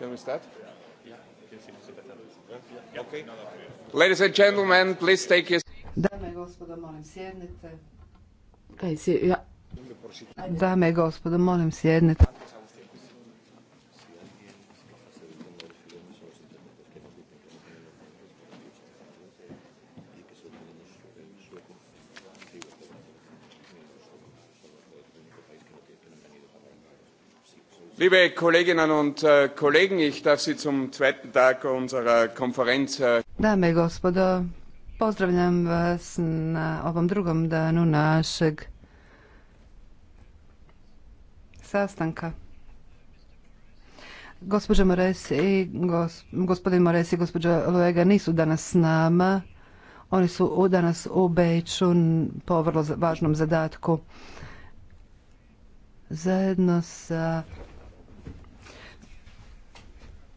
Shall we start? Okay. Ladies and gentlemen, please take your... Dame i gospodo, molim sjednite. Dame i gospodo, molim sjednite. Liebe Kolleginnen und äh, Kollegen, ich darf Sie zum zweiten Tag unserer Konferenz. Äh, Dame i gospodo, pozdravljam vas na ovom drugom danu našeg sastanka. Gospođa Mores i gospodin Mores i nisu danas s nama. Oni su danas u Beču po vrlo važnom zadatku. Zajedno sa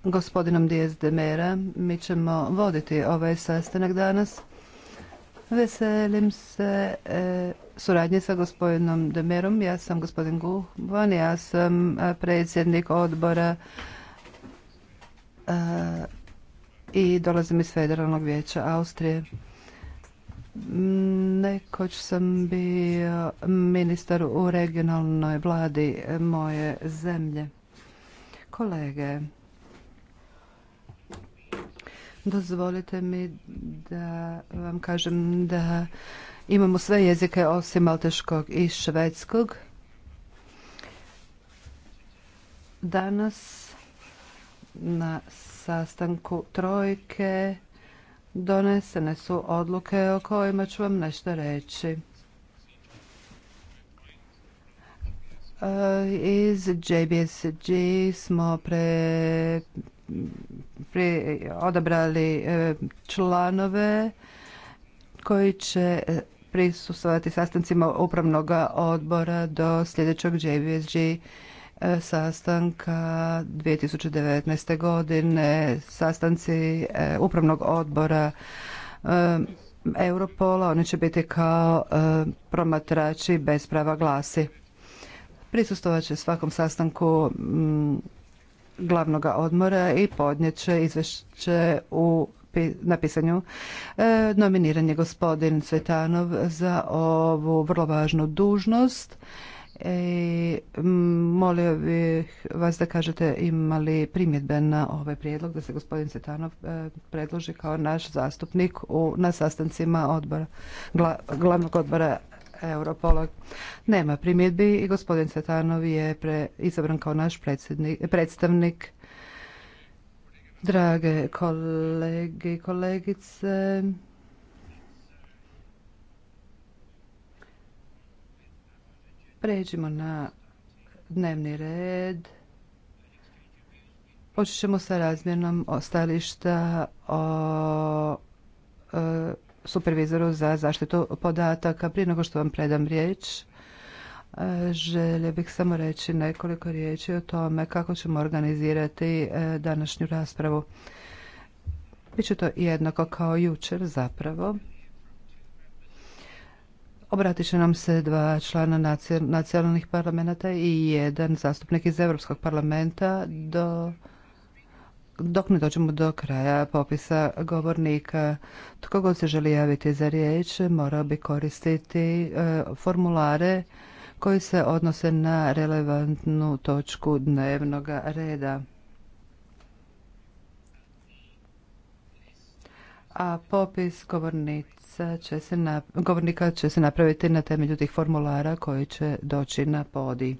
gospodinom Dijez de Mera. Mi ćemo voditi ovaj sastanak danas. Veselim se suradnji e, suradnje sa gospodinom Demerom. Ja sam gospodin vani ja sam e, predsjednik odbora e, i dolazim iz Federalnog vijeća Austrije. Nekoć sam bio ministar u regionalnoj vladi moje zemlje. Kolege, Dozvolite mi da vam kažem da imamo sve jezike osim malteškog i švedskog. Danas na sastanku trojke donesene su odluke o kojima ću vam nešto reći. E, iz JBSG smo pre, odabrali e, članove koji će prisustovati sastancima upravnog odbora do sljedećeg JBSG e, sastanka 2019. godine, sastanci upravnog odbora Europola, oni će biti kao promatrači bez prava glasi. Prisustovat će svakom sastanku mm, glavnog odmora i podnijet će izvješće u napisanju pisanju. E, nominiran je gospodin Cvetanov za ovu vrlo važnu dužnost. i e, molio bih vas da kažete imali primjedbe na ovaj prijedlog da se gospodin Cvetanov e, predloži kao naš zastupnik u, na sastancima odbora, glavnog odbora Europola. Nema primjedbi i gospodin Cetanov je pre, izabran kao naš predstavnik. Drage kolege i kolegice, pređimo na dnevni red. Počet ćemo sa razmjenom ostališta o e, supervizoru za zaštitu podataka. Prije nego što vam predam riječ, e, Želio bih samo reći nekoliko riječi o tome kako ćemo organizirati e, današnju raspravu. Biće to jednako kao jučer zapravo. Obratit će nam se dva člana nacionalnih parlamenta i jedan zastupnik iz Europskog parlamenta do dok ne dođemo do kraja popisa govornika. Tko god se želi javiti za riječ, morao bi koristiti e, formulare koji se odnose na relevantnu točku dnevnog reda. A popis govornica će se govornika će se napraviti na temelju tih formulara koji će doći na podi.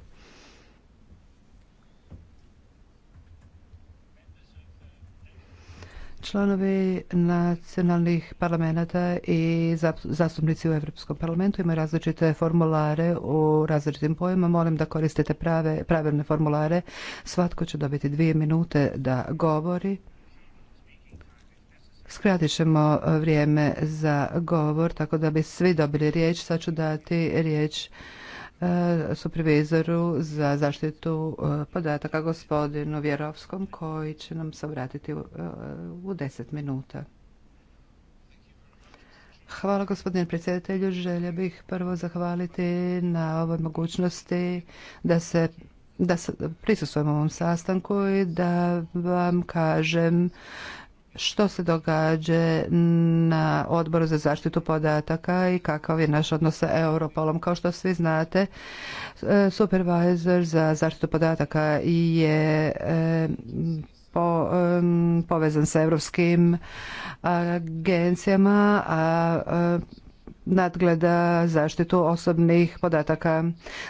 Članovi nacionalnih parlamenta i zastupnici u Europskom parlamentu imaju različite formulare u različitim pojima. Molim da koristite pravilne formulare. Svatko će dobiti dvije minute da govori. Skratit ćemo eh, vrijeme za govor, tako da bi svi dobili riječ. Sad ću dati riječ E, su za zaštitu e, podataka gospodinu Vjerovskom koji će nam se obratiti u e, deset minuta. Hvala gospodine predsjedatelju. Želio bih prvo zahvaliti na ovoj mogućnosti da se da prisustujem ovom sastanku i da vam kažem što se događa na odboru za zaštitu podataka i kakav je naš odnos sa Europolom. Kao što svi znate, e, supervisor za zaštitu podataka je e, e, povezan sa europskim agencijama, a nadgleda zaštitu osobnih podataka.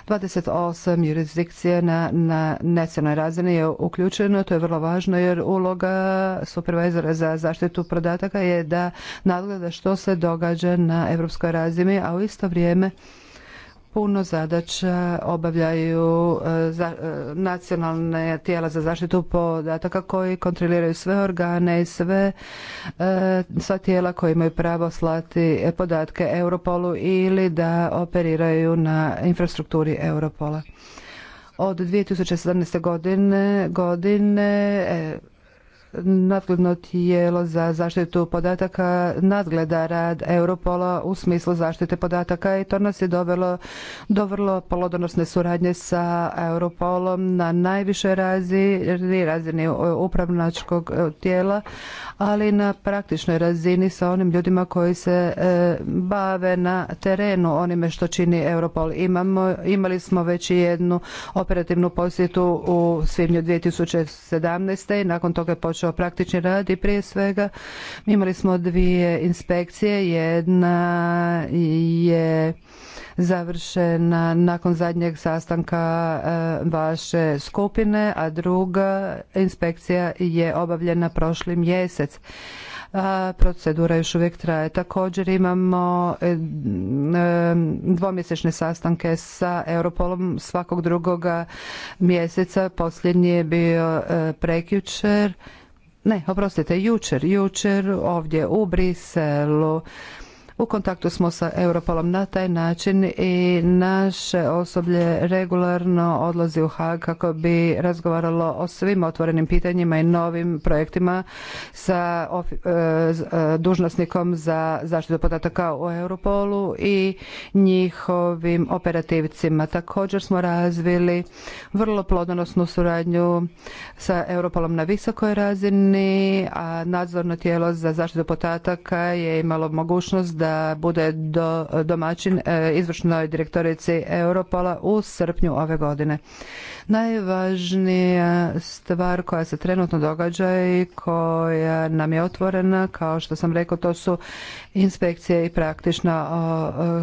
28 jurisdikcije na, na nacionalnoj razini je uključeno, to je vrlo važno jer uloga supervizora za zaštitu podataka je da nadgleda što se događa na europskoj razini, a u isto vrijeme puno zadaća obavljaju e, e, nacionalne tijela za zaštitu podataka koji kontroliraju sve organe i sve e, sva tijela koji imaju pravo slati podatke Europolu ili da operiraju na infrastrukturi Europola. Od 2017. godine godine nadgledno tijelo za zaštitu podataka nadgleda rad Europola u smislu zaštite podataka i to nas je dovelo do vrlo polodonosne suradnje sa Europolom na najvišoj razini, razini upravnačkog e, tijela, ali na praktičnoj razini sa onim ljudima koji se e, bave na terenu onime što čini Europol. Imamo, imali smo već jednu operativnu posjetu u svibnju 2017. i nakon toga je počeo o praktični rad i prije svega imali smo dvije inspekcije. Jedna je završena nakon zadnjeg sastanka eh, vaše skupine, a druga inspekcija je obavljena prošli mjesec. procedura još uvijek traje. Također imamo eh, eh, dvomjesečne sastanke sa Europolom svakog drugoga mjeseca. Posljednji je bio prekjučer ne, oprostite, jučer, jučer ovdje u Briselu u kontaktu smo sa Europolom na taj način i naše osoblje regularno odlazi u Hag kako bi razgovaralo o svim otvorenim pitanjima i novim projektima sa e, e, dužnosnikom za zaštitu podataka u Europolu i njihovim operativcima. Također smo razvili vrlo plodonosnu suradnju sa Europolom na visokoj razini, a nadzorno tijelo za zaštitu podataka je imalo mogućnost da bude do, domaćin e, izvršnoj direktorici Europola u srpnju ove godine. Najvažnija stvar koja se trenutno događa i koja nam je otvorena, kao što sam rekao, to su inspekcije i praktična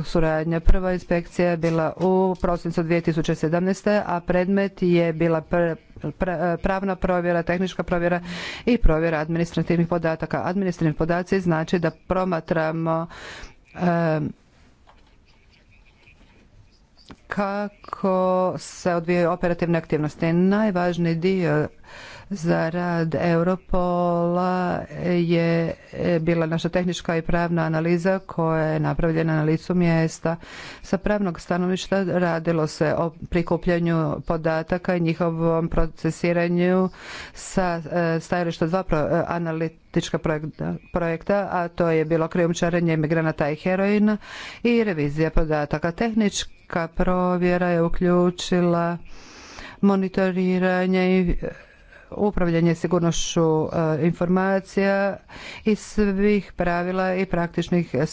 suradnja. Prva inspekcija je bila u prosincu 2017. a predmet je bila pr E, pravna provjera, tehnička provjera i provjera administrativnih podataka. Administrativni podaci znači da promatramo e, kako se odvijaju operativne aktivnosti. Najvažniji dio za rad Europola je e, bila naša tehnička i pravna analiza koja je napravljena na licu mjesta. Sa pravnog stanovišta radilo se o prikupljanju podataka i njihovom procesiranju sa e, stajališta dva e, analitička projekta, a to je bilo krijumčarenje imigranata i heroina i revizija podataka. Tehnička provjera je uključila monitoriranje i upravljanje sigurnošću e, informacija i svih pravila i praktičnih e, e,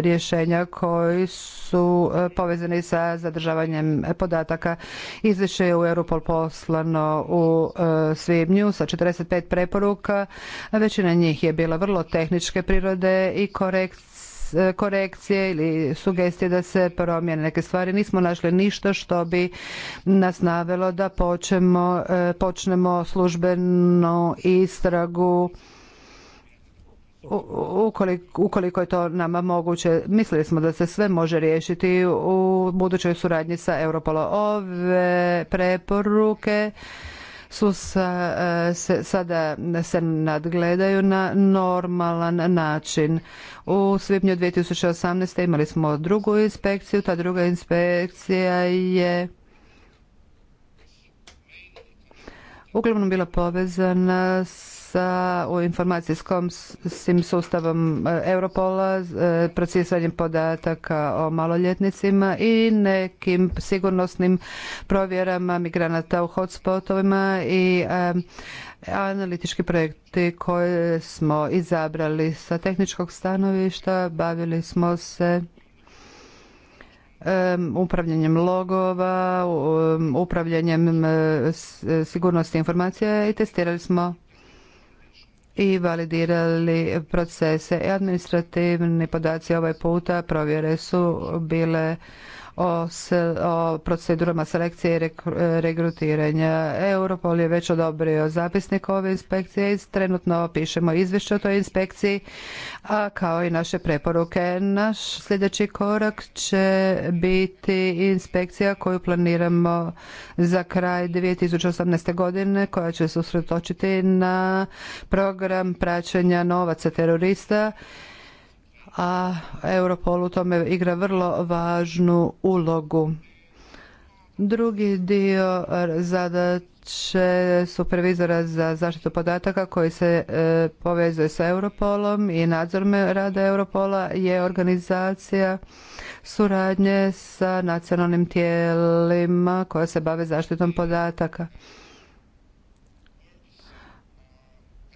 rješenja koji su povezani sa zadržavanjem podataka. Izvješće je u Europol poslano u svibnju sa 45 preporuka. Većina njih je bila vrlo tehničke prirode i korekt E, korekcije ili sugestije da se promijene neke stvari. Nismo našli ništa što bi nas navelo da počemo, e, počnemo službenu istragu Ukoliko, ukoliko je to nama moguće. Mislili smo da se sve može riješiti u budućoj suradnji sa Europolo. Ove preporuke su sa, e, se, sada se nadgledaju na normalan način. U svibnju 2018. imali smo drugu inspekciju, ta druga inspekcija je uglavnom bila povezana s sa u informacijskom sustavom e, Europola, e, procesanjem podataka o maloljetnicima i nekim sigurnosnim provjerama migranata u hotspotovima i e, analitički projekti koje smo izabrali sa tehničkog stanovišta, bavili smo se upravljanjem logova, upravljanjem sigurnosti informacija i testirali smo i validirali procese. i e, Administrativni podaci ovaj puta provjere su bile o, se, procedurama selekcije i e, regrutiranja. Europol je već odobrio zapisnik ove inspekcije i trenutno pišemo izvješće o toj inspekciji, a kao i naše preporuke. Naš sljedeći korak će biti inspekcija koju planiramo za kraj 2018. godine koja će se usredotočiti na program praćenja novaca terorista a Europol u tome igra vrlo važnu ulogu. Drugi dio zadaće supervizora za zaštitu podataka koji se e, povezuje sa Europolom i nadzor rada Europola je organizacija suradnje sa nacionalnim tijelima koja se bave zaštitom podataka.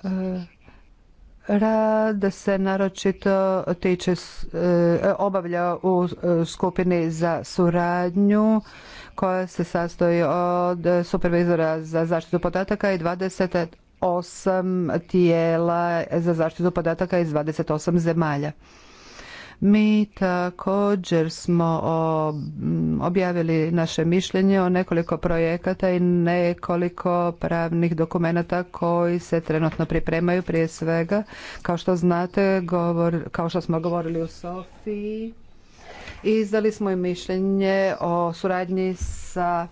E, Rad se naročito tiče, e, obavlja u e, skupini za suradnju koja se sastoji od supervizora za zaštitu podataka i 28 tijela za zaštitu podataka iz 28 zemalja. Mi također smo objavili naše mišljenje o nekoliko projekata i nekoliko pravnih dokumenata koji se trenutno pripremaju prije svega. Kao što znate, govor, kao što smo govorili u Sofiji, izdali smo i mišljenje o suradnji sa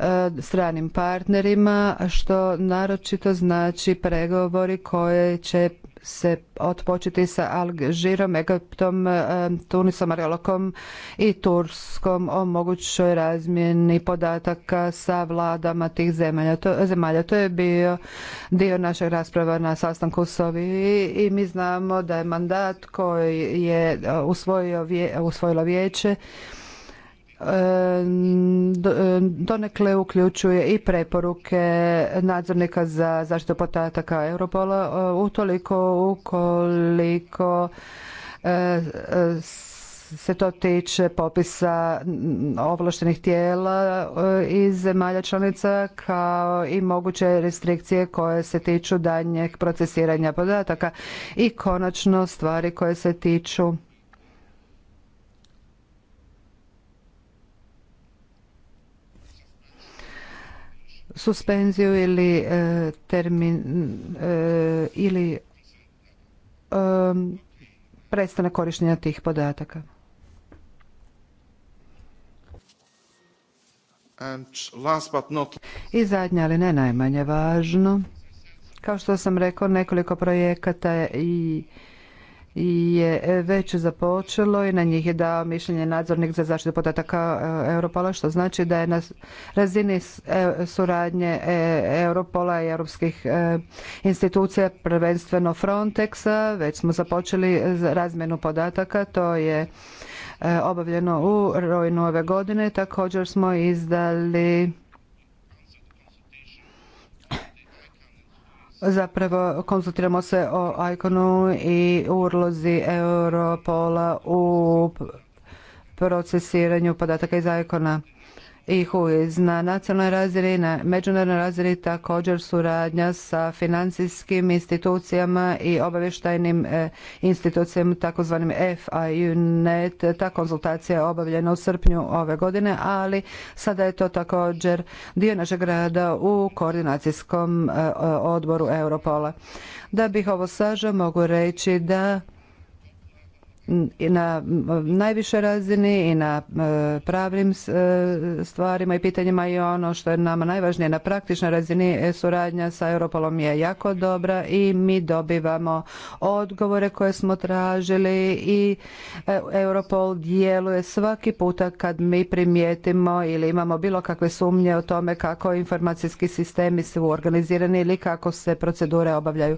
e, stranim partnerima, što naročito znači pregovori koje će se otpočeti sa Alžirom, Egiptom, e, Tunisom, i Turskom o mogućoj razmjeni podataka sa vladama tih zemalja. To, zemalja. to je bio dio našeg rasprava na sastanku Sovi i mi znamo da je mandat koji je usvojio, usvojilo vijeće E, donekle uključuje i preporuke nadzornika za zaštitu podataka Europola e, utoliko ukoliko e, se to tiče popisa ovlaštenih tijela iz zemalja članica kao i moguće restrikcije koje se tiču daljnjeg procesiranja podataka i konačno stvari koje se tiču suspenziju ili e, termin e, ili e, prestanak korištenja tih podataka. I zadnje, ali ne najmanje važno, kao što sam rekao, nekoliko projekata i je e, već započelo i na njih je dao mišljenje nadzornik za zaštitu podataka e, Europola, što znači da je na razini e, suradnje Europola i europskih institucija, prvenstveno Frontexa, već smo započeli razmjenu podataka, to je obavljeno u rojnu ove godine. Također smo izdali Zapravo konzultiramo se o ikonu i urlozi Europola u procesiranju podataka iz ikona i HUIZ. Na nacionalnoj razini, na međunarodnoj razini također suradnja sa financijskim institucijama i obavještajnim e, institucijama, takozvanim FIU-net. Ta konzultacija je obavljena u srpnju ove godine, ali sada je to također dio našeg rada u koordinacijskom e, odboru Europola. Da bih ovo sažao, mogu reći da na najviše razini i na e, pravim e, stvarima i pitanjima i ono što je nama najvažnije na praktičnoj razini e, suradnja sa Europolom je jako dobra i mi dobivamo odgovore koje smo tražili i Europol djeluje svaki puta kad mi primijetimo ili imamo bilo kakve sumnje o tome kako informacijski sistemi su organizirani ili kako se procedure obavljaju.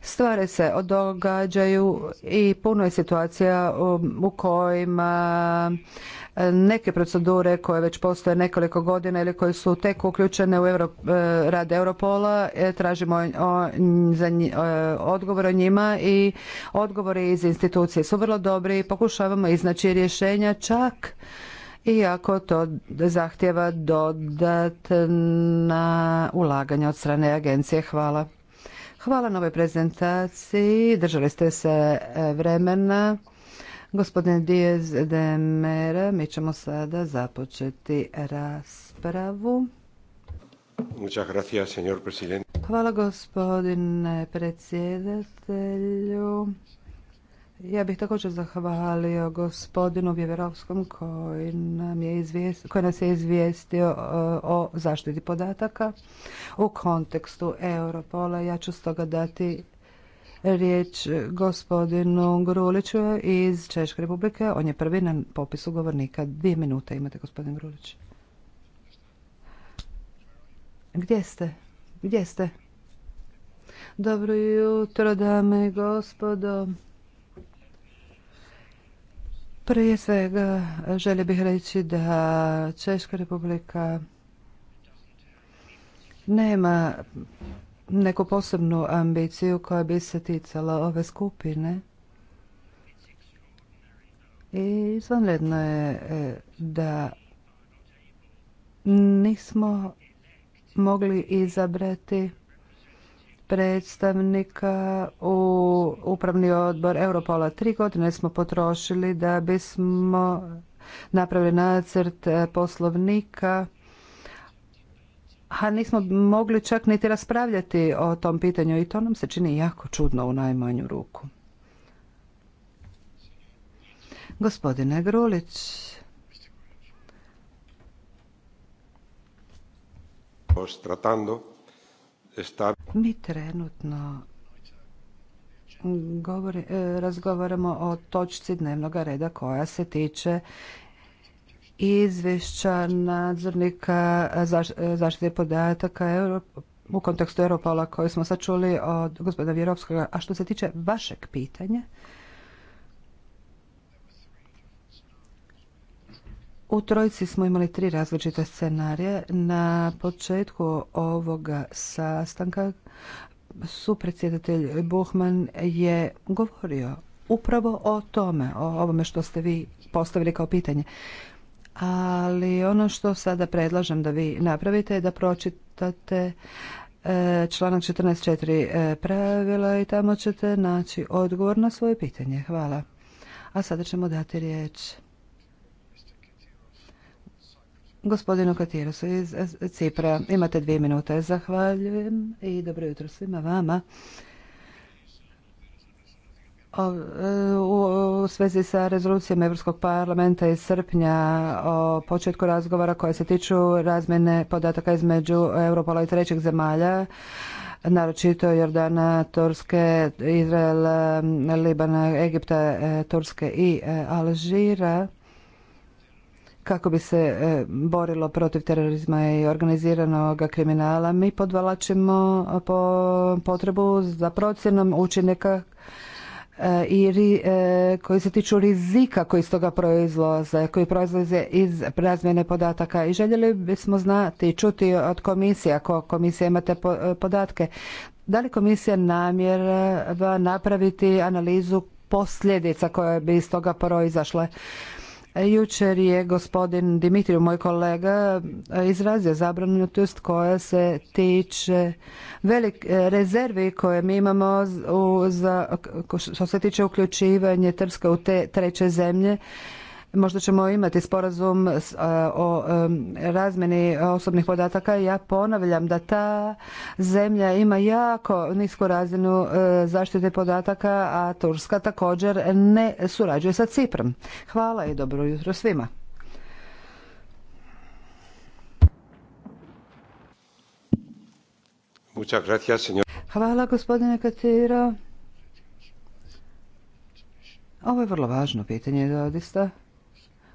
Stvari se događaju i puno je situacija um, u kojima um, neke procedure koje već postoje nekoliko godina ili koje su tek uključene u uh, rad Europola, e, tražimo e, odgovor o njima i odgovori iz institucije su vrlo dobri i pokušavamo iznaći rješenja čak i ako to zahtjeva dodatna ulaganja od strane agencije. Hvala. Hvala na ovoj prezentaciji. Držali ste se e, vremena. Gospodine Dijez de Mera, mi ćemo sada započeti raspravu. Hvala gospodine predsjedatelju. Ja bih također zahvalio gospodinu Vjeverovskom koji, nam je koji nas je izvijestio e, o zaštiti podataka u kontekstu Europola. Ja ću stoga dati riječ gospodinu Gruliću iz Češke republike. On je prvi na popisu govornika. Dvije minute imate gospodin Grulić. Gdje ste? Gdje ste? Dobro jutro, dame i gospodo. Prije svega želio bih reći da Češka republika nema neku posebnu ambiciju koja bi se ticala ove skupine. I izvanredno je e, da nismo mogli izabrati predstavnika u upravni odbor Europola. Tri godine smo potrošili da bismo napravili nacrt e, poslovnika a nismo mogli čak niti raspravljati o tom pitanju i to nam se čini jako čudno u najmanju ruku. Gospodine Grulić. Tratando mi trenutno e, razgovaramo o točci dnevnog reda koja se tiče izvješća nadzornika zaštite podataka u kontekstu Europola koju smo čuli od gospodina Vjerovskoga. A što se tiče vašeg pitanja, U trojici smo imali tri različita scenarija. Na početku ovoga sastanka supredsjedatelj Buhman je govorio upravo o tome, o ovome što ste vi postavili kao pitanje. Ali ono što sada predlažem da vi napravite je da pročitate e, članak 14.4 e, pravila i tamo ćete naći odgovor na svoje pitanje. Hvala. A sada ćemo dati riječ gospodinu Katirosu iz Cipra. Imate dvije minute. Zahvaljujem i dobro jutro svima vama. U svezi sa rezolucijom Europskog parlamenta iz srpnja o početku razgovora koje se tiču razmjene podataka između Europola i trećih zemalja, naročito Jordana, Turske, Izrael, Libana, Egipta, e, Turske i e, Alžira, kako bi se e, borilo protiv terorizma i organiziranog kriminala. Mi podvalačimo po potrebu za procjenom učinaka e, i e, koji se tiču rizika koji iz toga proizlaze, koji proizlaze iz razmjene podataka i željeli bismo znati i čuti od komisije, ako komisija imate podatke, da li komisija namjerava napraviti analizu posljedica koje bi iz toga proizašle Jučer je gospodin Dimitriju, moj kolega, izrazio zabrinutost koja se tiče velike rezervi koje mi imamo za, što se tiče uključivanja Trska u te treće zemlje možda ćemo imati sporazum o razmeni osobnih podataka ja ponavljam da ta zemlja ima jako nisku razinu e, zaštite podataka, a Turska također ne surađuje sa Ciprom. Hvala i dobro jutro svima. Hvala gospodine Katiro. Ovo je vrlo važno pitanje, odista...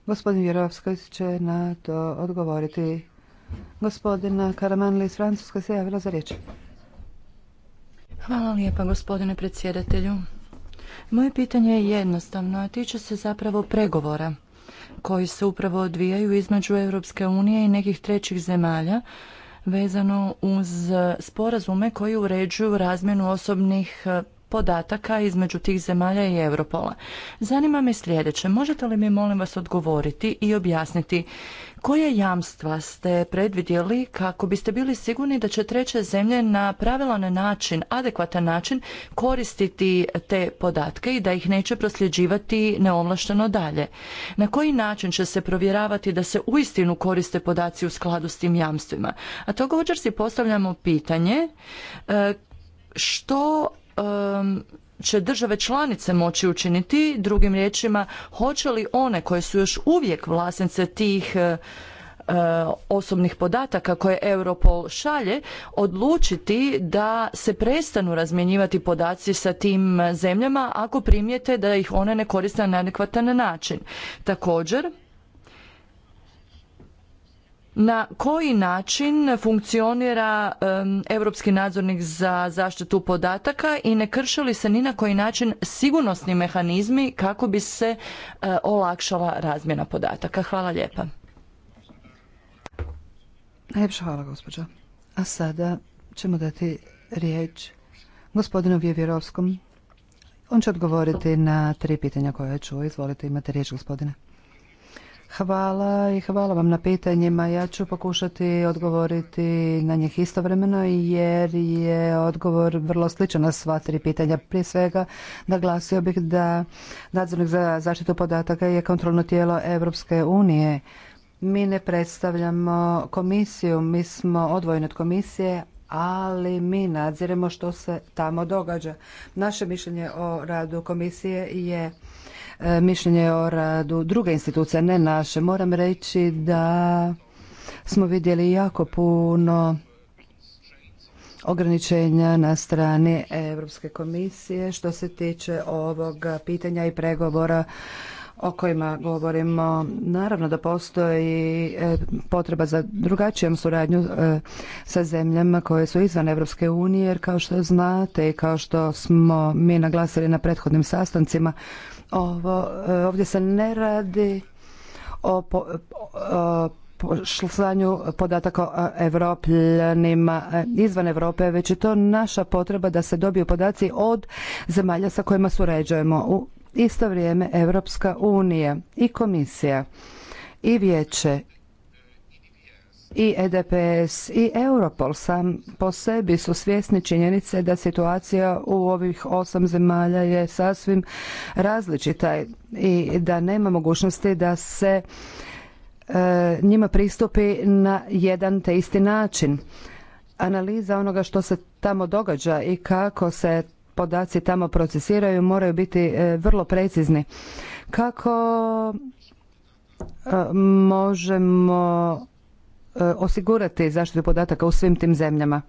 Gospodin Vjerovskoj će na to odgovoriti. Gospodina Karamanli iz Francuske se javila za riječ. Hvala lijepa gospodine predsjedatelju. Moje pitanje je jednostavno, a tiče se zapravo pregovora koji se upravo odvijaju između Europske unije i nekih trećih zemalja vezano uz sporazume koji uređuju razmjenu osobnih podataka između tih zemalja i Europola. Zanima me sljedeće, možete li mi molim vas odgovoriti i objasniti koje jamstva ste predvidjeli kako biste bili sigurni da će treće zemlje na pravilan način, adekvatan način koristiti te podatke i da ih neće prosljeđivati neovlašteno dalje? Na koji način će se provjeravati da se uistinu koriste podaci u skladu s tim jamstvima? A također si postavljamo pitanje e, što um, će države članice moći učiniti, drugim riječima, hoće li one koje su još uvijek vlasnice tih eh, eh, osobnih podataka koje Europol šalje odlučiti da se prestanu razmjenjivati podaci sa tim eh, zemljama ako primijete da ih one ne koriste na adekvatan način. Također, na koji način funkcionira europski nadzornik za zaštitu podataka i ne krše li se ni na koji način sigurnosni mehanizmi kako bi se e, olakšala razmjena podataka hvala lijepa najljepša hvala gospođo a sada ćemo dati riječ gospodinu Vjevjerovskom. on će odgovoriti na tri pitanja koje ću izvolite imate riječ gospodine Hvala i hvala vam na pitanjima. Ja ću pokušati odgovoriti na njih istovremeno jer je odgovor vrlo sličan na sva tri pitanja. Prije svega naglasio bih da nadzornik za zaštitu podataka je kontrolno tijelo Europske unije. Mi ne predstavljamo komisiju, mi smo odvojeni od komisije, ali mi nadziremo što se tamo događa. Naše mišljenje o radu komisije je E, mišljenje o radu druge institucije, ne naše. Moram reći da smo vidjeli jako puno ograničenja na strani Europske komisije što se tiče ovog pitanja i pregovora o kojima govorimo. Naravno da postoji e, potreba za drugačijom suradnju e, sa zemljama koje su izvan Europske unije, jer kao što znate i kao što smo mi naglasili na prethodnim sastancima, ovo, e, ovdje se ne radi o, po, slanju e, e, podataka o evropljanima izvan Europe, već je to naša potreba da se dobiju podaci od zemalja sa kojima surađujemo. U isto vrijeme Europska unija i komisija i vijeće i EDPS i Europol sam po sebi su svjesni činjenice da situacija u ovih osam zemalja je sasvim različita i da nema mogućnosti da se e, njima pristupi na jedan te isti način. Analiza onoga što se tamo događa i kako se podaci tamo procesiraju moraju biti e, vrlo precizni. Kako e, možemo E, osigurati zaštitu podataka u svim tim zemljama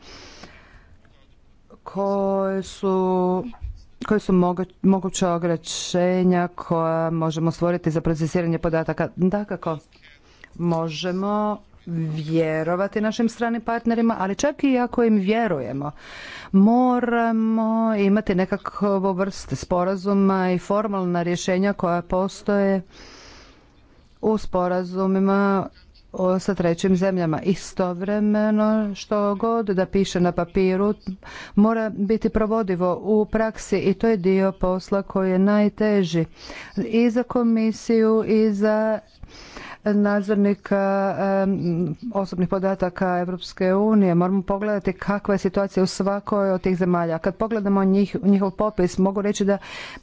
koje su koje su moguća ograničenja koja možemo stvoriti za procesiranje podataka. kako možemo vjerovati našim stranim partnerima, ali čak i ako im vjerujemo, moramo imati nekakvu vrst sporazuma i formalna rješenja koja postoje u sporazumima sa trećim zemljama. Istovremeno što god da piše na papiru mora biti provodivo u praksi i to je dio posla koji je najteži i za komisiju i za nadzornika e, osobnih podataka Europske unije. Moramo pogledati kakva je situacija u svakoj od tih zemalja. Kad pogledamo njih, njihov popis, mogu reći da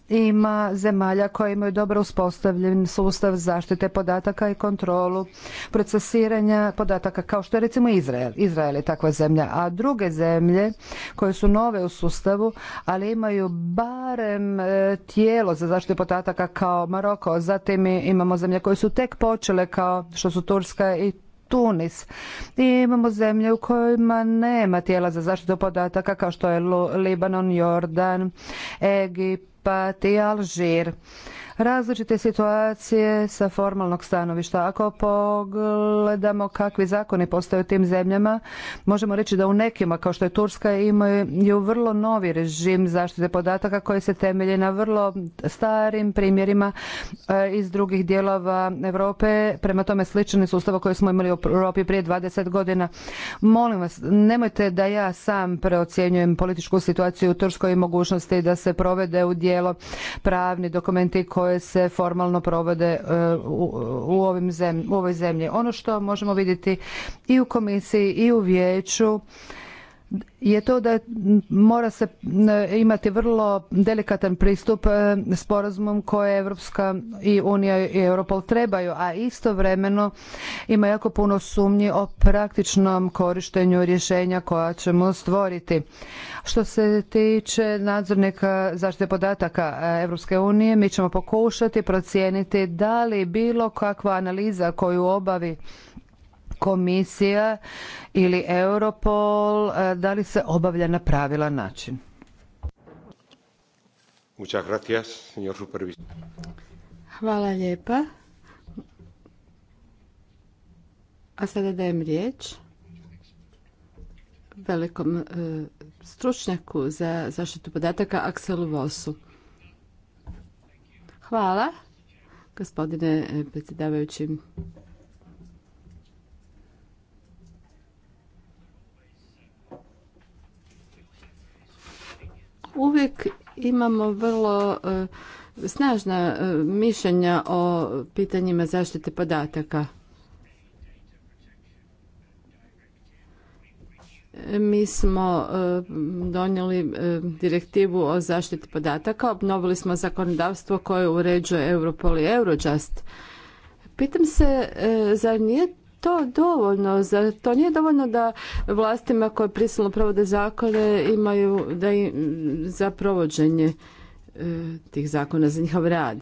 ima zemalja koje imaju dobro uspostavljen sustav zaštite podataka i kontrolu procesiranja podataka, kao što je recimo Izrael. Izrael je takva zemlja, a druge zemlje koje su nove u sustavu, ali imaju barem e, tijelo za zaštitu podataka kao Maroko, zatim imamo zemlje koje su tek počele kao što su Turska i Tunis. I imamo zemlje u kojima nema tijela za zaštitu podataka kao što je Libanon, Jordan, Egipat i Alžir različite situacije sa formalnog stanovišta. Ako pogledamo kakvi zakoni postoje u tim zemljama, možemo reći da u nekima, kao što je Turska, imaju vrlo novi režim zaštite podataka koji se temelji na vrlo starim primjerima eh, iz drugih dijelova Europe. Prema tome slični sustava koji smo imali u Europi prije 20 godina. Molim vas, nemojte da ja sam preocjenjujem političku situaciju u Turskoj i mogućnosti da se provede u dijelo pravni dokumenti koji koje se formalno provode e, u, ovim u ovoj zemlji. Ono što možemo vidjeti i u komisiji i u vijeću je to da mora se imati vrlo delikatan pristup e, sporazumom koje Evropska i Unija i Europol trebaju, a istovremeno ima jako puno sumnji o praktičnom korištenju rješenja koja ćemo stvoriti. Što se tiče nadzornika zaštite podataka e, Evropske unije, mi ćemo pokušati procijeniti da li bilo kakva analiza koju obavi komisija ili Europol, e, da li se obavlja na pravilan način? Hvala lijepa. A sada dajem riječ velikom e, stručnjaku za zaštitu podataka Akselu Vosu. Hvala, gospodine e, predsjedavajući. uvijek imamo vrlo e, snažna e, mišljenja o pitanjima zaštite podataka. Mi smo e, donijeli direktivu o zaštiti podataka, obnovili smo zakonodavstvo koje uređuje Europol i Eurojust. Pitam se, zar nije to dovoljno? to nije dovoljno da vlastima koje prisilno provode zakone imaju da i za provođenje e, tih zakona za njihov rad?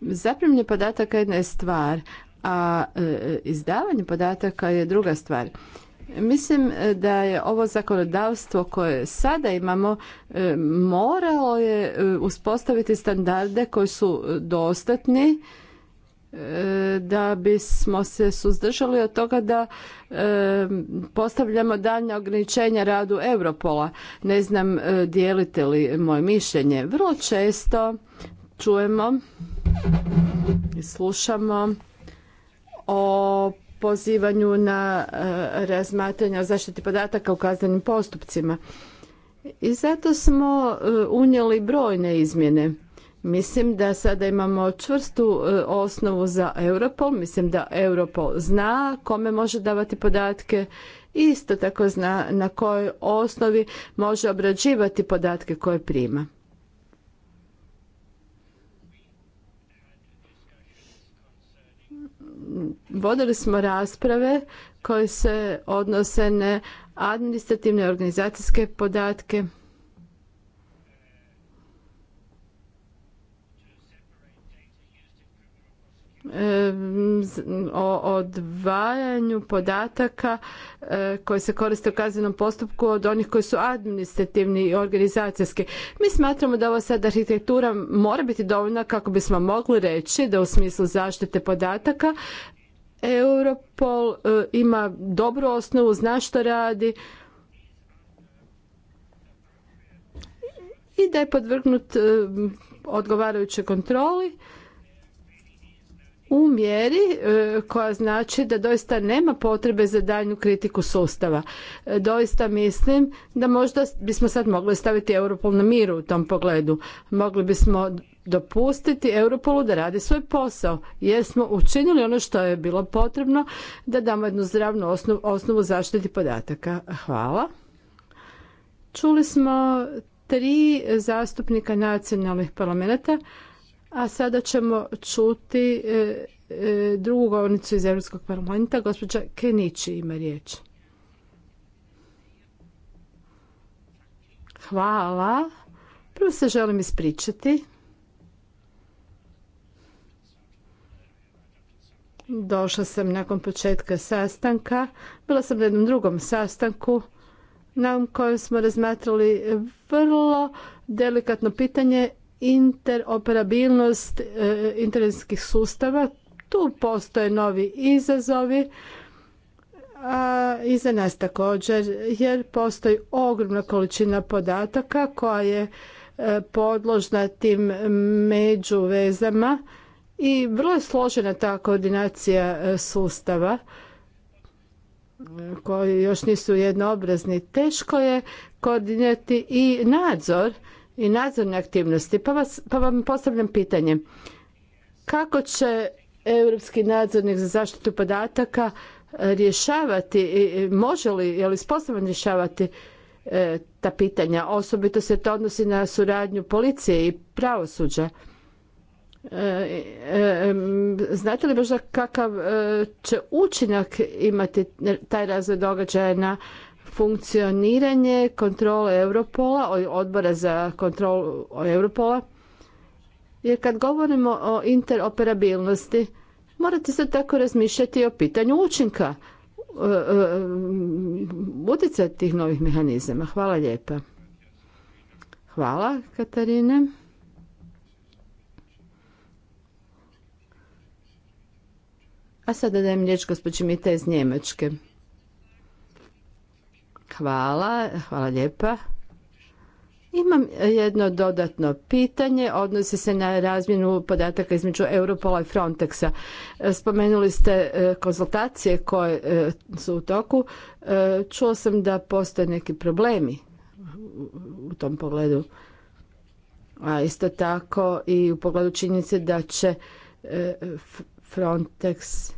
Zapremnje podataka je jedna stvar, a e, izdavanje podataka je druga stvar. Mislim e, da je ovo zakonodavstvo koje sada imamo moralo je uspostaviti standarde koji su dostatni da bismo se suzdržali od toga da e, postavljamo daljnja ograničenja radu Europola. Ne znam e, dijelite li moje mišljenje. Vrlo često čujemo i slušamo o pozivanju na e, razmatranje o zaštiti podataka u kaznenim postupcima. I zato smo unijeli brojne izmjene Mislim da sada imamo čvrstu e, osnovu za Europol, mislim da Europol zna kome može davati podatke, i isto tako zna na kojoj osnovi može obrađivati podatke koje prima. Vodili smo rasprave koje se odnose na administrativne organizacijske podatke. o odvajanju podataka e, koje se koriste u kaznenom postupku od onih koji su administrativni i organizacijski. Mi smatramo da ova sad arhitektura mora biti dovoljna kako bismo mogli reći da u smislu zaštite podataka Europol e, ima dobru osnovu, zna što radi i da je podvrgnut e, odgovarajućoj kontroli u mjeri e, koja znači da doista nema potrebe za daljnju kritiku sustava. E, doista mislim da možda bismo sad mogli staviti Europol na miru u tom pogledu. Mogli bismo dopustiti Europolu da radi svoj posao. jesmo smo učinili ono što je bilo potrebno da damo jednu zdravnu osnovu, osnovu zaštiti podataka. Hvala. Čuli smo tri zastupnika nacionalnih parlamenta. A sada ćemo čuti e, e, drugu govornicu iz Europskog parlamenta, gospođa Kenići ima riječ. Hvala. Prvo se želim ispričati. Došla sam nakon početka sastanka. Bila sam na jednom drugom sastanku na kojem smo razmatrali vrlo delikatno pitanje interoperabilnost e, internetskih sustava. Tu postoje novi izazovi a i za nas također jer postoji ogromna količina podataka koja je e, podložna tim međuvezama i vrlo je složena ta koordinacija e, sustava koji još nisu jednoobrazni. Teško je koordinirati i nadzor i nadzorne aktivnosti. Pa, vas, pa vam postavljam pitanje. Kako će Europski nadzornik za zaštitu podataka e, rješavati i može li, je li sposoban rješavati e, ta pitanja? Osobito se to odnosi na suradnju policije i pravosuđa. E, znate li možda kakav će učinak imati taj razvoj događaja na funkcioniranje kontrole Europola, odbora za kontrolu Europola, jer kad govorimo o interoperabilnosti, morate se tako razmišljati o pitanju učinka e, e, utjecaja tih novih mehanizama. Hvala lijepa. Hvala, Katarine. A sada dajem riječ gospođi Mita iz Njemačke. Hvala, hvala lijepa. Imam jedno dodatno pitanje, odnosi se na razmjenu podataka između Europola i Frontexa. Spomenuli ste e, konzultacije koje e, su u toku. E, čuo sam da postoje neki problemi u tom pogledu. A isto tako i u pogledu činjenice da će Frontex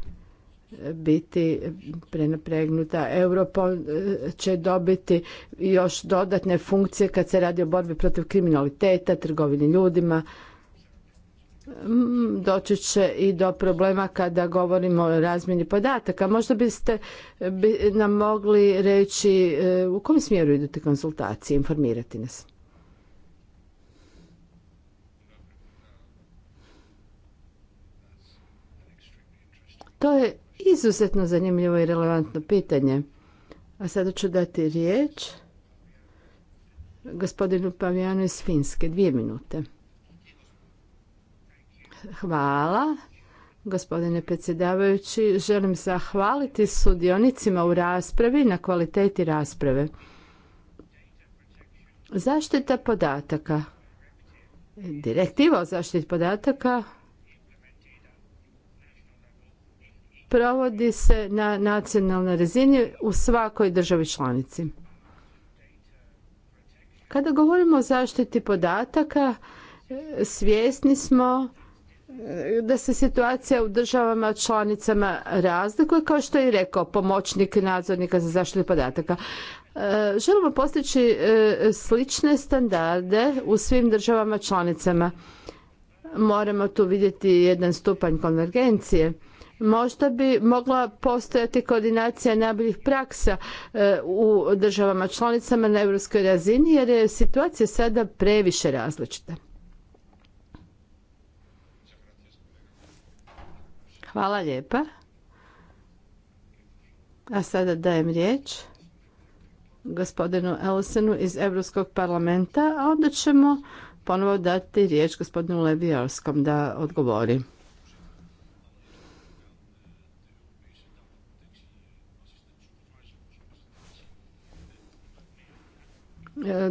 biti prenapregnuta. Europol e, će dobiti još dodatne funkcije kad se radi o borbi protiv kriminaliteta, trgovini ljudima. Mm, doći će i do problema kada govorimo o razmjeni podataka. Možda biste nam mogli reći e, u kom smjeru idu te konsultacije, informirati nas. To je Izuzetno zanimljivo i relevantno pitanje. A sada ću dati riječ gospodinu Pavijanu iz Finske. Dvije minute. Hvala. Gospodine predsjedavajući, želim zahvaliti sudionicima u raspravi na kvaliteti rasprave. Zaštita podataka. Direktiva o zaštiti podataka provodi se na nacionalnoj razini u svakoj državi članici. Kada govorimo o zaštiti podataka, e, svjesni smo e, da se situacija u državama članicama razlikuje, kao što je i rekao pomoćnik nadzornika za zaštitu podataka. E, želimo postići slične standarde u svim državama članicama. Moramo tu vidjeti jedan stupanj konvergencije. Možda bi mogla postojati koordinacija najboljih praksa e, u državama članicama na europskoj razini jer je situacija sada previše različita. Hvala lijepa. A sada dajem riječ gospodinu Elsenu iz Europskog parlamenta, a onda ćemo ponovo dati riječ gospodinu Levijorskom da odgovori.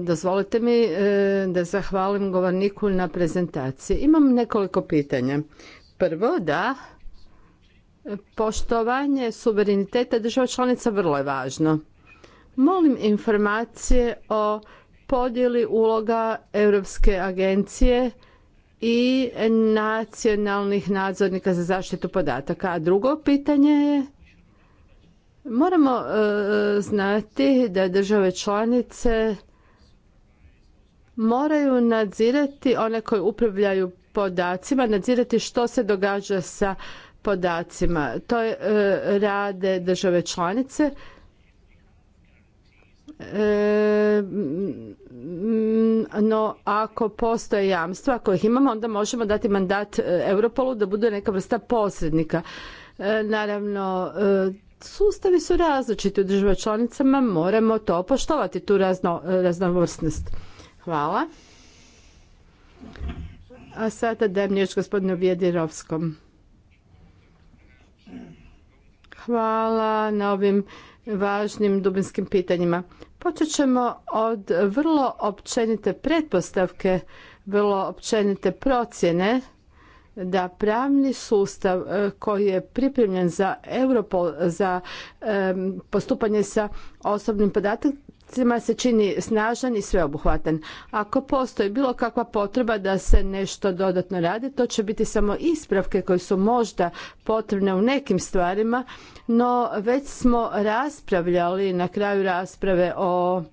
Dozvolite mi e, da zahvalim govorniku na prezentaciji. Imam nekoliko pitanja. Prvo da poštovanje suvereniteta država članica vrlo je važno. Molim informacije o podjeli uloga Europske agencije i nacionalnih nadzornika za zaštitu podataka. A drugo pitanje je Moramo e, znati da države članice moraju nadzirati one koji upravljaju podacima, nadzirati što se događa sa podacima. To je, e, rade države članice. E, no, ako postoje jamstva, ako ih imamo, onda možemo dati mandat e, Europolu da bude neka vrsta posrednika. naravno, sustavi su različiti u država članicama, moramo to poštovati, tu razno, raznovrsnost. Hvala. A sada dajem riječ gospodinu Vjedirovskom. Hvala na ovim važnim dubinskim pitanjima. Počet ćemo od vrlo općenite pretpostavke, vrlo općenite procjene da pravni sustav e, koji je pripremljen za Europol za postupanje sa osobnim podatkom podacima se čini snažan i sveobuhvatan. Ako postoji bilo kakva potreba da se nešto dodatno radi, to će biti samo ispravke koje su možda potrebne u nekim stvarima, no već smo raspravljali na kraju rasprave o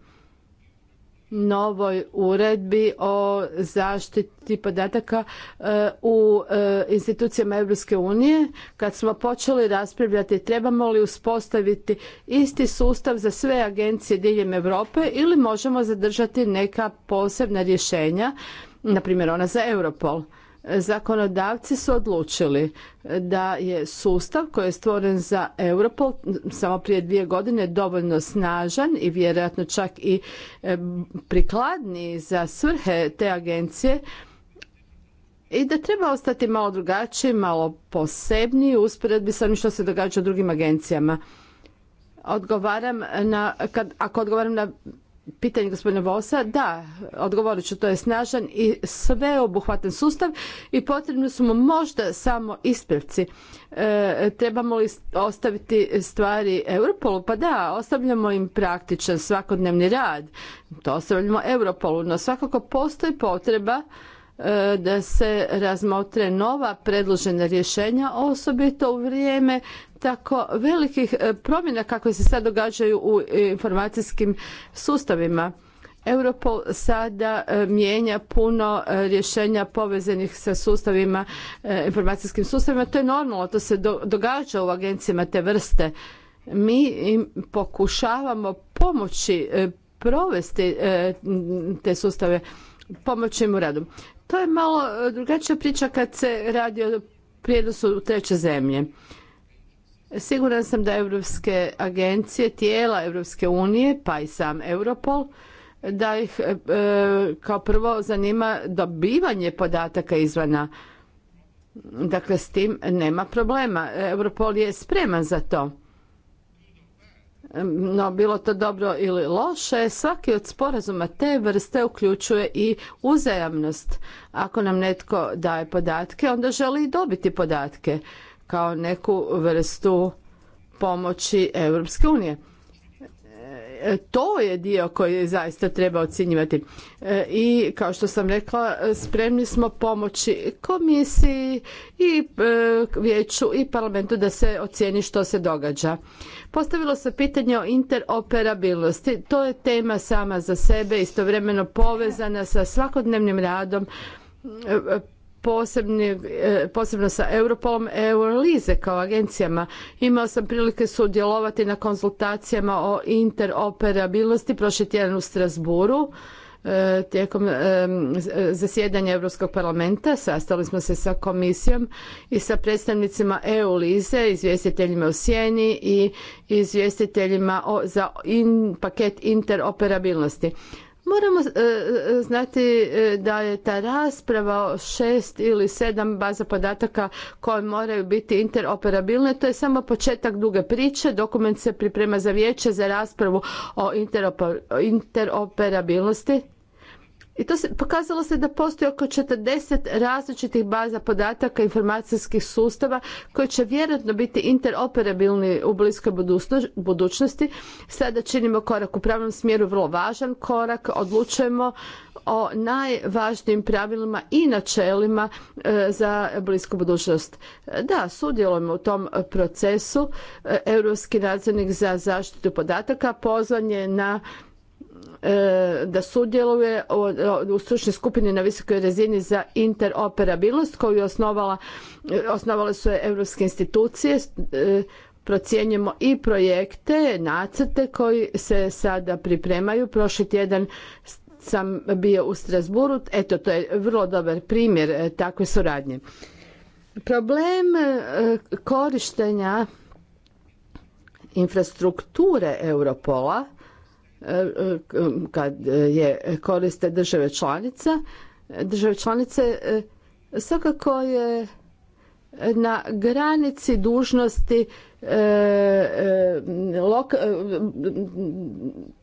novoj uredbi o zaštiti podataka e, u e, institucijama Europske unije kad smo počeli raspravljati trebamo li uspostaviti isti sustav za sve agencije diljem Europe ili možemo zadržati neka posebna rješenja na primjer ona za Europol zakonodavci su odlučili da je sustav koji je stvoren za Europol samo prije dvije godine dovoljno snažan i vjerojatno čak i e, prikladniji za svrhe te agencije i da treba ostati malo drugačiji, malo posebniji u usporedbi sa onim što se događa u drugim agencijama. Odgovaram na, kad, ako odgovaram na pitanje gospodine Vosa, da, odgovorit ću, to je snažan i sveobuhvatan sustav i potrebni su mu možda samo ispravci. E, trebamo li ostaviti stvari Europolu? Pa da, ostavljamo im praktičan svakodnevni rad. To ostavljamo Europolu, no svakako postoji potreba E, da se razmotre nova predložena rješenja, osobito u vrijeme tako velikih e, promjena kakve se sad događaju u informacijskim sustavima. Europol sada e, mijenja puno rješenja povezanih sa sustavima, informacijskim sustavima. To je normalno, to se događa u agencijama te vrste. Mi im pokušavamo pomoći provesti te sustave pomoći im u radu. To je malo e, drugačija priča kad se radi o prijenosu u treće zemlje. Siguran sam da europske agencije, tijela Europske unije, pa i sam Europol, da ih e, e, kao prvo zanima dobivanje podataka izvana. Dakle, s tim nema problema. Europol je spreman za to no bilo to dobro ili loše, svaki od sporazuma te vrste uključuje i uzajamnost. Ako nam netko daje podatke, onda želi i dobiti podatke kao neku vrstu pomoći Europske unije to je dio koji zaista treba ocjenjivati. E, I kao što sam rekla, spremni smo pomoći komisiji i e, vijeću i parlamentu da se ocjeni što se događa. Postavilo se pitanje o interoperabilnosti. To je tema sama za sebe, istovremeno povezana sa svakodnevnim radom e, E, posebno sa Europolom, Eurolize kao agencijama. Imao sam prilike sudjelovati na konzultacijama o interoperabilnosti prošli tjedan u Strasburu e, tijekom e, zasjedanja Europskog parlamenta sastali smo se sa komisijom i sa predstavnicima EU lize, izvjestiteljima u sjeni i izvjestiteljima za paket interoperabilnosti. Moramo e, e, znati e, da je ta rasprava o šest ili sedam baza podataka koje moraju biti interoperabilne, to je samo početak duge priče. Dokument se priprema za vijeće za raspravu o interoperabilnosti. I to se, pokazalo se da postoji oko 40 različitih baza podataka informacijskih sustava koji će vjerojatno biti interoperabilni u bliskoj budućnosti. Sada činimo korak u pravnom smjeru, vrlo važan korak. Odlučujemo o najvažnijim pravilima i načelima e, za blisku budućnost. Da, sudjelujemo u tom procesu. E, Europski nadzornik za zaštitu podataka pozvan je na E, da sudjeluje u stručnoj skupini na visokoj razini za interoperabilnost koju je osnovala, e, osnovale su je europske institucije, e, procjenjujemo i projekte, nacrte koji se sada pripremaju. Prošli tjedan sam bio u Strasburu, eto to je vrlo dobar primjer takve suradnje. Problem korištenja infrastrukture Europola kad je koriste države članice, države članice e, svakako je na granici dužnosti e, e,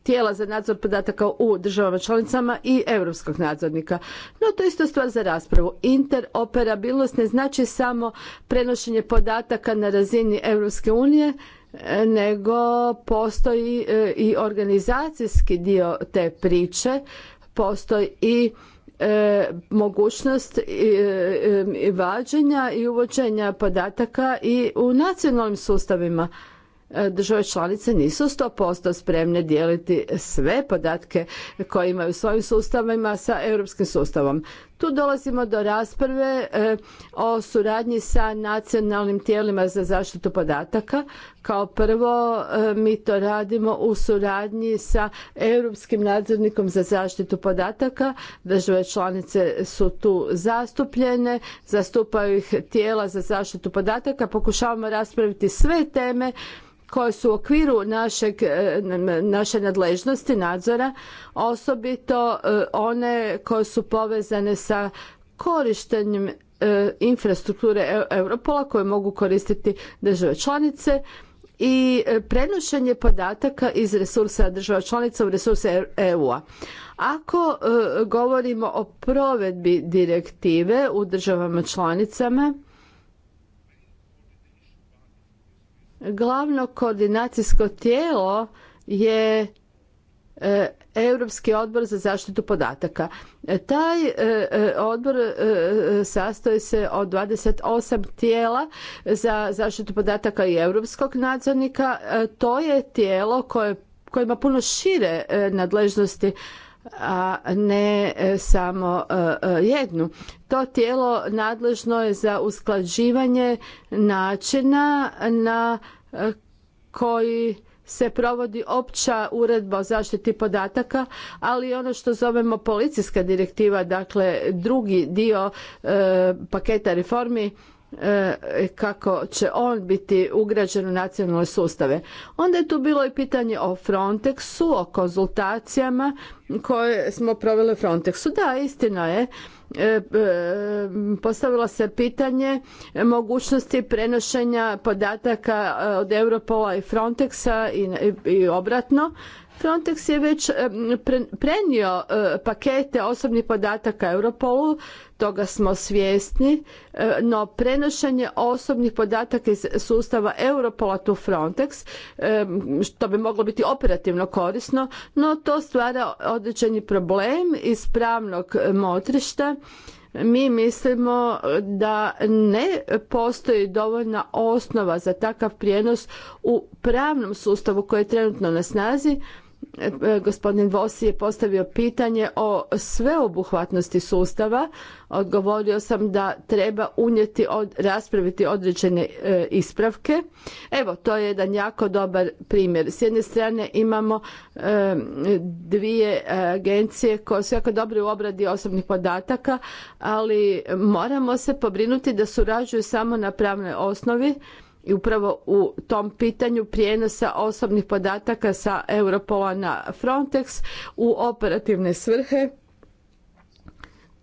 tijela za nadzor podataka u državama članicama i europskog nadzornika. No to je isto stvar za raspravu. Interoperabilnost ne znači samo prenošenje podataka na razini Europske unije, nego postoji e, i organizacijski dio te priče, postoji i e, mogućnost i, e, i vađenja i uvođenja podataka i u nacionalnim sustavima države članice nisu 100% spremne dijeliti sve podatke koje imaju u svojim sustavima sa europskim sustavom. Tu dolazimo do rasprave e, o suradnji sa nacionalnim tijelima za zaštitu podataka. Kao prvo e, mi to radimo u suradnji sa Europskim nadzornikom za zaštitu podataka. Države članice su tu zastupljene, zastupaju ih tijela za zaštitu podataka. Pokušavamo raspraviti sve teme koje su u okviru e, naše nadležnosti nadzora, osobito e, one koje su povezane sa korištenjem e, infrastrukture Europola koje mogu koristiti države članice i prenošenje podataka iz resursa država članica u resurse EU-a. Ako govorimo o provedbi direktive u državama članicama, Glavno koordinacijsko tijelo je e, Europski odbor za zaštitu podataka. E, taj e, odbor sastoji se od 28 tijela za zaštitu podataka i europskog nadzornika. To je tijelo koje, koje ima puno šire nadležnosti a ne e, samo e, e, jednu. To tijelo nadležno je za usklađivanje načina na koji se provodi opća uredba o zaštiti podataka, ali ono što zovemo policijska direktiva, dakle drugi dio paketa reformi E, kako će on biti ugrađen u nacionalne sustave. Onda je tu bilo i pitanje o Frontexu, o konzultacijama koje smo proveli Frontexu. Da, istina je, e, e, postavilo se pitanje mogućnosti prenošenja podataka od Europola i Frontexa i obratno Frontex je već prenio e, pakete osobnih podataka Europolu, toga smo svjesni, e, no prenošenje osobnih podataka iz sustava Europola tu Frontex, što bi moglo biti operativno korisno, no to stvara određeni problem iz pravnog motrišta mi mislimo da ne postoji dovoljna osnova za takav prijenos u pravnom sustavu koji je trenutno na snazi gospodin Vosi je postavio pitanje o sveobuhvatnosti sustava. Odgovorio sam da treba unijeti, od, raspraviti određene e, ispravke. Evo, to je jedan jako dobar primjer. S jedne strane imamo e, dvije e, agencije koje su jako dobre u obradi osobnih podataka, ali moramo se pobrinuti da surađuju samo na pravnoj osnovi i upravo u tom pitanju prijenosa osobnih podataka sa Europola na Frontex u operativne svrhe.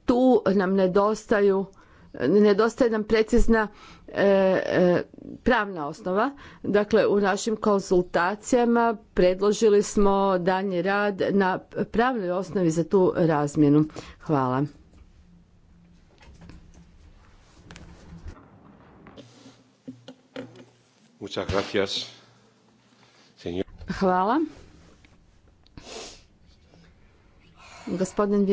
Tu nam nedostaju nedostaje nam precizna e, e, pravna osnova. Dakle, u našim konzultacijama predložili smo danji rad na pravnoj osnovi za tu razmjenu. Hvala. Hvala. Gospodin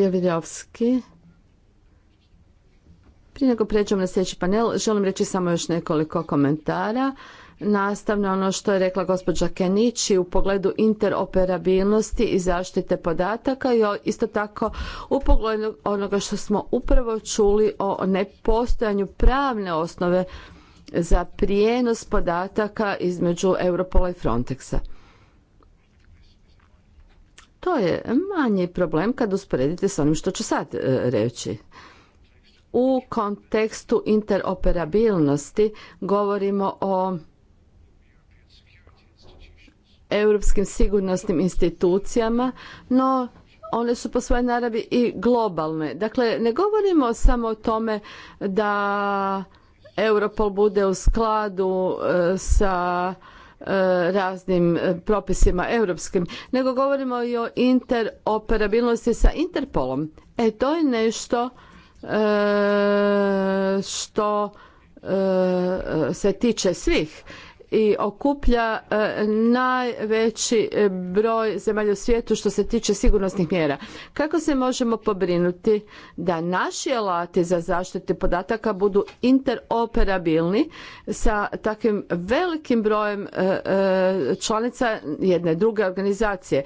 Prije nego pređemo na sljedeći panel, želim reći samo još nekoliko komentara. Nastavno ono što je rekla gospođa Kenići u pogledu interoperabilnosti i zaštite podataka i isto tako u pogledu onoga što smo upravo čuli o nepostojanju pravne osnove za prijenos podataka između Europola i Frontexa. To je manji problem kad usporedite s onim što ću sad e, reći. U kontekstu interoperabilnosti govorimo o europskim sigurnosnim institucijama, no one su po svojoj naravi i globalne. Dakle, ne govorimo samo o tome da Europol bude u skladu e, sa e, raznim e, propisima europskim, nego govorimo i o interoperabilnosti sa Interpolom. E to je nešto što se tiče svih i okuplja e, najveći e, broj zemalja u svijetu što se tiče sigurnosnih mjera. Kako se možemo pobrinuti da naši alati za zaštitu podataka budu interoperabilni sa takvim velikim brojem e, članica jedne druge organizacije?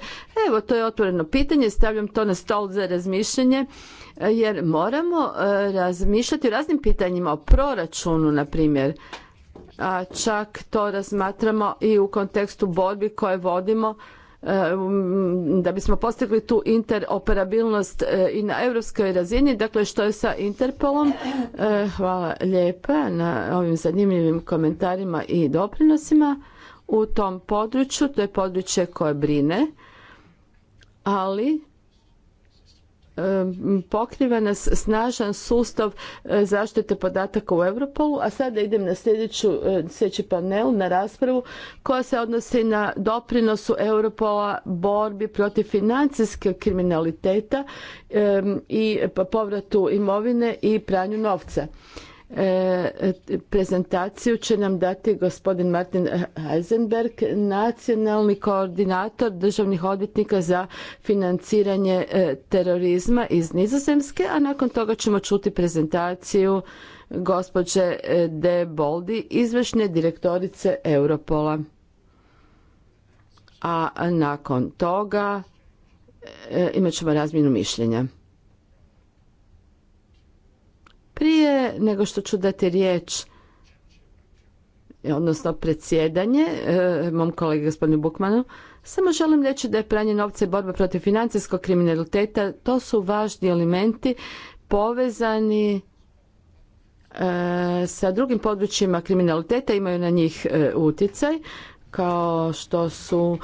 Evo, to je otvoreno pitanje, stavljam to na stol za razmišljanje jer moramo razmišljati o raznim pitanjima, o proračunu, na primjer a čak to razmatramo i u kontekstu borbi koje vodimo e, da bismo postigli tu interoperabilnost e, i na europskoj razini, dakle što je sa Interpolom. E, hvala lijepa na ovim zanimljivim komentarima i doprinosima u tom području, to je područje koje brine, ali pokriva nas snažan sustav e, zaštite podataka u Europolu, a sada idem na sljedeću, e, sljedeći panel, na raspravu koja se odnosi na doprinosu Europola borbi protiv financijskog kriminaliteta i povratu imovine i pranju novca. E, prezentaciju će nam dati gospodin Martin Heisenberg, nacionalni koordinator državnih odvjetnika za financiranje e, terorizma iz Nizozemske, a nakon toga ćemo čuti prezentaciju gospođe e, De Boldi, izvršne direktorice Europola. A nakon toga imat ćemo razmjenu mišljenja. Prije nego što ću dati riječ odnosno predsjedanje e, mom kolegi gospodinu Bukmanu, samo želim reći da je pranje novca i borba protiv financijskog kriminaliteta, to su važni elementi povezani e, sa drugim područjima kriminaliteta, imaju na njih e, utjecaj kao što su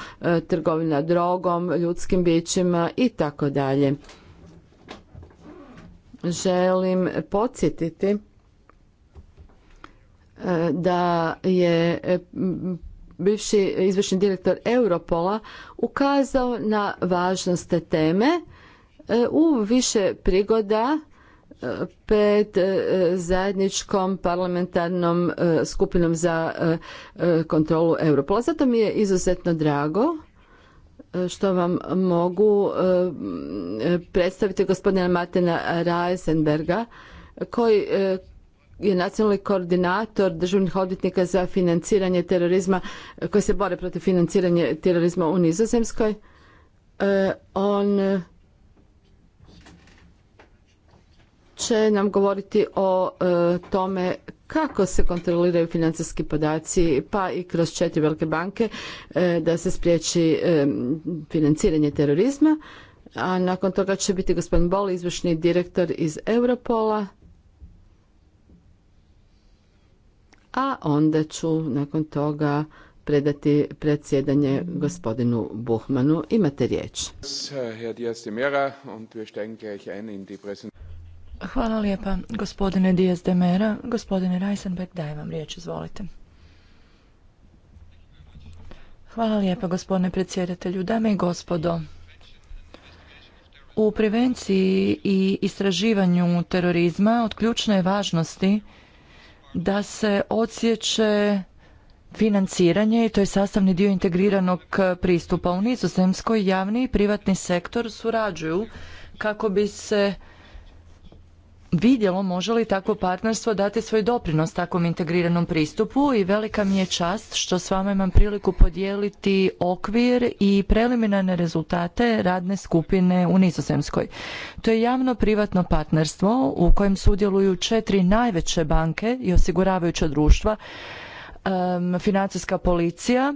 trgovina drogom, ljudskim bićima i tako dalje želim podsjetiti e, da je e, bivši izvršni direktor Europola ukazao na važnost te teme e, u više prigoda pred zajedničkom parlamentarnom skupinom za kontrolu Europola. Zato mi je izuzetno drago što vam mogu e, predstaviti gospodina Martina Reisenberga koji e, je nacionalni koordinator državnih odvjetnika za financiranje terorizma koji se bore protiv financiranja terorizma u Nizozemskoj. E, on će nam govoriti o tome kako se kontroliraju financijski podaci pa i kroz četiri velike banke e, da se spriječi e, financiranje terorizma. A nakon toga će biti gospodin Bol, izvršni direktor iz Europola. A onda ću nakon toga predati predsjedanje gospodinu Buhmanu. Imate riječ. Hvala lijepa, gospodine Diaz de Mera. Gospodine Reisenberg, daj vam riječ, izvolite. Hvala lijepa, gospodine predsjedatelju. Dame i gospodo, u prevenciji i istraživanju terorizma od ključne je važnosti da se odsjeće financiranje i to je sastavni dio integriranog pristupa. U Nizozemskoj javni i privatni sektor surađuju kako bi se vidjelo može li takvo partnerstvo dati svoj doprinos takvom integriranom pristupu i velika mi je čast što s vama imam priliku podijeliti okvir i preliminarne rezultate radne skupine u Nizozemskoj. To je javno-privatno partnerstvo u kojem sudjeluju četiri najveće banke i osiguravajuća društva, financijska policija,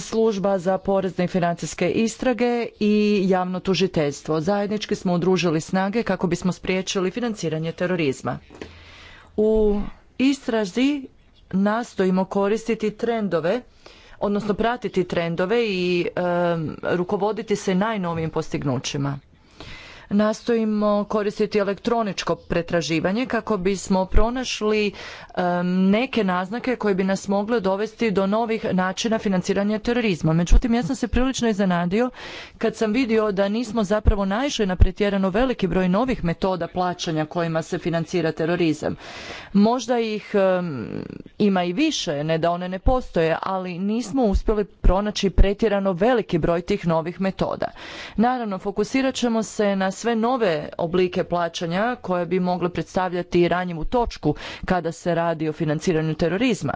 služba za porezne i financijske istrage i javno tužiteljstvo. Zajednički smo udružili snage kako bismo spriječili financiranje terorizma. U istrazi nastojimo koristiti trendove odnosno pratiti trendove i rukovoditi se najnovijim postignućima nastojimo koristiti elektroničko pretraživanje kako bismo pronašli neke naznake koje bi nas mogle dovesti do novih načina financiranja terorizma. Međutim, ja sam se prilično iznenadio kad sam vidio da nismo zapravo naišli na pretjerano veliki broj novih metoda plaćanja kojima se financira terorizam. Možda ih ima i više, ne da one ne postoje, ali nismo uspjeli pronaći pretjerano veliki broj tih novih metoda. Naravno, fokusirat ćemo se na sve nove oblike plaćanja koje bi mogle predstavljati ranjivu točku kada se radi o financiranju terorizma.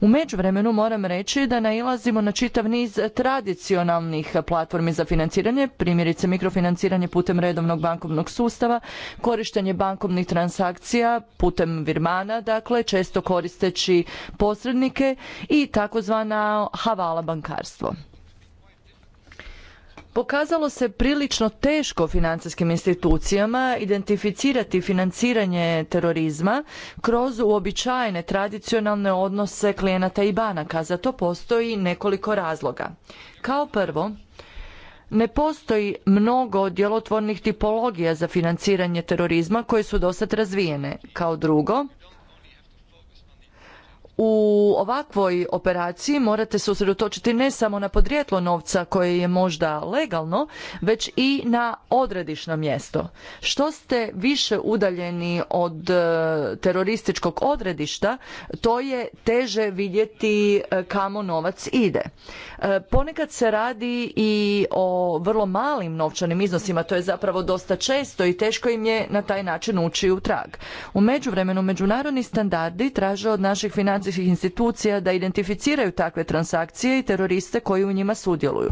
U međuvremenu moram reći da nailazimo na čitav niz tradicionalnih platformi za financiranje, primjerice mikrofinanciranje putem redovnog bankovnog sustava, korištenje bankovnih transakcija putem virmana, dakle često koristeći posrednike i takozvana havala bankarstvo. Pokazalo se prilično teško financijskim institucijama identificirati financiranje terorizma kroz uobičajene tradicionalne odnose klijenata i banaka. Za to postoji nekoliko razloga. Kao prvo, ne postoji mnogo djelotvornih tipologija za financiranje terorizma koje su dosad razvijene. Kao drugo, u ovakvoj operaciji morate se usredotočiti ne samo na podrijetlo novca koje je možda legalno, već i na odredišno mjesto. Što ste više udaljeni od e, terorističkog odredišta, to je teže vidjeti e, kamo novac ide. E, ponekad se radi i o vrlo malim novčanim iznosima, to je zapravo dosta često i teško im je na taj način ući u trag. U međuvremenu međunarodni standardi traže od naših financijskih institucija da identificiraju takve transakcije i teroriste koji u njima sudjeluju.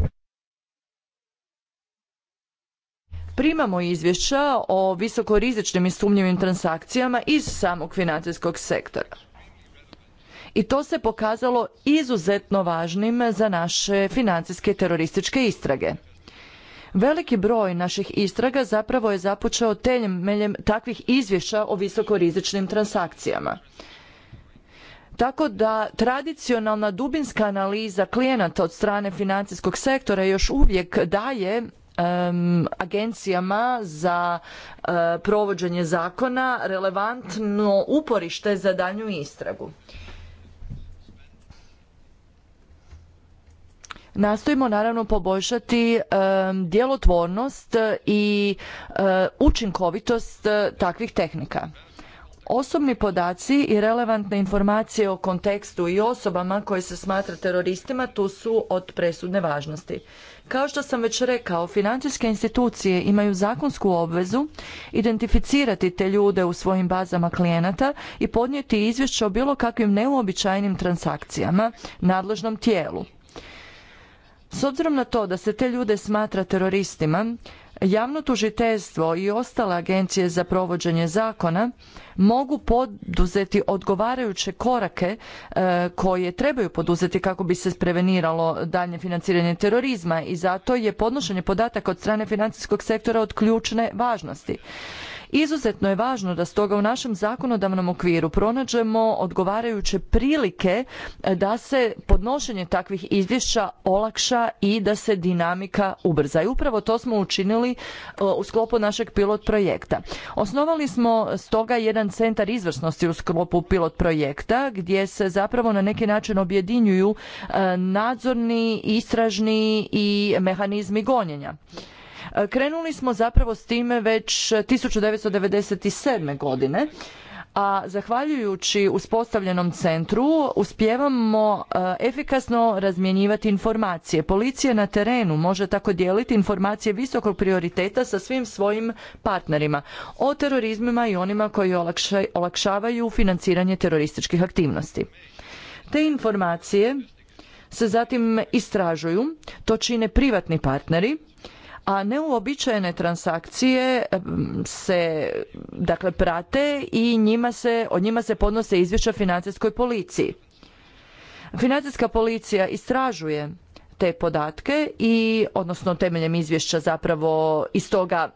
Primamo izvješća o visokorizičnim i sumnjivim transakcijama iz samog financijskog sektora. I to se pokazalo izuzetno važnim za naše financijske terorističke istrage. Veliki broj naših istraga zapravo je započeo temeljem takvih izvješća o visokorizičnim transakcijama. Tako da tradicionalna dubinska analiza klijenata od strane financijskog sektora još uvijek daje agencijama za e, provođenje zakona relevantno uporište za daljnju istragu. nastojimo naravno poboljšati djelotvornost i e, učinkovitost e, takvih tehnika. Osobni podaci i relevantne informacije o kontekstu i osobama koje se smatra teroristima tu su od presudne važnosti. Kao što sam već rekao, financijske institucije imaju zakonsku obvezu identificirati te ljude u svojim bazama klijenata i podnijeti izvješće o bilo kakvim neuobičajenim transakcijama nadležnom tijelu. S obzirom na to da se te ljude smatra teroristima, Javno tužiteljstvo i ostale agencije za provođenje zakona mogu poduzeti odgovarajuće korake e, koje trebaju poduzeti kako bi se preveniralo daljnje financiranje terorizma i zato je podnošenje podataka od strane financijskog sektora od ključne važnosti. Izuzetno je važno da stoga u našem zakonodavnom okviru pronađemo odgovarajuće prilike e, da se podnošenje takvih izvješća olakša i da se dinamika ubrza. I upravo to smo učinili e, u sklopu našeg pilot projekta. Osnovali smo stoga jedan centar izvrsnosti u sklopu pilot projekta gdje se zapravo na neki način objedinjuju e, nadzorni, istražni i mehanizmi gonjenja. Krenuli smo zapravo s time već 1997. godine a zahvaljujući uspostavljenom centru uspijevamo e, efikasno razmjenjivati informacije. Policija na terenu može tako dijeliti informacije visokog prioriteta sa svim svojim partnerima o terorizmima i onima koji olakšavaju financiranje terorističkih aktivnosti. Te informacije se zatim istražuju, to čine privatni partneri a neuobičajene transakcije se dakle prate i njima se, od njima se podnose izvješća financijskoj policiji. Financijska policija istražuje te podatke i odnosno temeljem izvješća zapravo iz toga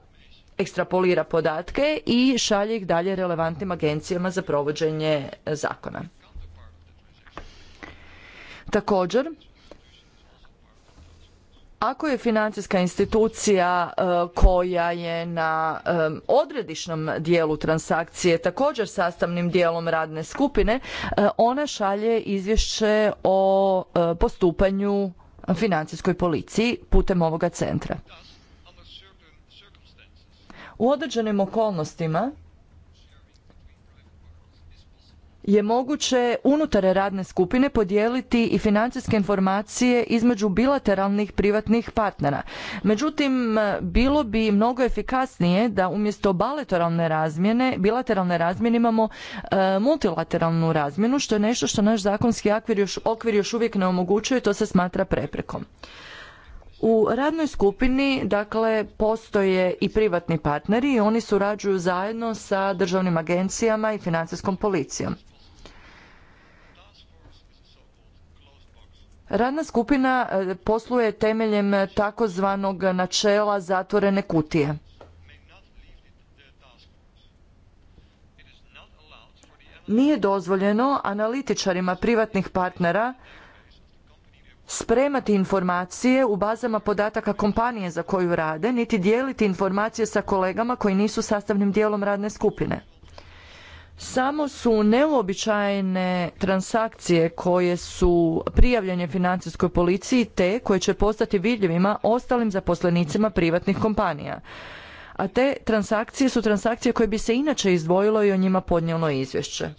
ekstrapolira podatke i šalje ih dalje relevantnim agencijama za provođenje zakona. Također, ako je financijska institucija e, koja je na e, odredišnom dijelu transakcije također sastavnim dijelom radne skupine, e, ona šalje izvješće o postupanju financijskoj policiji putem ovoga centra. U određenim okolnostima je moguće unutar radne skupine podijeliti i financijske informacije između bilateralnih privatnih partnera. Međutim, bilo bi mnogo efikasnije da umjesto bilateralne razmjene, bilateralne razmjene imamo e, multilateralnu razmjenu, što je nešto što naš zakonski okvir još, uvijek ne omogućuje, to se smatra preprekom. U radnoj skupini dakle postoje i privatni partneri i oni surađuju zajedno sa državnim agencijama i financijskom policijom. Radna skupina e, posluje temeljem takozvanog načela zatvorene kutije. Nije dozvoljeno analitičarima privatnih partnera spremati informacije u bazama podataka kompanije za koju rade, niti dijeliti informacije sa kolegama koji nisu sastavnim dijelom radne skupine. Samo su neuobičajene transakcije koje su prijavljene financijskoj policiji te koje će postati vidljivima ostalim zaposlenicima privatnih kompanija. A te transakcije su transakcije koje bi se inače izdvojilo i o njima podnijelo izvješće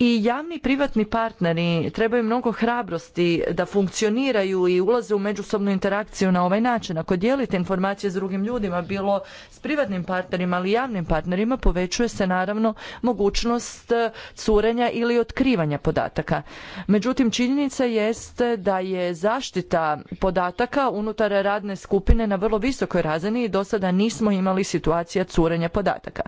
i javni i privatni partneri trebaju mnogo hrabrosti da funkcioniraju i ulaze u međusobnu interakciju na ovaj način. Ako dijelite informacije s drugim ljudima, bilo s privatnim partnerima ali javnim partnerima, povećuje se naravno mogućnost e, curenja ili otkrivanja podataka. Međutim, činjenica jest da je zaštita podataka unutar radne skupine na vrlo visokoj razini i do sada nismo imali situacija curenja podataka.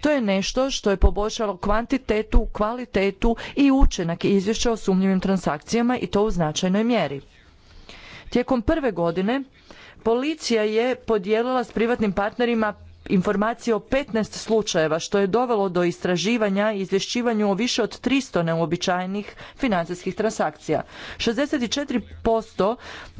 To je nešto što je poboljšalo kvantitetu, kvalitetu je tu i učinak izvješća o sumnjivim transakcijama i to u značajnoj mjeri. Tijekom prve godine policija je podijelila s privatnim partnerima informacije o 15 slučajeva što je dovelo do istraživanja i izvješćivanju o više od 300 neuobičajenih financijskih transakcija. 64%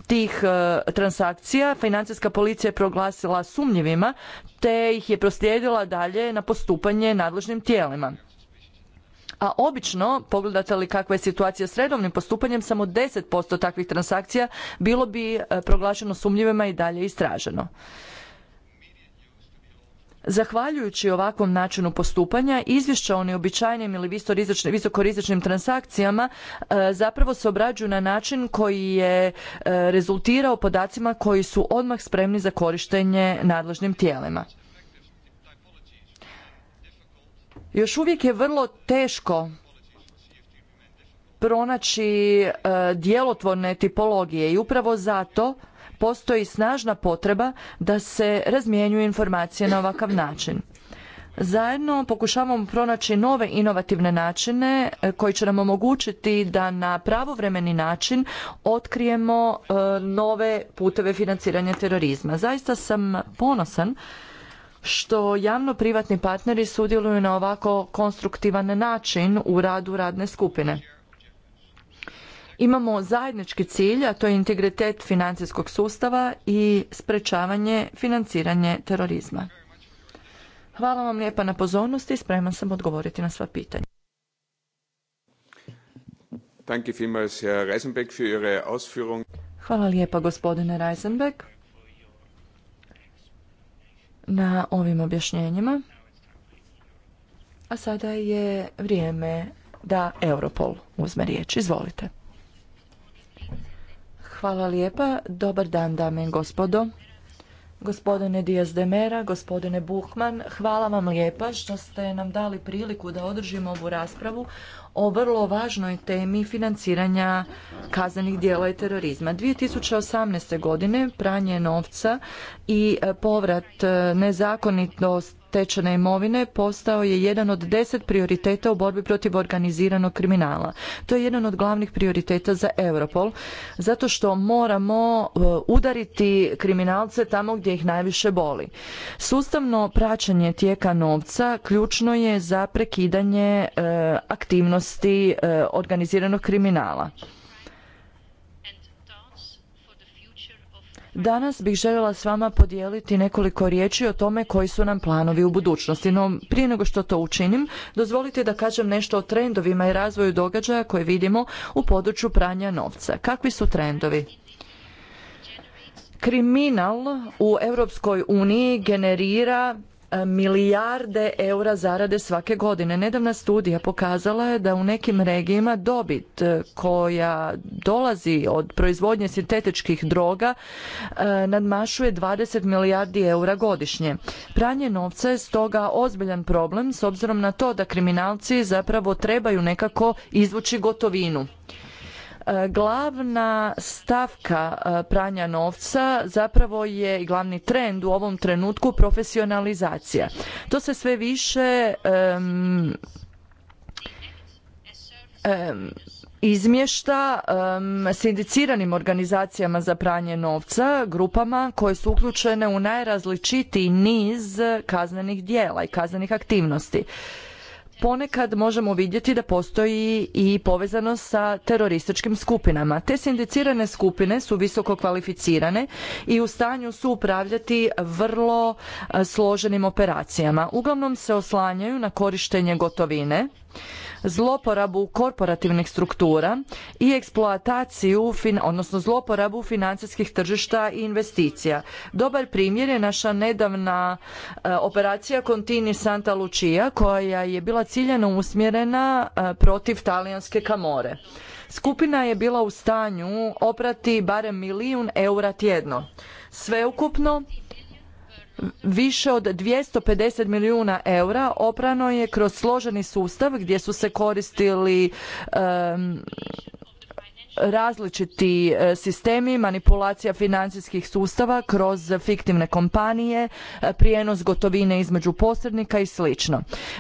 tih e, transakcija financijska policija je proglasila sumnjivima te ih je proslijedila dalje na postupanje nadležnim tijelima a obično, pogledate li kakva je situacija s redovnim postupanjem, samo 10% takvih transakcija bilo bi e, proglašeno sumnjivima i dalje istraženo. Zahvaljujući ovakvom načinu postupanja, izvješća o neobičajnim ili visokorizičnim transakcijama e, zapravo se obrađuju na način koji je e, rezultirao podacima koji su odmah spremni za korištenje nadležnim tijelima. Još uvijek je vrlo teško pronaći e, djelotvorne tipologije i upravo zato postoji snažna potreba da se razmjenjuju informacije na ovakav način. Zajedno pokušavamo pronaći nove inovativne načine e, koji će nam omogućiti da na pravovremeni način otkrijemo e, nove puteve financiranja terorizma. Zaista sam ponosan što javno-privatni partneri sudjeluju na ovako konstruktivan način u radu radne skupine. Imamo zajednički cilj, a to je integritet financijskog sustava i sprečavanje financiranje terorizma. Hvala vam lijepa na pozornosti i spreman sam odgovoriti na sva pitanja. Hvala lijepa gospodine Reisenbeck na ovim objašnjenjima. A sada je vrijeme da Europol uzme riječ. Izvolite. Hvala lijepa. Dobar dan, dame i gospodo. Gospodine Diaz de Mera, gospodine Buhman, hvala vam lijepa što ste nam dali priliku da održimo ovu raspravu o vrlo važnoj temi financiranja kaznenih dijela i terorizma. 2018. godine pranje novca i povrat e, nezakonitost stečene imovine postao je jedan od deset prioriteta u borbi protiv organiziranog kriminala. To je jedan od glavnih prioriteta za Europol, zato što moramo e, udariti kriminalce tamo gdje ih najviše boli. Sustavno praćenje tijeka novca ključno je za prekidanje e, aktivnosti e, organiziranog kriminala. Danas bih željela s vama podijeliti nekoliko riječi o tome koji su nam planovi u budućnosti. No prije nego što to učinim, dozvolite da kažem nešto o trendovima i razvoju događaja koje vidimo u području pranja novca. Kakvi su trendovi? Kriminal u Europskoj uniji generira milijarde eura zarade svake godine. Nedavna studija pokazala je da u nekim regijima dobit e, koja dolazi od proizvodnje sintetičkih droga e, nadmašuje 20 milijardi eura godišnje. Pranje novca je stoga ozbiljan problem s obzirom na to da kriminalci zapravo trebaju nekako izvući gotovinu. E, glavna stavka e, pranja novca zapravo je i glavni trend u ovom trenutku profesionalizacija. To se sve više izmješta sindiciranim organizacijama za pranje novca, grupama koje su uključene u najrazličitiji niz kaznenih djela i kaznenih aktivnosti ponekad možemo vidjeti da postoji i povezano sa terorističkim skupinama. Te sindicirane skupine su visoko kvalificirane i u stanju su upravljati vrlo složenim operacijama. Uglavnom se oslanjaju na korištenje gotovine zloporabu korporativnih struktura i eksploataciju, odnosno zloporabu financijskih tržišta i investicija. Dobar primjer je naša nedavna e, operacija Contini Santa Lucia koja je bila ciljeno usmjerena e, protiv talijanske kamore. Skupina je bila u stanju oprati barem milijun eura tjedno. Sveukupno Više od 250 milijuna eura oprano je kroz složeni sustav gdje su se koristili različiti e, sistemi manipulacija financijskih sustava kroz fiktivne kompanije, e, prijenos gotovine između posrednika i sl.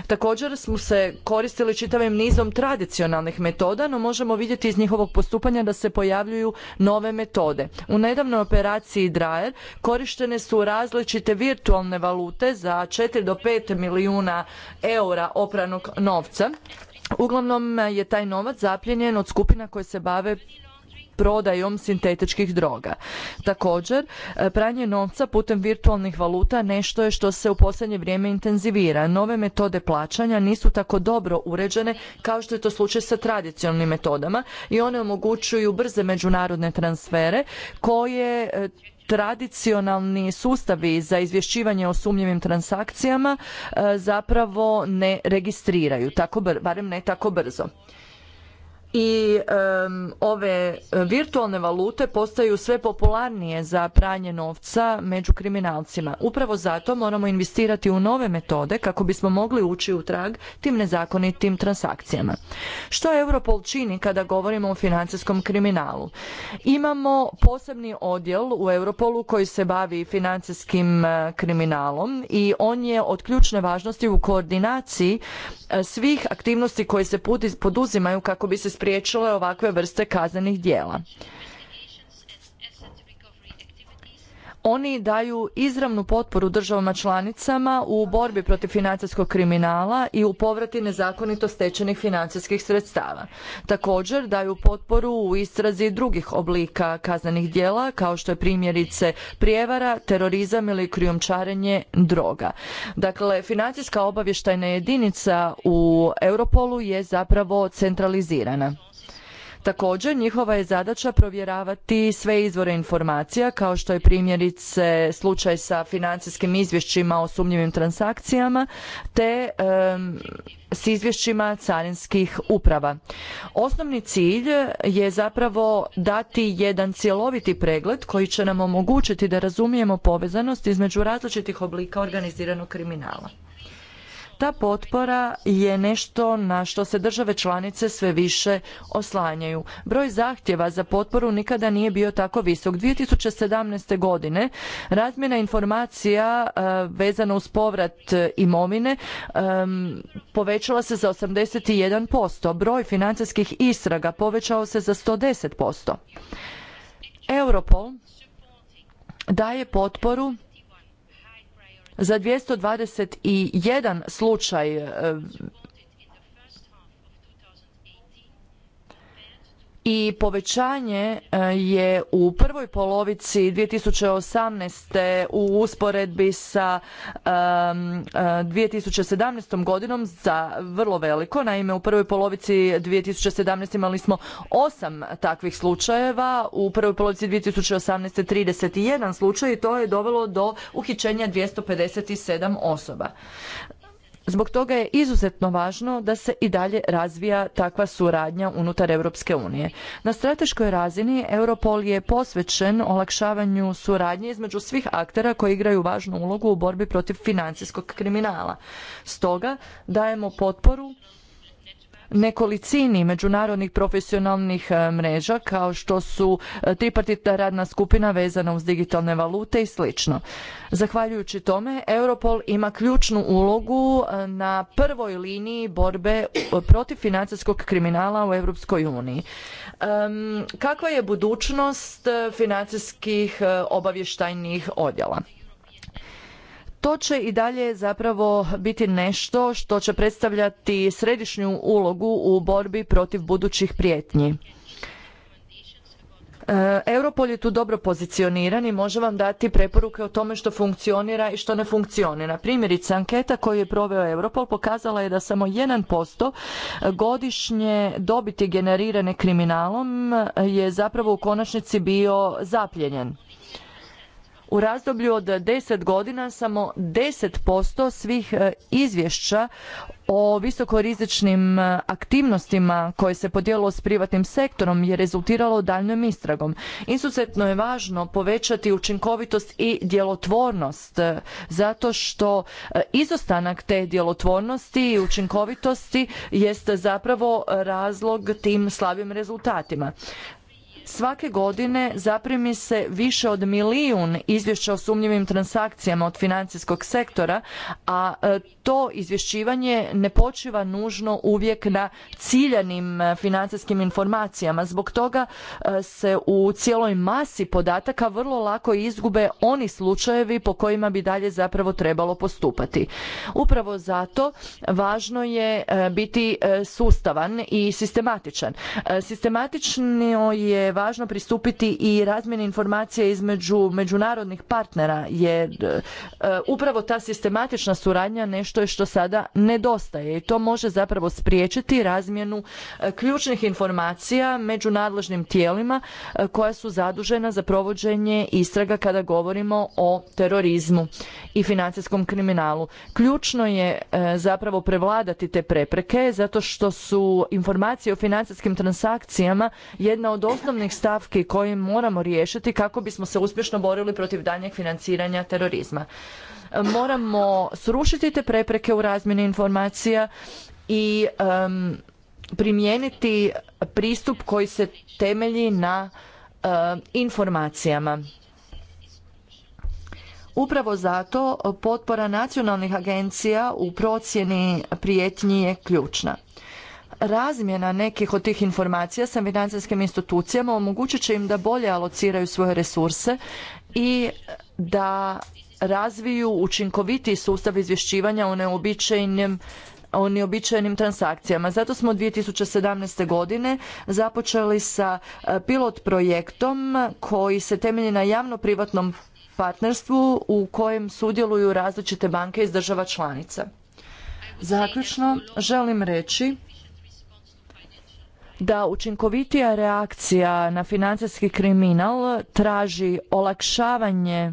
Također smo se koristili čitavim nizom tradicionalnih metoda, no možemo vidjeti iz njihovog postupanja da se pojavljuju nove metode. U nedavnoj operaciji DRAER korištene su različite virtualne valute za 4 do 5 milijuna eura opranog novca Uglavnom e, je taj novac zapljenjen od skupina koje se bave prodajom sintetičkih droga. Također, e, pranje novca putem virtualnih valuta nešto je što se u posljednje vrijeme intenzivira. Nove metode plaćanja nisu tako dobro uređene kao što je to slučaj sa tradicionalnim metodama i one omogućuju brze međunarodne transfere koje e, tradicionalni sustavi za izvješćivanje o sumnjivim transakcijama e, zapravo ne registriraju, tako, barem ne tako brzo i ove e, virtualne valute postaju sve popularnije za pranje novca među kriminalcima. Upravo zato moramo investirati u nove metode kako bismo mogli ući u trag tim nezakonitim transakcijama. Što Europol čini kada govorimo o financijskom kriminalu? Imamo posebni odjel u Europolu koji se bavi financijskim e, kriminalom i on je od ključne važnosti u koordinaciji e, svih aktivnosti koje se poduzimaju kako bi se spriječile ovakve vrste kaznenih djela. Oni daju izravnu potporu državama članicama u borbi protiv financijskog kriminala i u povrati nezakonito stečenih financijskih sredstava. Također daju potporu u istrazi drugih oblika kaznenih djela kao što je primjerice prijevara, terorizam ili krijumčarenje droga. Dakle, financijska obavještajna jedinica u Europolu je zapravo centralizirana. Također, njihova je zadaća provjeravati sve izvore informacija, kao što je primjerice slučaj sa financijskim izvješćima o sumnjivim transakcijama, te s izvješćima carinskih uprava. Osnovni cilj je zapravo dati jedan cjeloviti pregled koji će nam omogućiti da razumijemo povezanost između različitih oblika organiziranog kriminala. Ta potpora je nešto na što se države članice sve više oslanjaju. Broj zahtjeva za potporu nikada nije bio tako visok. 2017. godine razmjena informacija e, vezana uz povrat e, imovine e, povećala se za 81%. Broj financijskih istraga povećao se za 110%. Europol daje potporu za 221 slučaj e, i povećanje e, je u prvoj polovici 2018. u usporedbi sa 2017. E, godinom za vrlo veliko. Naime, u prvoj polovici 2017. imali smo osam takvih slučajeva, u prvoj polovici 2018. 31 slučaj i to je dovelo do uhićenja 257 osoba. Zbog toga je izuzetno važno da se i dalje razvija takva suradnja unutar Europske unije. Na strateškoj razini Europol je posvećen olakšavanju suradnje između svih aktera koji igraju važnu ulogu u borbi protiv financijskog kriminala. Stoga dajemo potporu nekolicini međunarodnih profesionalnih e, mreža kao što su e, tripartitna radna skupina vezana uz digitalne valute i slično. Zahvaljujući tome Europol ima ključnu ulogu e, na prvoj liniji borbe protiv financijskog kriminala u Europskoj uniji. Kakva je budućnost financijskih obavještajnih odjela? to će i dalje zapravo biti nešto što će predstavljati središnju ulogu u borbi protiv budućih prijetnji. E, Europol je tu dobro pozicioniran i može vam dati preporuke o tome što funkcionira i što ne funkcionira. Primjerice, anketa koju je proveo Europol pokazala je da samo 1% godišnje dobiti generirane kriminalom je zapravo u konačnici bio zapljenjen. U razdoblju od 10 godina samo 10% svih e, izvješća o visokorizičnim e, aktivnostima koje se podijelilo s privatnim sektorom je rezultiralo daljnjom istragom. Izuzetno je važno povećati učinkovitost i djelotvornost e, zato što izostanak te djelotvornosti i učinkovitosti jest zapravo razlog tim slabim rezultatima. Svake godine zaprimi se više od milijun izvješća o sumnjivim transakcijama od financijskog sektora, a e, to izvješćivanje ne počiva nužno uvijek na ciljanim e, financijskim informacijama. Zbog toga e, se u cijeloj masi podataka vrlo lako izgube oni slučajevi po kojima bi dalje zapravo trebalo postupati. Upravo zato važno je biti sustavan i sistematičan. Sistematično je važno pristupiti i razmjeni informacija između međunarodnih partnera jer e, upravo ta sistematična suradnja nešto je što sada nedostaje i to može zapravo spriječiti razmjenu e, ključnih informacija među nadležnim tijelima e, koja su zadužena za provođenje istraga kada govorimo o terorizmu i financijskom kriminalu. Ključno je zapravo prevladati te prepreke zato što su informacije o financijskim transakcijama jedna od osnovnih ključnih stavki koje moramo riješiti kako bismo se uspješno borili protiv daljnjeg financiranja terorizma. Moramo srušiti te prepreke u razmjeni informacija i primijeniti pristup koji se temelji na informacijama. Upravo zato potpora nacionalnih agencija u procjeni prijetnji je ključna razmjena nekih od tih informacija sa financijskim institucijama omogućit će im da bolje alociraju svoje resurse i da razviju učinkovitiji sustav izvješćivanja o neobičajnim transakcijama. Zato smo 2017. godine započeli sa e, pilot projektom koji se temelji na javno-privatnom partnerstvu u kojem sudjeluju različite banke iz država članica. Zaključno želim reći da učinkovitija reakcija na financijski kriminal traži olakšavanje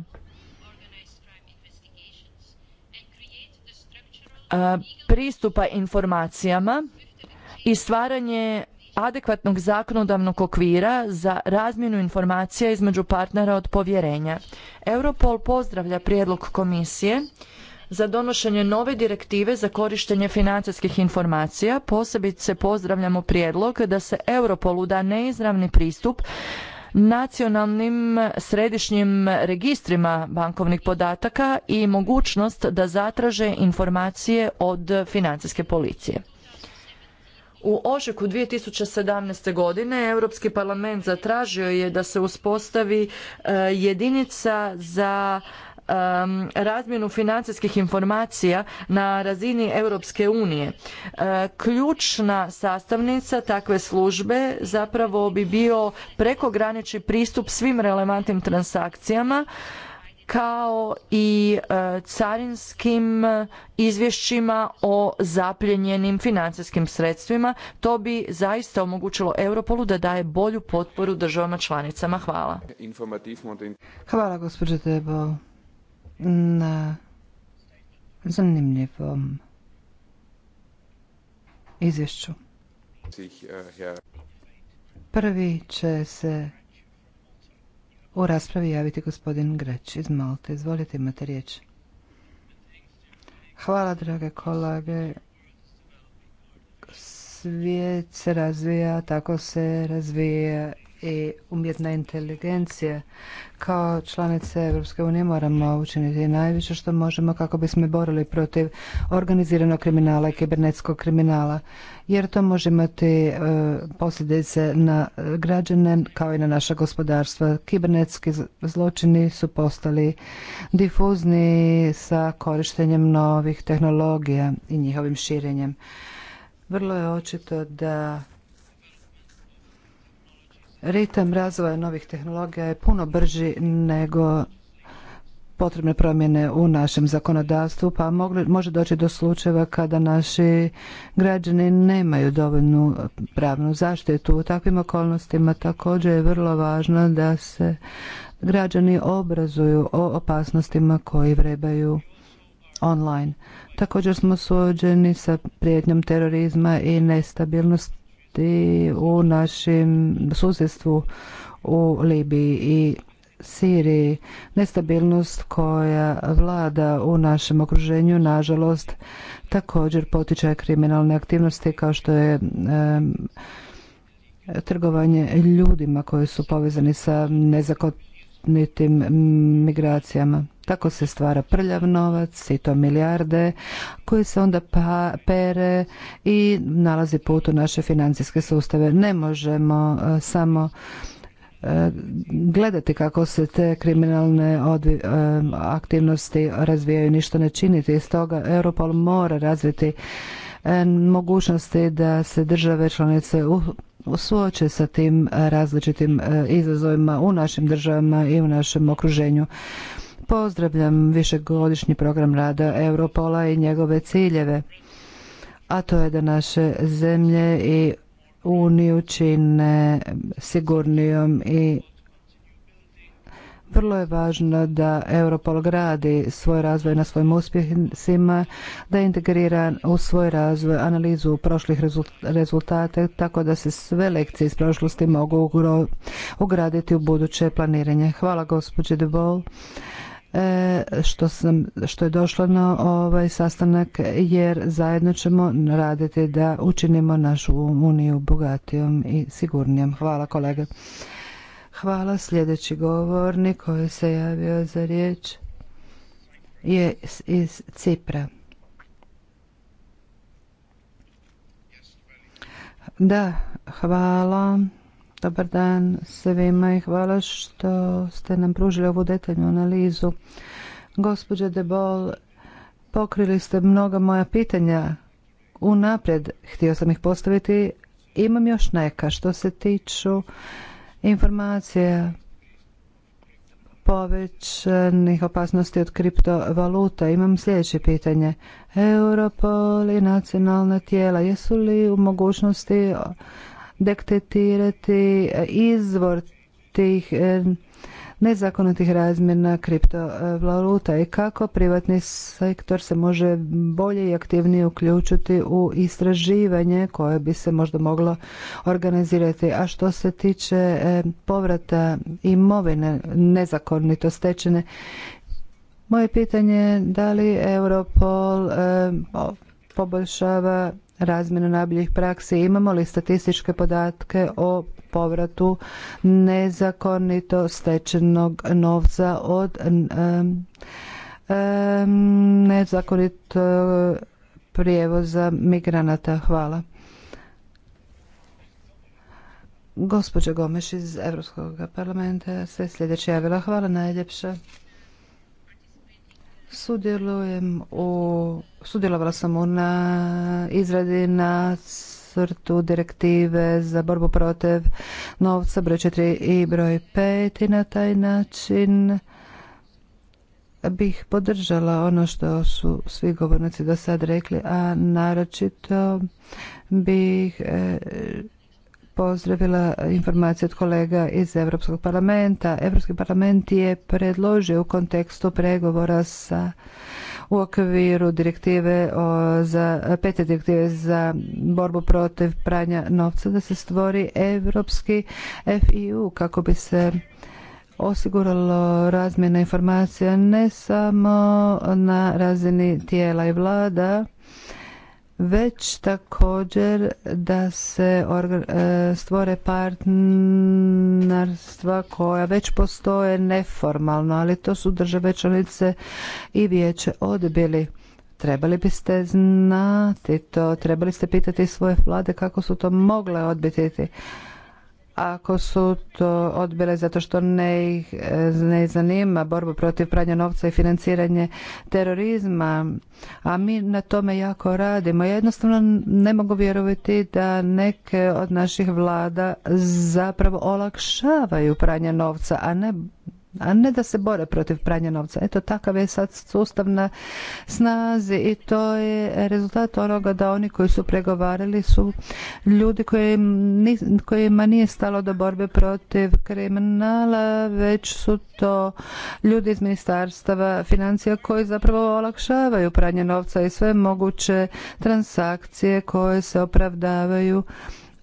uh, pristupa informacijama i stvaranje adekvatnog zakonodavnog okvira za razmjenu informacija između partnera od povjerenja. Europol pozdravlja prijedlog komisije za donošenje nove direktive za korištenje financijskih informacija. Posebice pozdravljamo prijedlog da se Europolu da neizravni pristup nacionalnim središnjim registrima bankovnih podataka i mogućnost da zatraže informacije od financijske policije. U ožujku 2017. godine Europski parlament zatražio je da se uspostavi e, jedinica za Um, razmjenu financijskih informacija na razini Europske unije. Uh, ključna sastavnica takve službe zapravo bi bio prekogranični pristup svim relevantnim transakcijama kao i uh, carinskim izvješćima o zapljenjenim financijskim sredstvima. To bi zaista omogućilo Europolu da daje bolju potporu državama članicama. Hvala. Hvala na zanimljivom izvješću. Prvi će se u raspravi javiti gospodin Greć iz Malte. Izvolite, imate riječ. Hvala, drage kolege. Svijet se razvija, tako se razvija i umjetna inteligencija. Kao članice Europske unije moramo učiniti najviše što možemo kako bismo borili protiv organiziranog kriminala i kibernetskog kriminala, jer to može imati e, posljedice na građane kao i na naša gospodarstva. Kibernetski zločini su postali difuzni sa korištenjem novih tehnologija i njihovim širenjem. Vrlo je očito da Ritam razvoja novih tehnologija je puno brži nego potrebne promjene u našem zakonodavstvu, pa može doći do slučajeva kada naši građani nemaju dovoljnu pravnu zaštitu. U takvim okolnostima također je vrlo važno da se građani obrazuju o opasnostima koji vrebaju online. Također smo suođeni sa prijetnjom terorizma i nestabilnost i u našem susjedstvu u Libiji i Siriji. Nestabilnost koja vlada u našem okruženju, nažalost, također potiče kriminalne aktivnosti kao što je trgovanje ljudima koji su povezani sa nezakonito nezakonitim migracijama. Tako se stvara prljav novac i to milijarde koji se onda pa, pere i nalazi put u naše financijske sustave. Ne možemo e, samo e, gledati kako se te kriminalne e, aktivnosti razvijaju, ništa ne činiti. Stoga Europol mora razviti mogućnosti da se države članice u suoče sa tim e, različitim e, izazovima u našim državama i u našem okruženju. Pozdravljam višegodišnji program rada Europola i njegove ciljeve, a to je da naše zemlje i Uniju čine sigurnijom i vrlo je važno da Europol gradi svoj razvoj na svojim uspjesima, da integrira u svoj razvoj analizu prošlih rezultata tako da se sve lekcije iz prošlosti mogu ugraditi u buduće planiranje. Hvala gospođe De e, Što, sam, što je došla na ovaj sastanak jer zajedno ćemo raditi da učinimo našu uniju bogatijom i sigurnijom. Hvala kolega. Hvala. Sljedeći govornik koji se javio za riječ je iz Cipra. Da, hvala. Dobar dan svima i hvala što ste nam pružili ovu detaljnu analizu. Gospođa Debol, pokrili ste mnoga moja pitanja. Unaprijed htio sam ih postaviti. Imam još neka što se tiču informacije povećanih opasnosti od kriptovaluta. Imam sljedeće pitanje. Europol i nacionalna tijela, jesu li u mogućnosti detektirati izvor tih eh, nezakonitih razmjena kriptovaluta i kako privatni sektor se može bolje i aktivnije uključiti u istraživanje koje bi se možda moglo organizirati. A što se tiče e, povrata imovine nezakonito stečene, moje pitanje je da li Europol e, poboljšava razmjenu najboljih praksi. Imamo li statističke podatke o povratu nezakonito stečenog novca od nezakonitog nezakonito prijevoza migranata. Hvala. Gospođa Gomeš iz Europskog parlamenta se sljedeće javila. Hvala najljepše. Sudjelujem u, sudjelovala sam u na izradi na direktive za borbu protiv novca broj 4 i broj 5 i na taj način bih podržala ono što su svi govornici do sad rekli, a naročito bih e, pozdravila informacije od kolega iz Europskog parlamenta. Europski parlament je predložio u kontekstu pregovora sa u okviru direktive o, za, pete direktive za borbu protiv pranja novca da se stvori europski FIU kako bi se osiguralo razmjena informacija ne samo na razini tijela i vlada već također da se e, stvore partnerstva koja već postoje neformalno, ali to su države članice i vijeće odbili. Trebali biste znati to, trebali ste pitati svoje vlade kako su to mogle odbiti ako su to odbile zato što ne ih e, ne zanima borba protiv pranja novca i financiranje terorizma, a mi na tome jako radimo. jednostavno ne mogu vjerovati da neke od naših vlada zapravo olakšavaju pranje novca, a ne a ne da se bore protiv pranja novca. Eto, takav je sad sustav na snazi i to je rezultat onoga da oni koji su pregovarali su ljudi kojima nije stalo do borbe protiv kriminala, već su to ljudi iz ministarstva financija koji zapravo olakšavaju pranje novca i sve moguće transakcije koje se opravdavaju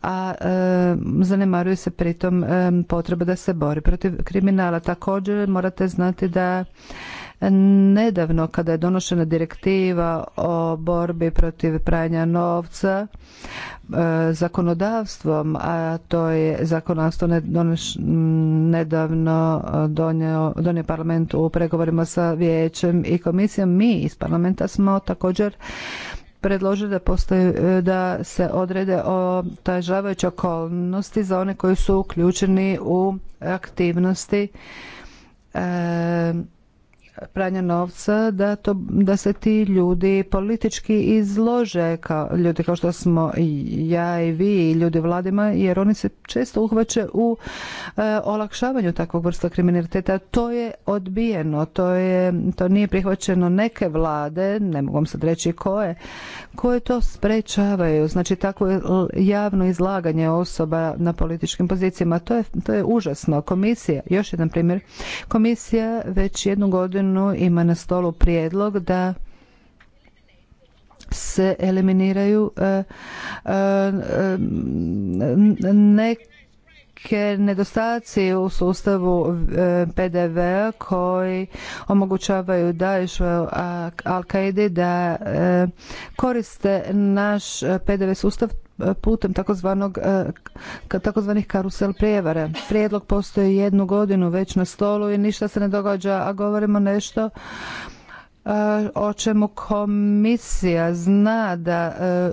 a e, zanemaruje se pritom e, potreba da se bori protiv kriminala. Također morate znati da nedavno kada je donošena direktiva o borbi protiv pranja novca e, zakonodavstvom, a to je zakonodavstvo nedavno donio, donio parlament u pregovorima sa vijećem i komisijom, mi iz parlamenta smo također predložili da, postoji, e, da se odrede otažavajuće okolnosti za one koji su uključeni u aktivnosti e, pranja novca da, to, da se ti ljudi politički izlože kao ljudi kao što smo ja i vi i ljudi vladima jer oni se često uhvaće u e, olakšavanju takvog vrsta kriminaliteta. To je odbijeno, to, je, to nije prihvaćeno neke vlade, ne mogu vam sad reći koje, koje to sprečavaju. Znači takvo javno izlaganje osoba na političkim pozicijama, to je, to je užasno. Komisija, još jedan primjer, komisija već jednu godinu ima na stolu prijedlog da se eliminiraju e, e, e, neke nedostaci u sustavu pdv koji omogućavaju da Al-Qaidi da koriste naš PDV sustav putem e, takozvanih karusel prijevara. Prijedlog postoji jednu godinu već na stolu i ništa se ne događa, a govorimo nešto e, o čemu komisija zna da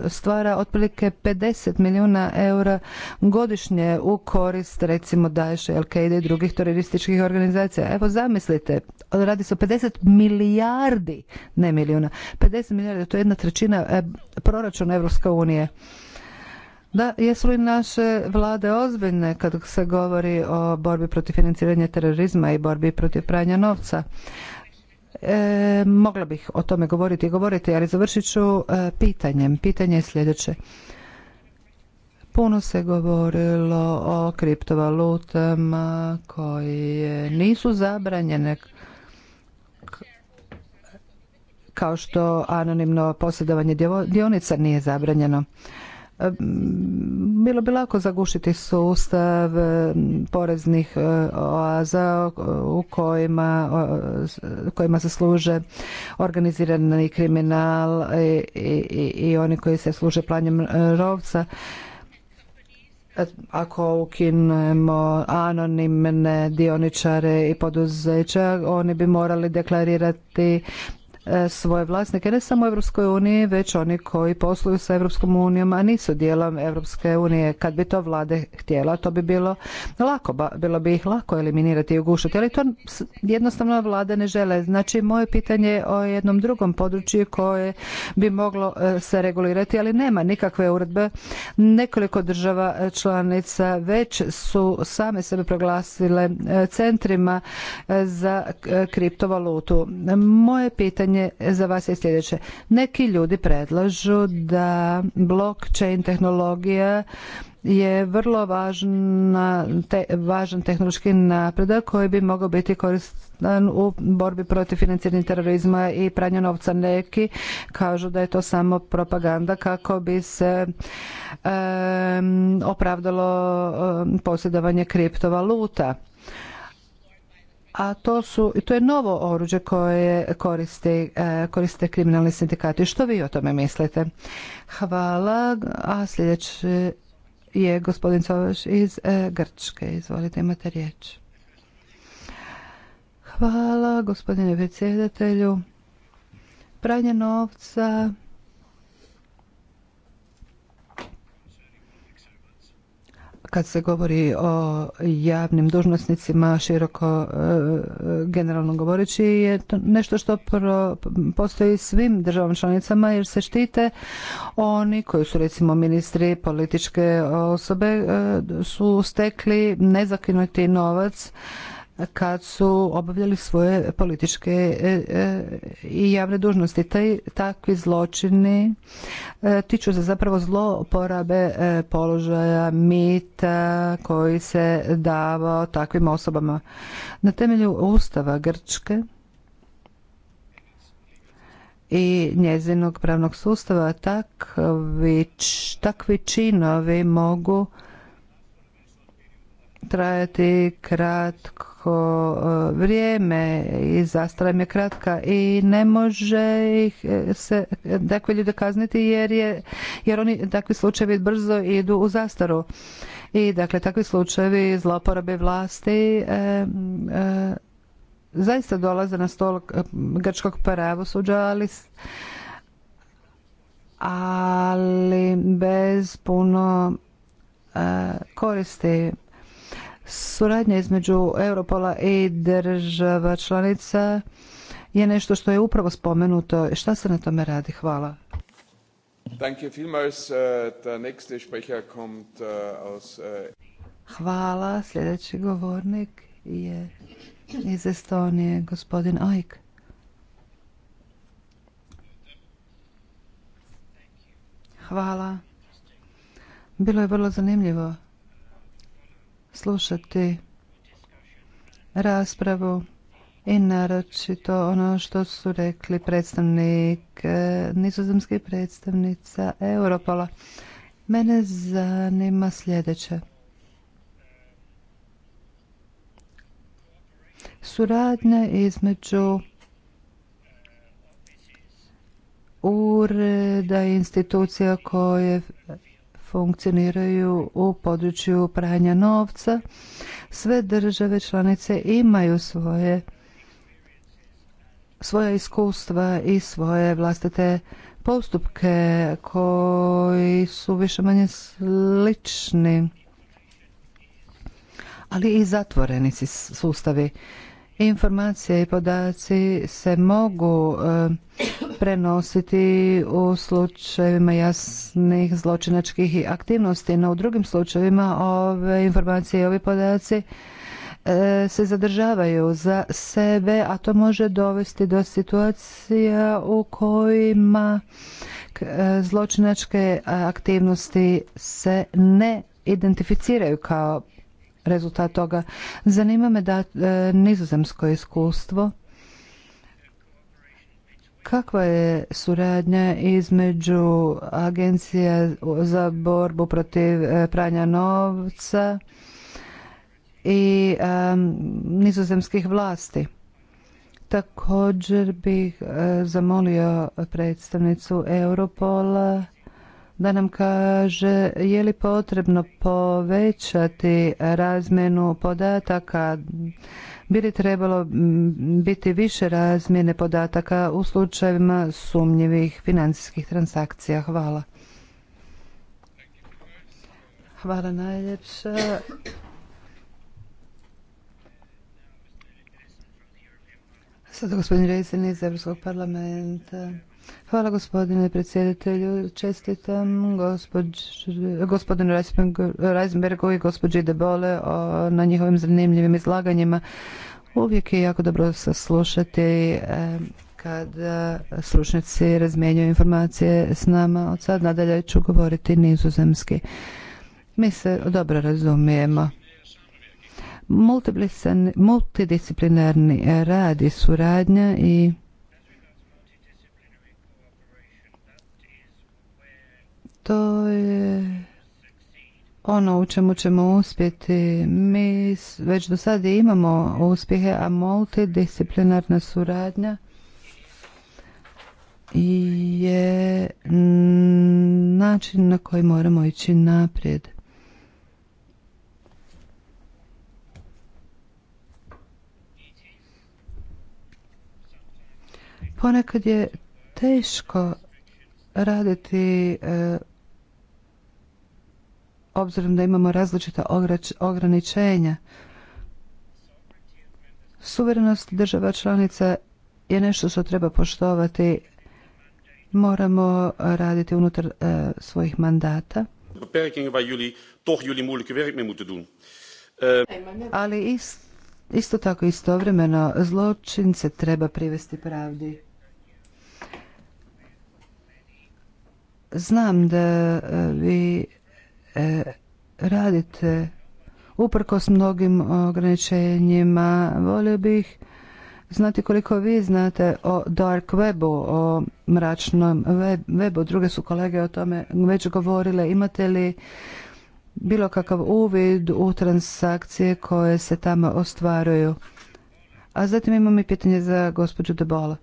e, stvara otprilike 50 milijuna eura godišnje u korist recimo Daesha, LKD i drugih terorističkih organizacija. Evo zamislite, radi se o 50 milijardi, ne milijuna, 50 milijardi, to je jedna trećina proračuna Evropske unije. Da, jesu li naše vlade ozbiljne kad se govori o borbi protiv financiranja terorizma i borbi protiv pranja novca? E, mogla bih o tome govoriti i govoriti, ali završit ću e, pitanjem. Pitanje je sljedeće. Puno se govorilo o kriptovalutama koje nisu zabranjene kao što anonimno posjedovanje dionica nije zabranjeno. Bilo bi lako zagušiti sustav poreznih e, oaza e, u kojima, kojima se služe organizirani kriminal i, i, i oni koji se služe planjem rovca e, ako ukinemo anonimne dioničare i poduzeća, oni bi morali deklarirati E, svoje vlasnike, ne samo u Europskoj uniji, već oni koji posluju sa Europskom unijom, a nisu dijelom Europske unije. Kad bi to vlade htjela, to bi bilo lako, bilo bi ih lako eliminirati i ugušiti, ali to jednostavno vlade ne žele. Znači, moje pitanje je o jednom drugom području koje bi moglo e, se regulirati, ali nema nikakve uredbe. Nekoliko država e, članica već su same sebe proglasile centrima za kriptovalutu. Moje pitanje pitanje za vas je sljedeće. Neki ljudi predlažu da blockchain tehnologija je vrlo važna, te, važan tehnološki napredak koji bi mogao biti koristan u borbi protiv financiranja terorizma i pranja novca. Neki kažu da je to samo propaganda kako bi se opravdalo posjedovanje kriptovaluta a to su to je novo oruđe koje koriste, koriste kriminalni sindikati. Što vi o tome mislite? Hvala. A sljedeći je gospodin Covaš iz e, Grčke. Izvolite, imate riječ. Hvala gospodine predsjedatelju. Pranje novca kad se govori o javnim dužnosnicima široko e, generalno govoreći je to nešto što postoji svim državama članicama jer se štite oni koji su recimo ministri političke osobe e, su stekli nezakinuti novac kad su obavljali svoje političke e, e, i javne dužnosti. takvi zločini e, tiču se zapravo zloporabe položaja mita koji se davao takvim osobama. Na temelju Ustava Grčke i njezinog pravnog sustava takvi, takvi činovi mogu trajati kratko kratko e, vrijeme i zastara je kratka i ne može ih e, se takve ljude kazniti jer je jer oni takvi slučajevi brzo idu u zastaru i dakle takvi slučajevi zloporabe vlasti e, e, zaista dolaze na stol grčkog pravosuđa ali ali bez puno koristi Suradnja između Europola i država članica je nešto što je upravo spomenuto. Šta se na tome radi? Hvala. Uh, uh, uh, Hvala. Sljedeći govornik je iz Estonije, gospodin Ajk. Hvala. Bilo je vrlo zanimljivo slušati raspravu i naročito ono što su rekli predstavnik e, nizozemske predstavnica Europola. Mene zanima sljedeće. Suradnja između ureda i institucija koje funkcioniraju u području pranja novca. Sve države članice imaju svoje svoja iskustva i svoje vlastite postupke koji su više manje slični ali i zatvoreni sustavi Informacije i podaci se mogu eh, prenositi u slučajevima jasnih zločinačkih aktivnosti, no u drugim slučajevima ove informacije i ovi podaci eh, se zadržavaju za sebe, a to može dovesti do situacija u kojima eh, zločinačke aktivnosti se ne identificiraju kao rezultat toga. Zanima me da e, nizozemsko iskustvo kakva je suradnja između agencija za borbu protiv e, pranja novca i e, nizozemskih vlasti također bih zamolio predstavnicu Europola da nam kaže je li potrebno povećati razmenu podataka, bi li trebalo biti više razmjene podataka u slučajevima sumnjivih financijskih transakcija. Hvala. Hvala najljepša. Sada gospodin Rezin iz Europskog parlamenta. Hvala gospodine predsjedatelju. Čestitam gospodinu Reisenbergu i gospođi Debole na njihovim zanimljivim izlaganjima. Uvijek je jako dobro saslušati e, kada e, stručnjaci razmjenjuju informacije s nama. Od sad nadalje ću govoriti nizozemski. Mi se dobro razumijemo. Multidisciplinarni rad i suradnja i to je ono u čemu ćemo uspjeti. Mi već do sada imamo uspjehe, a multidisciplinarna suradnja je način na koji moramo ići naprijed. Ponekad je teško raditi e, obzirom da imamo različita ograničenja. Suverenost država članica je nešto što treba poštovati. Moramo raditi unutar e, svojih mandata. Ali isto, tako istovremeno zločince treba privesti pravdi. Znam da e, vi E, radite uprkos mnogim ograničenjima. Volio bih znati koliko vi znate o dark webu, o mračnom webu. Druge su kolege o tome već govorile. Imate li bilo kakav uvid u transakcije koje se tamo ostvaruju? A zatim imam i pitanje za gospođu Debola.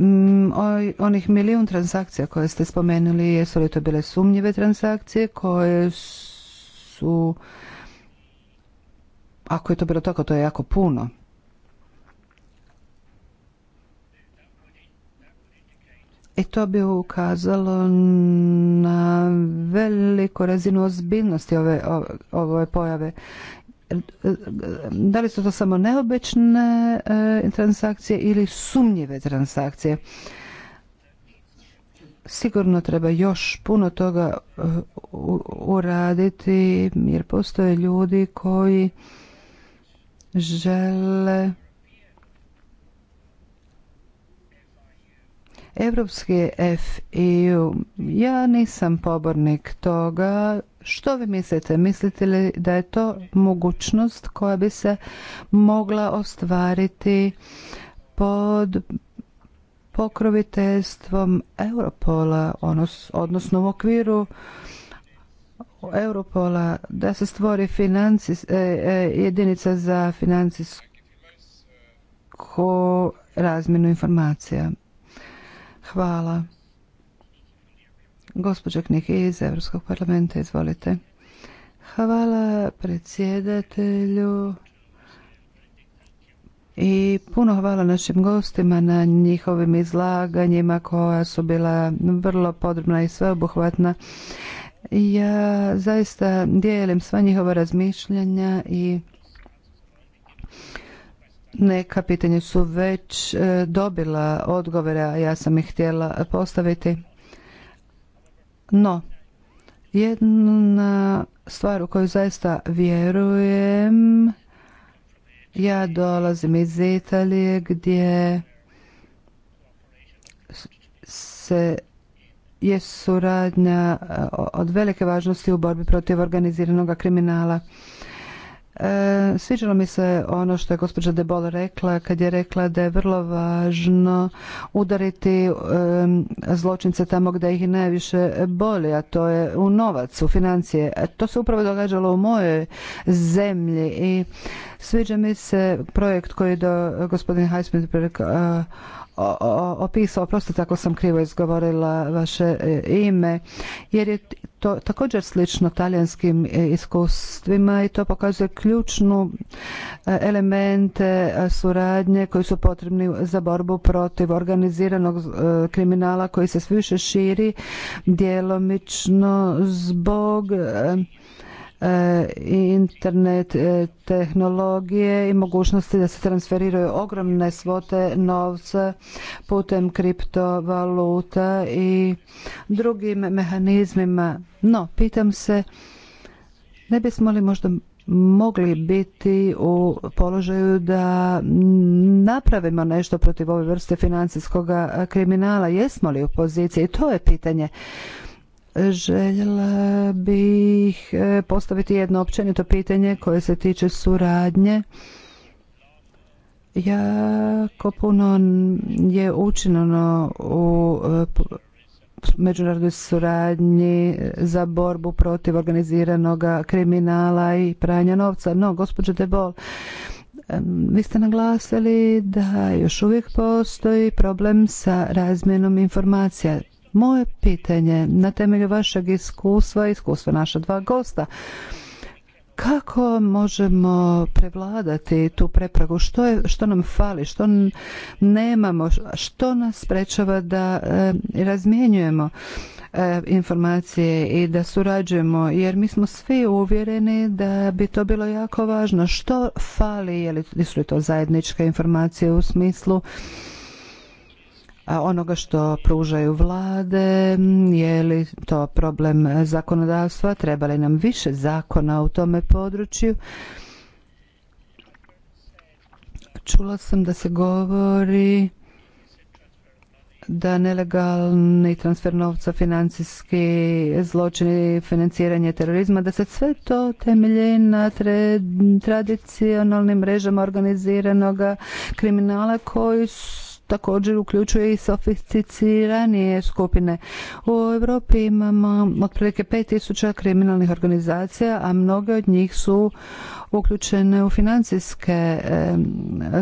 Mm, onih milijun transakcija koje ste spomenuli, jesu li to bile sumnjive transakcije koje su... Ako je to bilo tako, to je jako puno. I to bi ukazalo na veliku razinu ozbiljnosti ove, ove pojave da li su to samo neobične e, transakcije ili sumnjive transakcije. Sigurno treba još puno toga e, uraditi jer postoje ljudi koji žele Evropski FIU. Ja nisam pobornik toga što vi mislite? Mislite li da je to mogućnost koja bi se mogla ostvariti pod pokroviteljstvom Europola, odnosno u okviru Europola da se stvori financis, e, e, jedinica za financijsku razmjenu informacija. Hvala. Gospođa Knihe iz Europskog parlamenta, izvolite. Hvala predsjedatelju i puno hvala našim gostima na njihovim izlaganjima koja su bila vrlo podrobna i sveobuhvatna. Ja zaista dijelim sva njihova razmišljanja i neka pitanja su već e, dobila odgovore, a ja sam ih htjela postaviti. No, jedna stvar u koju zaista vjerujem, ja dolazim iz Italije gdje se je suradnja e, od velike važnosti u borbi protiv organiziranog kriminala. E, sviđalo mi se ono što je gospođa Debol rekla kad je rekla da je vrlo važno udariti e, zločince tamo gdje ih najviše boli, a to je u novac, u financije. E, to se upravo događalo u mojoj zemlji i sviđa mi se projekt koji je do, gospodin Heisman opisao, oprostite tako sam krivo izgovorila vaše e, ime, jer je to također slično talijanskim e, iskustvima i to pokazuje ključnu e, elemente suradnje koji su potrebni za borbu protiv organiziranog kriminala koji se sve više širi djelomično zbog internet e, tehnologije i mogućnosti da se transferiraju ogromne svote novca putem kriptovaluta i drugim mehanizmima. No, pitam se, ne bismo li možda mogli biti u položaju da napravimo nešto protiv ove vrste financijskog kriminala. Jesmo li u poziciji? To je pitanje. Željela bih e, postaviti jedno općenito pitanje koje se tiče suradnje. Jako puno je učinjeno u e, međunarodnoj suradnji e, za borbu protiv organiziranog kriminala i pranja novca. No, gospođo Debol, vi ste naglasili da još uvijek postoji problem sa razmjenom informacija. Moje pitanje na temelju vašeg iskustva, iskustva naša dva gosta, kako možemo prevladati tu prepragu? Što, je, što nam fali? Što nemamo? Što nas sprečava da e, razmjenjujemo e, informacije i da surađujemo? Jer mi smo svi uvjereni da bi to bilo jako važno. Što fali? Je li, su li to zajedničke informacije u smislu onoga što pružaju vlade, je li to problem zakonodavstva, treba li nam više zakona u tome području. Čula sam da se govori da nelegalni transfer novca, financijski zločini, financiranje terorizma, da se sve to temelji na tradicionalnim mrežama organiziranoga kriminala koji su također uključuje i sofisticiranije skupine. U Europi imamo otprilike 5000 kriminalnih organizacija, a mnoge od njih su uključene u financijske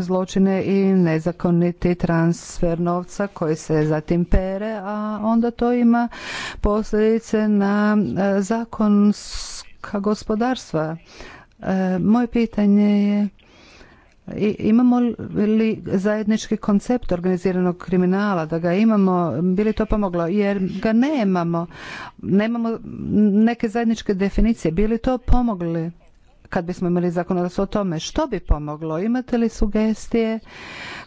zločine i nezakoniti transfer novca koji se zatim pere, a onda to ima posljedice na e, zakonska gospodarstva. E, moje pitanje je imamo li zajednički koncept organiziranog kriminala, da ga imamo, bi li to pomoglo? Jer ga nemamo. Nemamo neke zajedničke definicije. Bi li to pomogli? kad bismo imali zakonodavstvo o tome što bi pomoglo imate li sugestije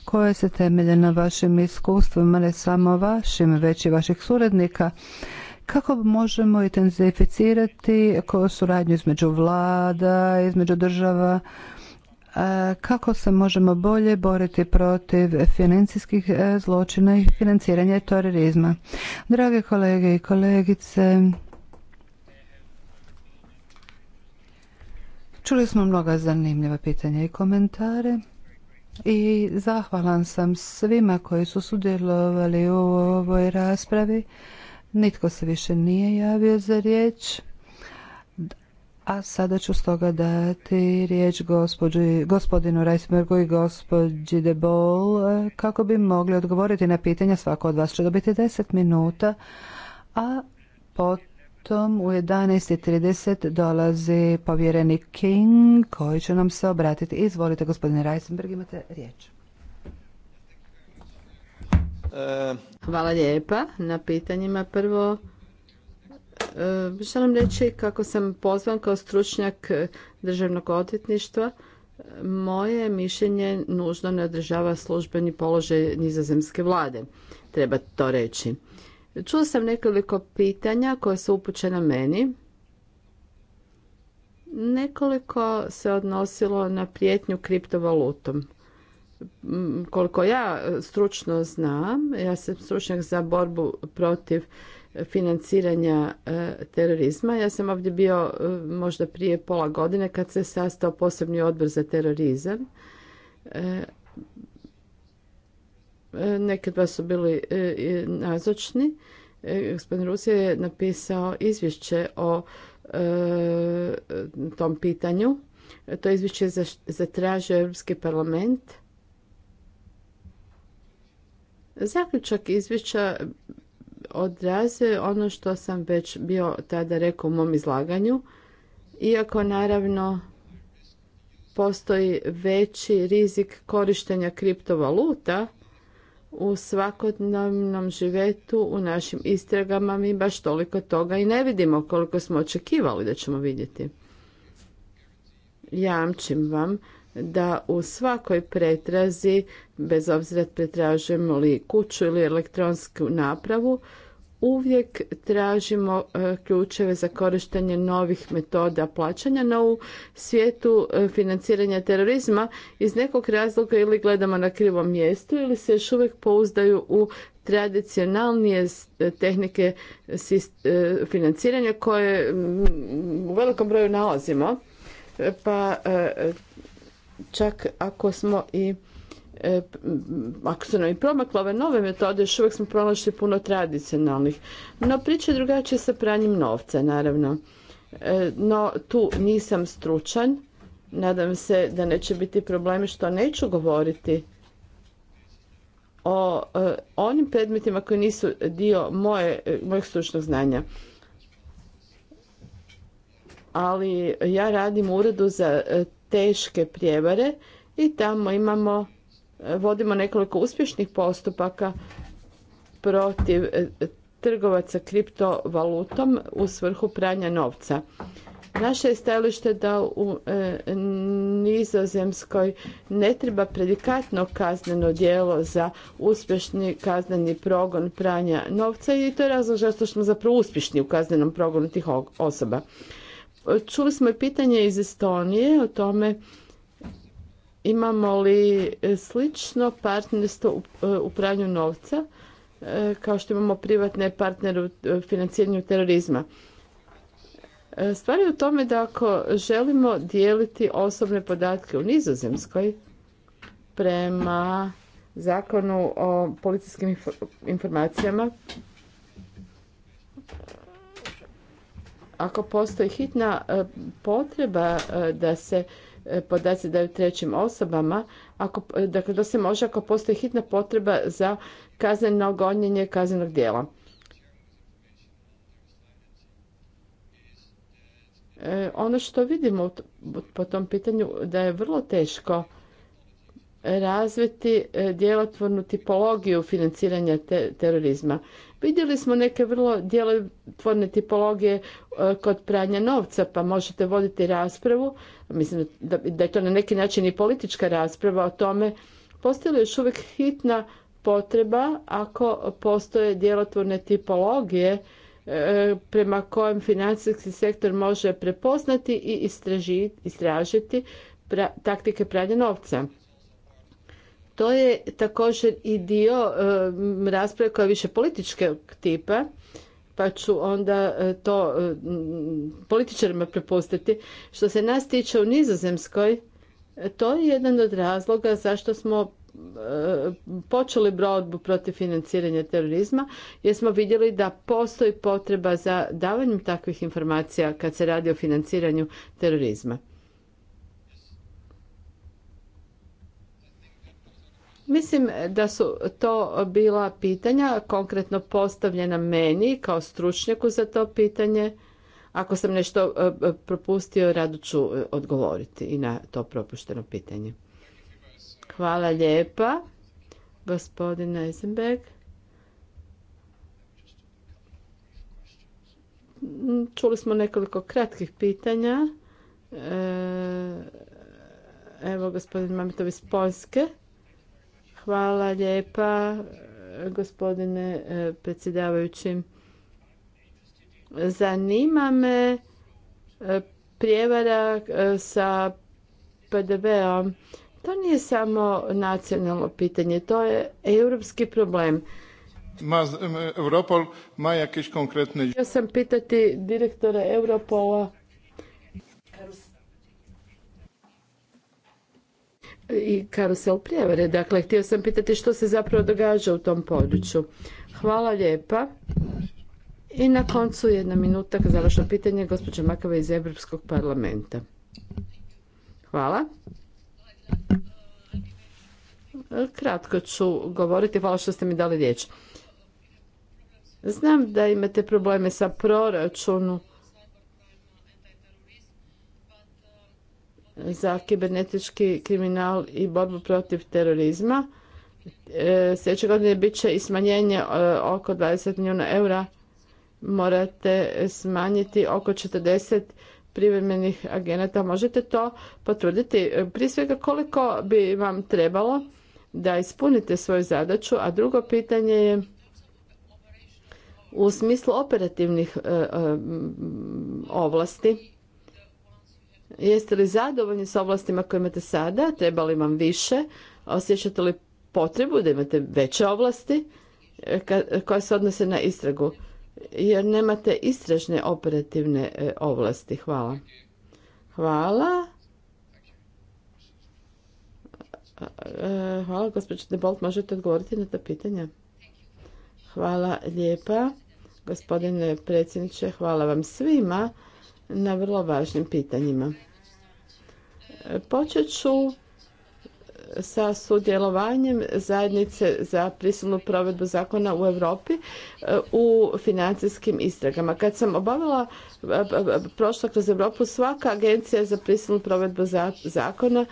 koje se temelje na vašim iskustvima ne samo vašim već i vaših suradnika kako možemo intenzificirati suradnju između vlada između država kako se možemo bolje boriti protiv financijskih e, zločina i financiranja terorizma. Drage kolege i kolegice, čuli smo mnoga zanimljiva pitanja i komentare i zahvalan sam svima koji su sudjelovali u ovoj raspravi. Nitko se više nije javio za riječ. A sada ću stoga dati riječ gospođi, gospodinu Reisbergu i gospođi De Bol e, kako bi mogli odgovoriti na pitanja. Svako od vas će dobiti 10 minuta, a potom u 11.30 dolazi povjerenik King koji će nam se obratiti. Izvolite gospodine Reisenberg, imate riječ. E, Hvala lijepa na pitanjima. Prvo, E, želim reći kako sam pozvan kao stručnjak e, državnog odvjetništva. E, moje mišljenje nužno ne održava službeni položaj nizozemske vlade. Treba to reći. Čuo sam nekoliko pitanja koja su upućena meni. Nekoliko se odnosilo na prijetnju kriptovalutom. Koliko ja stručno znam, ja sam stručnjak za borbu protiv financiranja e, terorizma. Ja sam ovdje bio e, možda prije pola godine kad se sastao posebni odbor za terorizam. E, Neki od vas su bili nazočni. Gospodin Rusija je napisao izvješće o tom pitanju. To izvješće je zatražio Europski parlament. Zaključak izvješća Odrazuje ono što sam već bio tada rekao u mom izlaganju, iako naravno postoji veći rizik korištenja kriptovaluta u svakodnevnom životu u našim istragama mi baš toliko toga i ne vidimo koliko smo očekivali da ćemo vidjeti. Jamčim vam da u svakoj pretrazi, bez obzira pretražujemo li kuću ili elektronsku napravu, uvijek tražimo e, ključeve za korištenje novih metoda plaćanja, no u svijetu e, financiranja terorizma iz nekog razloga ili gledamo na krivom mjestu ili se još uvijek pouzdaju u tradicionalnije e, tehnike financiranja koje u velikom broju nalazimo. Pa čak ako smo i e, ako su nam i promakle ove nove metode, još uvijek smo pronašli puno tradicionalnih. No, priča je drugačija sa pranjem novca, naravno. E, no, tu nisam stručan. Nadam se da neće biti problemi što neću govoriti o e, onim predmetima koji nisu dio moje, mojeg stručnog znanja ali ja radim u uredu za teške prijevare i tamo imamo, vodimo nekoliko uspješnih postupaka protiv e, trgovaca kriptovalutom u svrhu pranja novca. Naše je stajalište da u e, Nizozemskoj ne treba predikatno kazneno djelo za uspješni kazneni progon pranja novca i to je razlog zašto smo zapravo uspješni u kaznenom progonu tih osoba. Čuli smo i pitanje iz Estonije o tome imamo li e, slično partnerstvo u e, pranju novca e, kao što imamo privatne partnere u financiranju terorizma. Stvar je u tome da ako želimo dijeliti osobne podatke u Nizozemskoj prema zakonu o policijskim informacijama, ako postoji hitna e, potreba e, da se e, podaci daju trećim osobama, ako, dakle to se može ako postoji hitna potreba za kazneno gonjenje kaznenog djela. Ono što vidimo po tom pitanju da je vrlo teško razviti djelotvornu tipologiju financiranja terorizma. Vidjeli smo neke vrlo djelotvorne tipologije e, kod pranja novca, pa možete voditi raspravu, mislim da je to na neki način i politička rasprava o tome, postoji li još uvijek hitna potreba ako postoje djelotvorne tipologije e, prema kojem financijski sektor može prepoznati i istražiti, taktike pranja novca. To je također i dio rasprave koja je više političkog tipa, pa ću onda e, to političarima prepustiti. Što se nas tiče u Nizozemskoj, to je jedan od razloga zašto smo počeli brodbu protiv financiranja terorizma jer smo vidjeli da postoji potreba za davanjem takvih informacija kad se radi o financiranju terorizma. Mislim da su to bila pitanja konkretno postavljena meni kao stručnjaku za to pitanje. Ako sam nešto e, e, propustio, rado ću e, odgovoriti i na to propušteno pitanje. Hvala lijepa, gospodin Eisenberg. Mm, čuli smo nekoliko kratkih pitanja. Evo, gospodin Mamitovi iz Poljske. Hvala lijepa, gospodine e, predsjedavajući. Zanima me e, prijevara e, sa PDV-om. To nije samo nacionalno pitanje, to je europski problem. Europol ma Ja sam pitati direktora Europola i karusel prijevare. Dakle, htio sam pitati što se zapravo događa u tom području. Hvala lijepa. I na koncu jedna minuta za vaše pitanje gospođa Makava iz Europskog parlamenta. Hvala. Kratko ću govoriti, hvala što ste mi dali riječ. Znam da imate probleme sa proračunom za kibernetički kriminal i borbu protiv terorizma. E, sljedeće godine bit će i smanjenje e, oko 20 milijuna eura. Morate smanjiti oko 40 privremenih agenata. Možete to potvrditi. Prije svega koliko bi vam trebalo da ispunite svoju zadaću, a drugo pitanje je u smislu operativnih e, ovlasti Jeste li zadovoljni s ovlastima koje imate sada? Treba li vam više? Osjećate li potrebu da imate veće ovlasti e, koje se odnose na istragu? Jer nemate istražne operativne e, ovlasti. Hvala. Hvala. E, hvala, gospođo Bolt, možete odgovoriti na ta pitanja? Hvala lijepa, gospodine predsjedniče, hvala vam svima na vrlo važnim pitanjima. Počet ću sa sudjelovanjem zajednice za prisilnu provedbu zakona u Europi eh, u financijskim istragama. Kad sam obavila eh, eh, prošla kroz Europu, svaka agencija za prisilnu provedbu zakona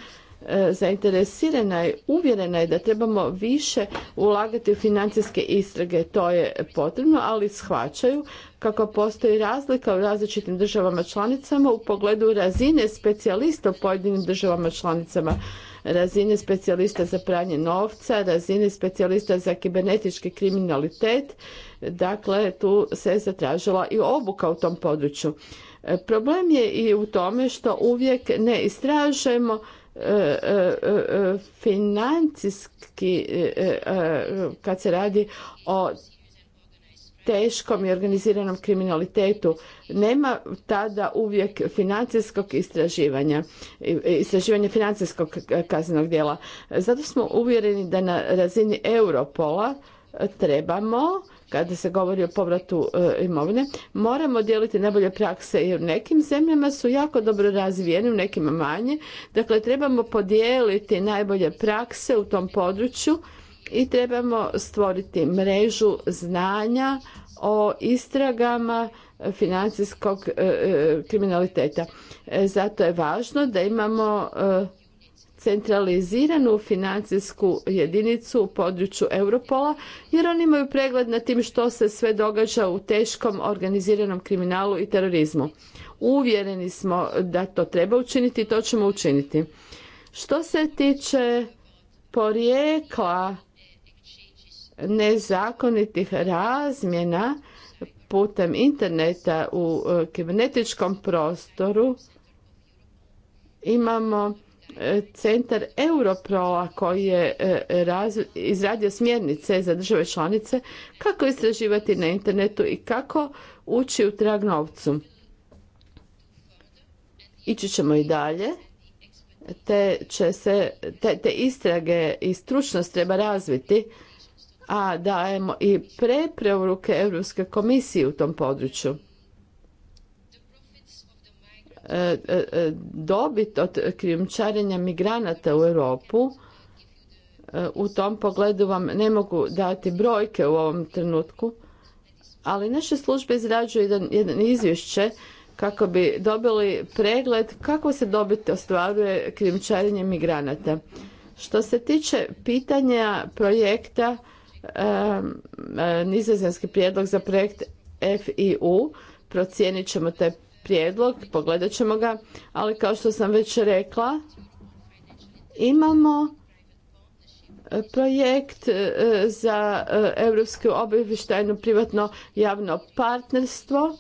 E, zainteresirana je, uvjerena je da trebamo više ulagati u financijske istrage, to je potrebno, ali shvaćaju kako postoji razlika u različitim državama članicama u pogledu razine specijalista u pojedinim državama članicama razine specijalista za pranje novca, razine specijalista za kibernetički kriminalitet. Dakle, tu se zatražila i obuka u tom području. E, problem je i u tome što uvijek ne istražujemo E, e, e, financijski kad se radi o teškom i organiziranom kriminalitetu nema tada uvijek financijskog istraživanja, istraživanja financijskog kaznenog djela. Zato smo uvjereni da na razini Europola trebamo kada se govori o povratu e, imovine, moramo dijeliti najbolje prakse jer u nekim zemljama su jako dobro razvijene, u nekim manje. Dakle, trebamo podijeliti najbolje prakse u tom području i trebamo stvoriti mrežu znanja o istragama financijskog e, e, kriminaliteta. Zato je važno da imamo centraliziranu financijsku jedinicu u području Europola jer oni imaju pregled na tim što se sve događa u teškom organiziranom kriminalu i terorizmu. Uvjereni smo da to treba učiniti i to ćemo učiniti. Što se tiče porijekla nezakonitih razmjena putem interneta u e, kibernetičkom prostoru imamo centar europrola koji je e, izradio smjernice za države članice kako istraživati na internetu i kako ući u trag novcu. Ići ćemo i dalje. Te, će se, te, te istrage i stručnost treba razviti, a dajemo i preporuke Europske komisije u tom području. E, e, e, dobit od krijumčarenja migranata u Europu. U tom pogledu vam ne mogu dati brojke u ovom trenutku, ali naše službe izrađuju jedan, izvješće kako bi dobili pregled kako se dobit ostvaruje krijumčarenje migranata. Što se tiče pitanja projekta, nizozemski prijedlog za projekt FIU, procijenit ćemo taj prijedlog, pogledat ćemo ga, ali kao što sam već rekla, imamo e, projekt e, za e, Europsku obavještajno privatno javno partnerstvo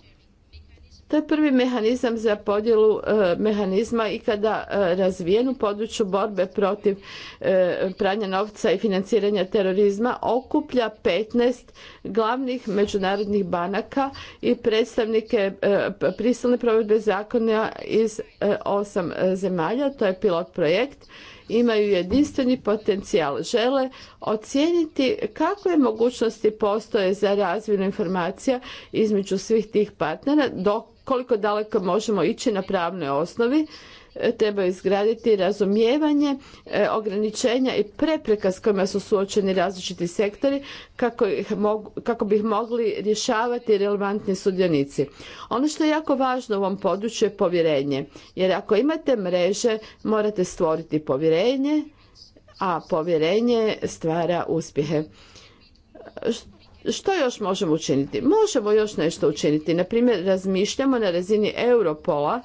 to je prvi mehanizam za podjelu e, mehanizma i kada e, razvijenu području borbe protiv e, pranja novca i financiranja terorizma okuplja 15 glavnih međunarodnih banaka i predstavnike prisilne provedbe zakona iz osam zemalja. To je pilot projekt imaju jedinstveni potencijal, žele ocijeniti kakve mogućnosti postoje za razvijenu informacija između svih tih partnera dok koliko daleko možemo ići na pravnoj osnovi e, treba izgraditi razumijevanje e, ograničenja i prepreka s kojima su suočeni različiti sektori kako, kako bi ih mogli rješavati relevantni sudionici. Ono što je jako važno u ovom području je povjerenje, jer ako imate mreže morate stvoriti povjerenje, a povjerenje stvara uspjehe. Što još možemo učiniti? Možemo još nešto učiniti. Naprimjer, razmišljamo na razini Europola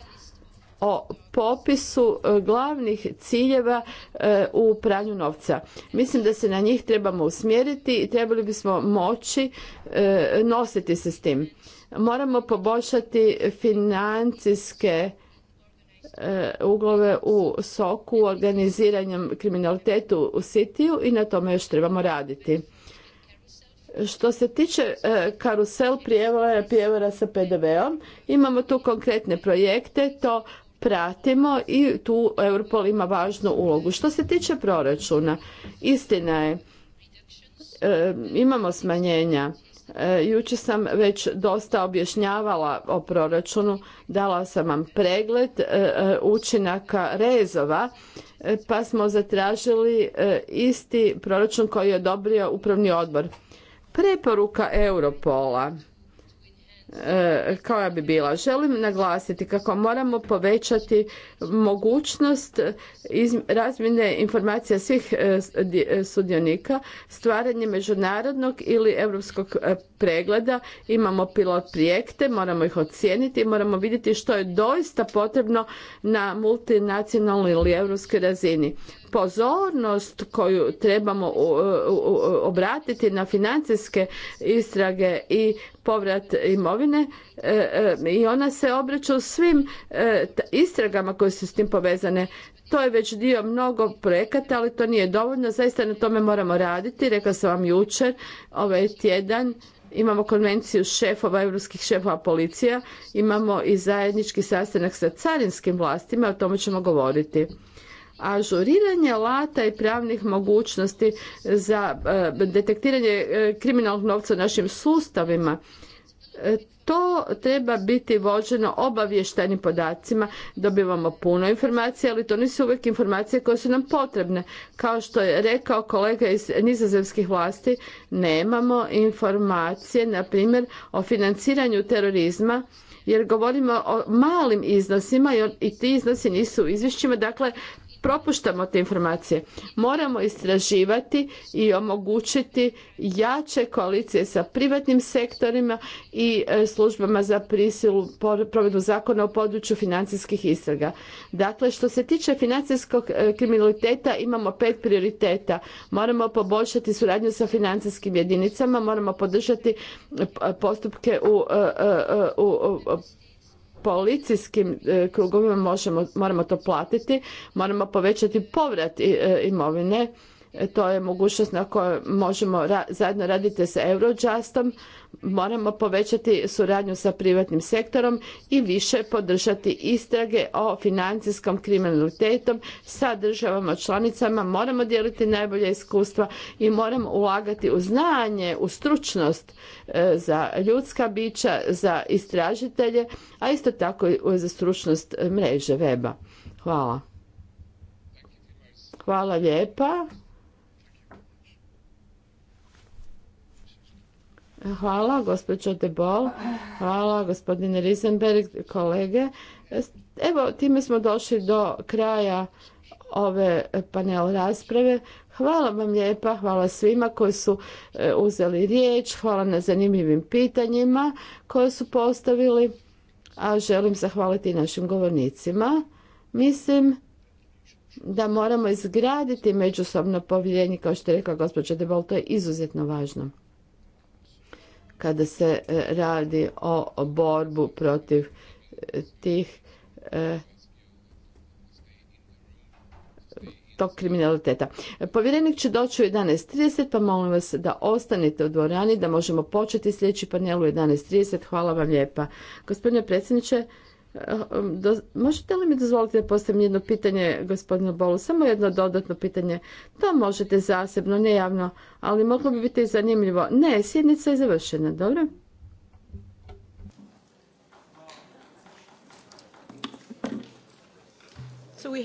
o popisu e, glavnih ciljeva e, u pranju novca. Mislim da se na njih trebamo usmjeriti i trebali bismo moći e, nositi se s tim. Moramo poboljšati financijske uglove u soku, organiziranjem kriminalitetu u sitiju i na tome još trebamo raditi. Što se tiče e, karusel prijevara, prijevara sa PDV-om, imamo tu konkretne projekte, to pratimo i tu Europol ima važnu ulogu. Što se tiče proračuna, istina je, e, imamo smanjenja. E, Juče sam već dosta objašnjavala o proračunu, dala sam vam pregled učinaka rezova, pa smo zatražili isti proračun koji je odobrio upravni odbor. Preporuka Europola e, koja bi bila. Želim naglasiti kako moramo povećati mogućnost razmjene informacija svih e, e, sudionika, stvaranje međunarodnog ili europskog pregleda. Imamo pilot projekte, moramo ih ocijeniti, moramo vidjeti što je doista potrebno na multinacionalnoj ili europskoj razini pozornost koju trebamo obratiti na financijske istrage i povrat imovine e, e, i ona se obraća u svim e, istragama koje su s tim povezane. To je već dio mnogo projekata, ali to nije dovoljno. Zaista na tome moramo raditi. Rekla sam vam jučer, ovaj tjedan imamo konvenciju šefova, europskih šefova policija, imamo i zajednički sastanak sa carinskim vlastima, o tome ćemo govoriti ažuriranje lata i pravnih mogućnosti za e, detektiranje e, kriminalnog novca u našim sustavima e, to treba biti vođeno obavještajnim podacima. Dobivamo puno informacija, ali to nisu uvijek informacije koje su nam potrebne. Kao što je rekao kolega iz nizozemskih vlasti, nemamo informacije, na primjer, o financiranju terorizma, jer govorimo o malim iznosima i ti iznosi nisu u izvješćima. Dakle, propuštamo te informacije. Moramo istraživati i omogućiti jače koalicije sa privatnim sektorima i e, službama za prisilu provedbu zakona u području financijskih istraga. Dakle, što se tiče financijskog e, kriminaliteta imamo pet prioriteta. Moramo poboljšati suradnju sa financijskim jedinicama, moramo podržati e, postupke u, u policijskim e, krugovima možemo, moramo to platiti, moramo povećati povrat e, imovine to je mogućnost na kojoj možemo zajedno raditi sa Eurojustom, moramo povećati suradnju sa privatnim sektorom i više podržati istrage o financijskom kriminalitetom sa državama članicama, moramo dijeliti najbolja iskustva i moramo ulagati u znanje, u stručnost e, za ljudska bića, za istražitelje, a isto tako i za stručnost mreže weba. Hvala. Hvala lijepa. Hvala, gospođo Debol. Hvala, gospodine Risenberg, kolege. Evo, time smo došli do kraja ove panel rasprave. Hvala vam lijepa, hvala svima koji su e, uzeli riječ, hvala na zanimljivim pitanjima koje su postavili, a želim zahvaliti i našim govornicima. Mislim da moramo izgraditi međusobno povjerenje, kao što je rekla gospođa Debol, to je izuzetno važno kada se e, radi o borbu protiv e, tih e, tog kriminaliteta. Povjerenik će doći u 11.30, pa molim vas da ostanete u dvorani, da možemo početi sljedeći panel u 11.30. Hvala vam lijepa. Gospodine predsjedniče, možete li mi dozvoliti da postavim jedno pitanje gospodinu Bolu, samo jedno dodatno pitanje. To možete zasebno, ne javno, ali moglo bi biti zanimljivo. Ne, sjednica je završena, dobro? So we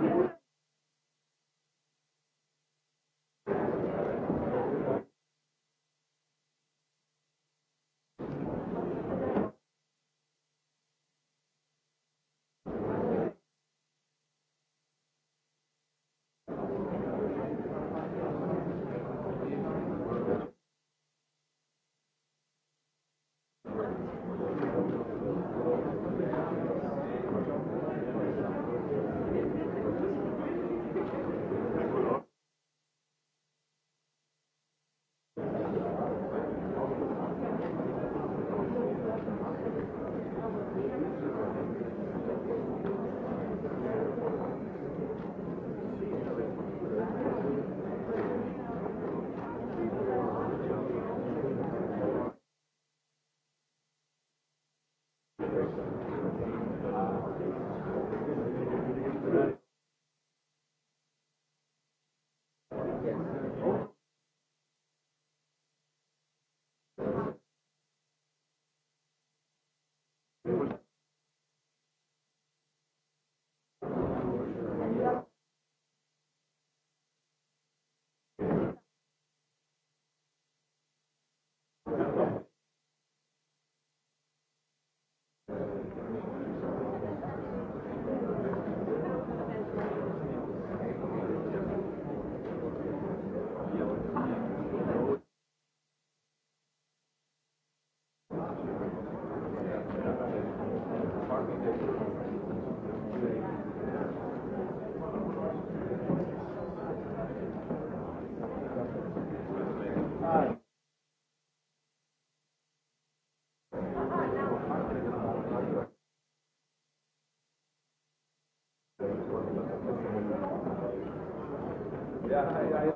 Hvala Ja, ja,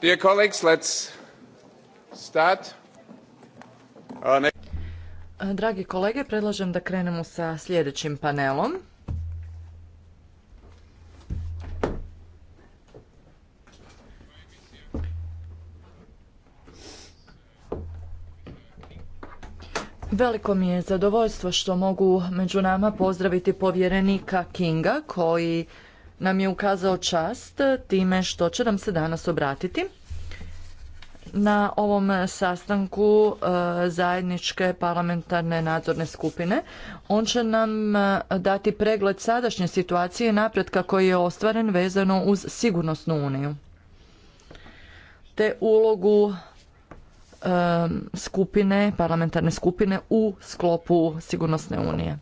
Dear colleagues, let's start. Uh, Dragi kolege, predlažem da krenemo sa sljedećim panelom. Veliko mi je zadovoljstvo što mogu među nama pozdraviti povjerenika Kinga koji nam je ukazao čast time što će nam se danas obratiti na ovom sastanku e, zajedničke parlamentarne nadzorne skupine. On će nam e, dati pregled sadašnje situacije napretka koji je ostvaren vezano uz sigurnosnu uniju te ulogu skupine, parlamentarne skupine u sklopu Sigurnosne unije.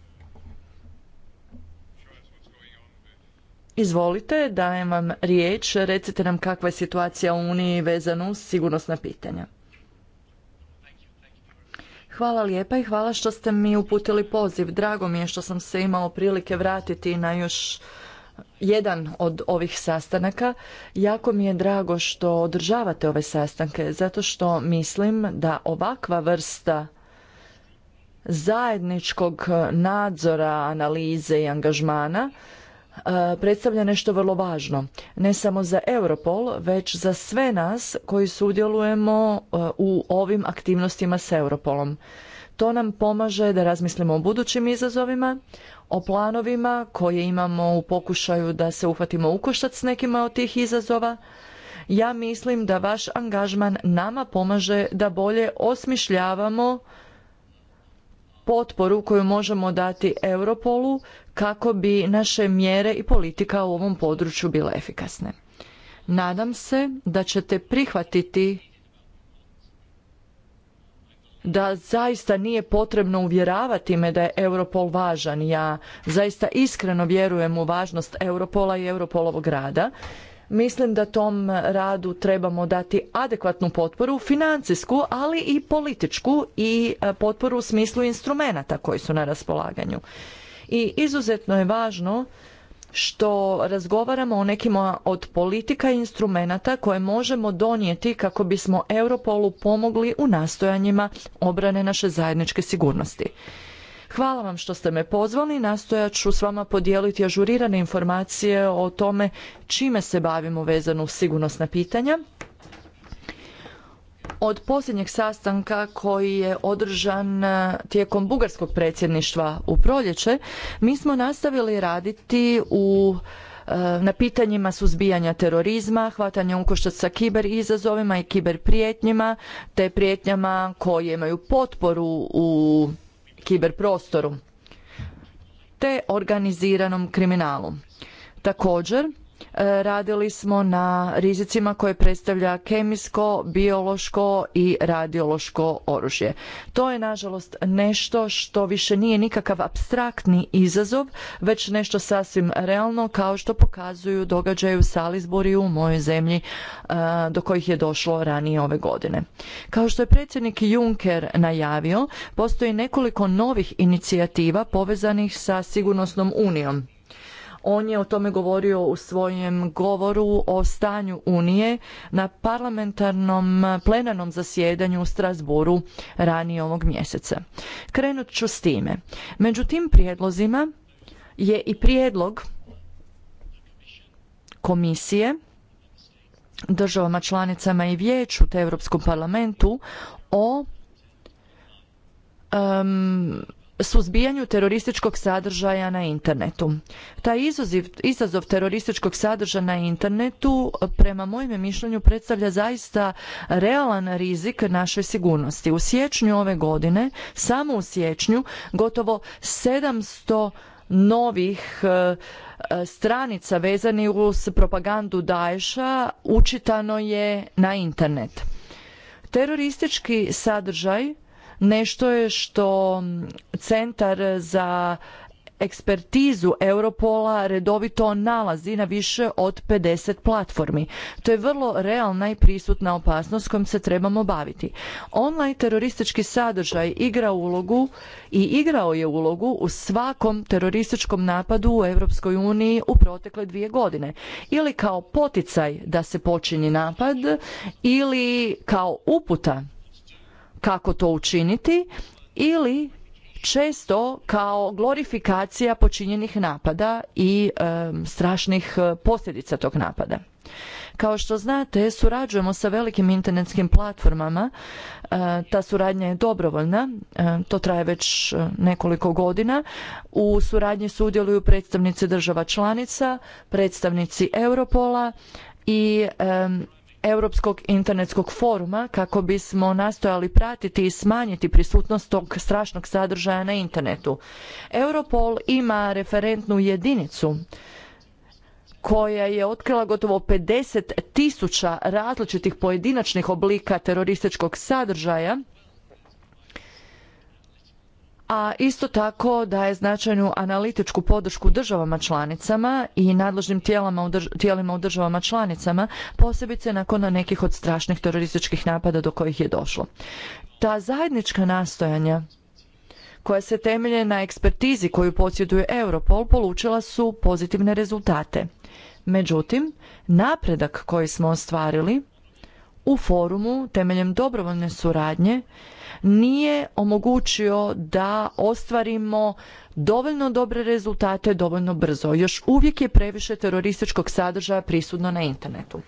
Izvolite, dajem vam riječ, recite nam kakva je situacija u Uniji vezano uz sigurnosna pitanja. Hvala lijepa i hvala što ste mi uputili poziv. Drago mi je što sam se imao prilike vratiti na još jedan od ovih sastanaka. Jako mi je drago što održavate ove sastanke zato što mislim da ovakva vrsta zajedničkog nadzora, analize i angažmana e, predstavlja nešto vrlo važno. Ne samo za Europol, već za sve nas koji sudjelujemo e, u ovim aktivnostima s Europolom. To nam pomaže da razmislimo o budućim izazovima, o planovima koje imamo u pokušaju da se uhvatimo u koštac s nekima od tih izazova. Ja mislim da vaš angažman nama pomaže da bolje osmišljavamo potporu koju možemo dati Europolu kako bi naše mjere i politika u ovom području bile efikasne. Nadam se da ćete prihvatiti da zaista nije potrebno uvjeravati me da je Europol važan. Ja zaista iskreno vjerujem u važnost Europola i Europolovog rada. Mislim da tom radu trebamo dati adekvatnu potporu, financijsku, ali i političku i e, potporu u smislu instrumenata koji su na raspolaganju. I izuzetno je važno što razgovaramo o nekima od politika i instrumenata koje možemo donijeti kako bismo Europolu pomogli u nastojanjima obrane naše zajedničke sigurnosti. Hvala vam što ste me pozvali, nastojat ću s vama podijeliti ažurirane informacije o tome čime se bavimo vezano uz sigurnosna pitanja od posljednjeg sastanka koji je održan e, tijekom bugarskog predsjedništva u proljeće, mi smo nastavili raditi u e, na pitanjima suzbijanja terorizma, hvatanja ukoštac sa kiber izazovima i kiber prijetnjima, te prijetnjama koje imaju potporu u kiber prostoru, te organiziranom kriminalu. Također, E, radili smo na rizicima koje predstavlja kemijsko, biološko i radiološko oružje. To je nažalost nešto što više nije nikakav abstraktni izazov, već nešto sasvim realno kao što pokazuju događaje u Salisburiju u mojoj zemlji e, do kojih je došlo ranije ove godine. Kao što je predsjednik Juncker najavio, postoji nekoliko novih inicijativa povezanih sa sigurnosnom unijom on je o tome govorio u svojem govoru o stanju Unije na parlamentarnom plenarnom zasjedanju u Strasburu ranije ovog mjeseca. Krenut ću s time. Među tim prijedlozima je i prijedlog komisije državama članicama i vijeću te Europskom parlamentu o suzbijanju terorističkog sadržaja na internetu. Taj izaziv, izazov terorističkog sadržaja na internetu prema mojem mišljenju predstavlja zaista realan rizik našoj sigurnosti. U siječnju ove godine, samo u siječnju, gotovo 700 novih e, e, stranica vezani uz propagandu Daesha učitano je na internet. Teroristički sadržaj nešto je što centar za ekspertizu Europola redovito nalazi na više od 50 platformi. To je vrlo realna i prisutna opasnost kojom se trebamo baviti. Online teroristički sadržaj igra ulogu i igrao je ulogu u svakom terorističkom napadu u Europskoj uniji u protekle dvije godine. Ili kao poticaj da se počini napad ili kao uputa kako to učiniti ili često kao glorifikacija počinjenih napada i strašnih e, posljedica tog napada. Kao što znate, surađujemo sa velikim internetskim platformama. E, ta suradnja je dobrovoljna, e, to traje već nekoliko godina. U suradnji sudjeluju predstavnici država članica, predstavnici Europola i Europskog internetskog foruma kako bismo nastojali pratiti i smanjiti prisutnost tog strašnog sadržaja na internetu. Europol ima referentnu jedinicu koja je otkrila gotovo 50 tisuća različitih pojedinačnih oblika terorističkog sadržaja a isto tako daje značajnu analitičku podršku državama članicama i nadležnim tijelima u državama članicama, posebice nakon nekih od strašnih terorističkih napada do kojih je došlo. Ta zajednička nastojanja koja se temelje na ekspertizi koju posjeduje Europol polučila su pozitivne rezultate. Međutim, napredak koji smo ostvarili u forumu temeljem dobrovoljne suradnje nije omogućio da ostvarimo dovoljno dobre rezultate dovoljno brzo. Još uvijek je previše terorističkog sadržaja prisudno na internetu.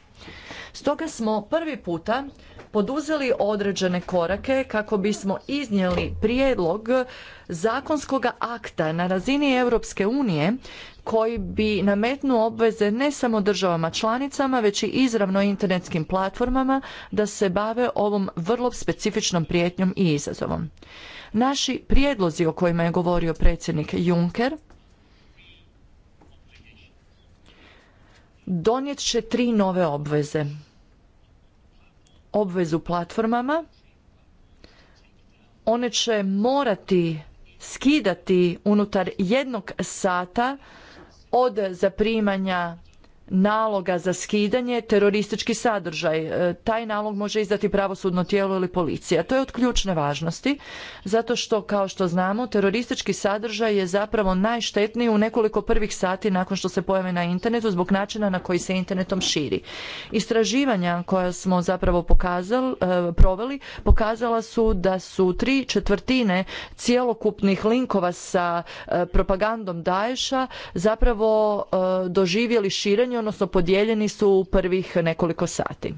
Stoga smo prvi puta poduzeli određene korake kako bismo iznijeli prijedlog zakonskog akta na razini Europske unije koji bi nametnuo obveze ne samo državama članicama, već i izravno internetskim platformama da se bave ovom vrlo specifičnom prijetnjom i izazovom. Naši prijedlozi o kojima je govorio predsjednik Juncker donijet će tri nove obveze obvezu platformama. One će morati skidati unutar jednog sata od zaprimanja naloga za skidanje teroristički sadržaj. E, taj nalog može izdati pravosudno tijelo ili policija. To je od ključne važnosti zato što kao što znamo teroristički sadržaj je zapravo najštetniji u nekoliko prvih sati nakon što se pojavi na internetu zbog načina na koji se internetom širi. Istraživanja koja smo zapravo pokazali, e, proveli pokazala su da su tri četvrtine cjelokupnih linkova sa e, propagandom Daesha zapravo doživjeli širenje odnosno podijeljeni su u prvih nekoliko sati.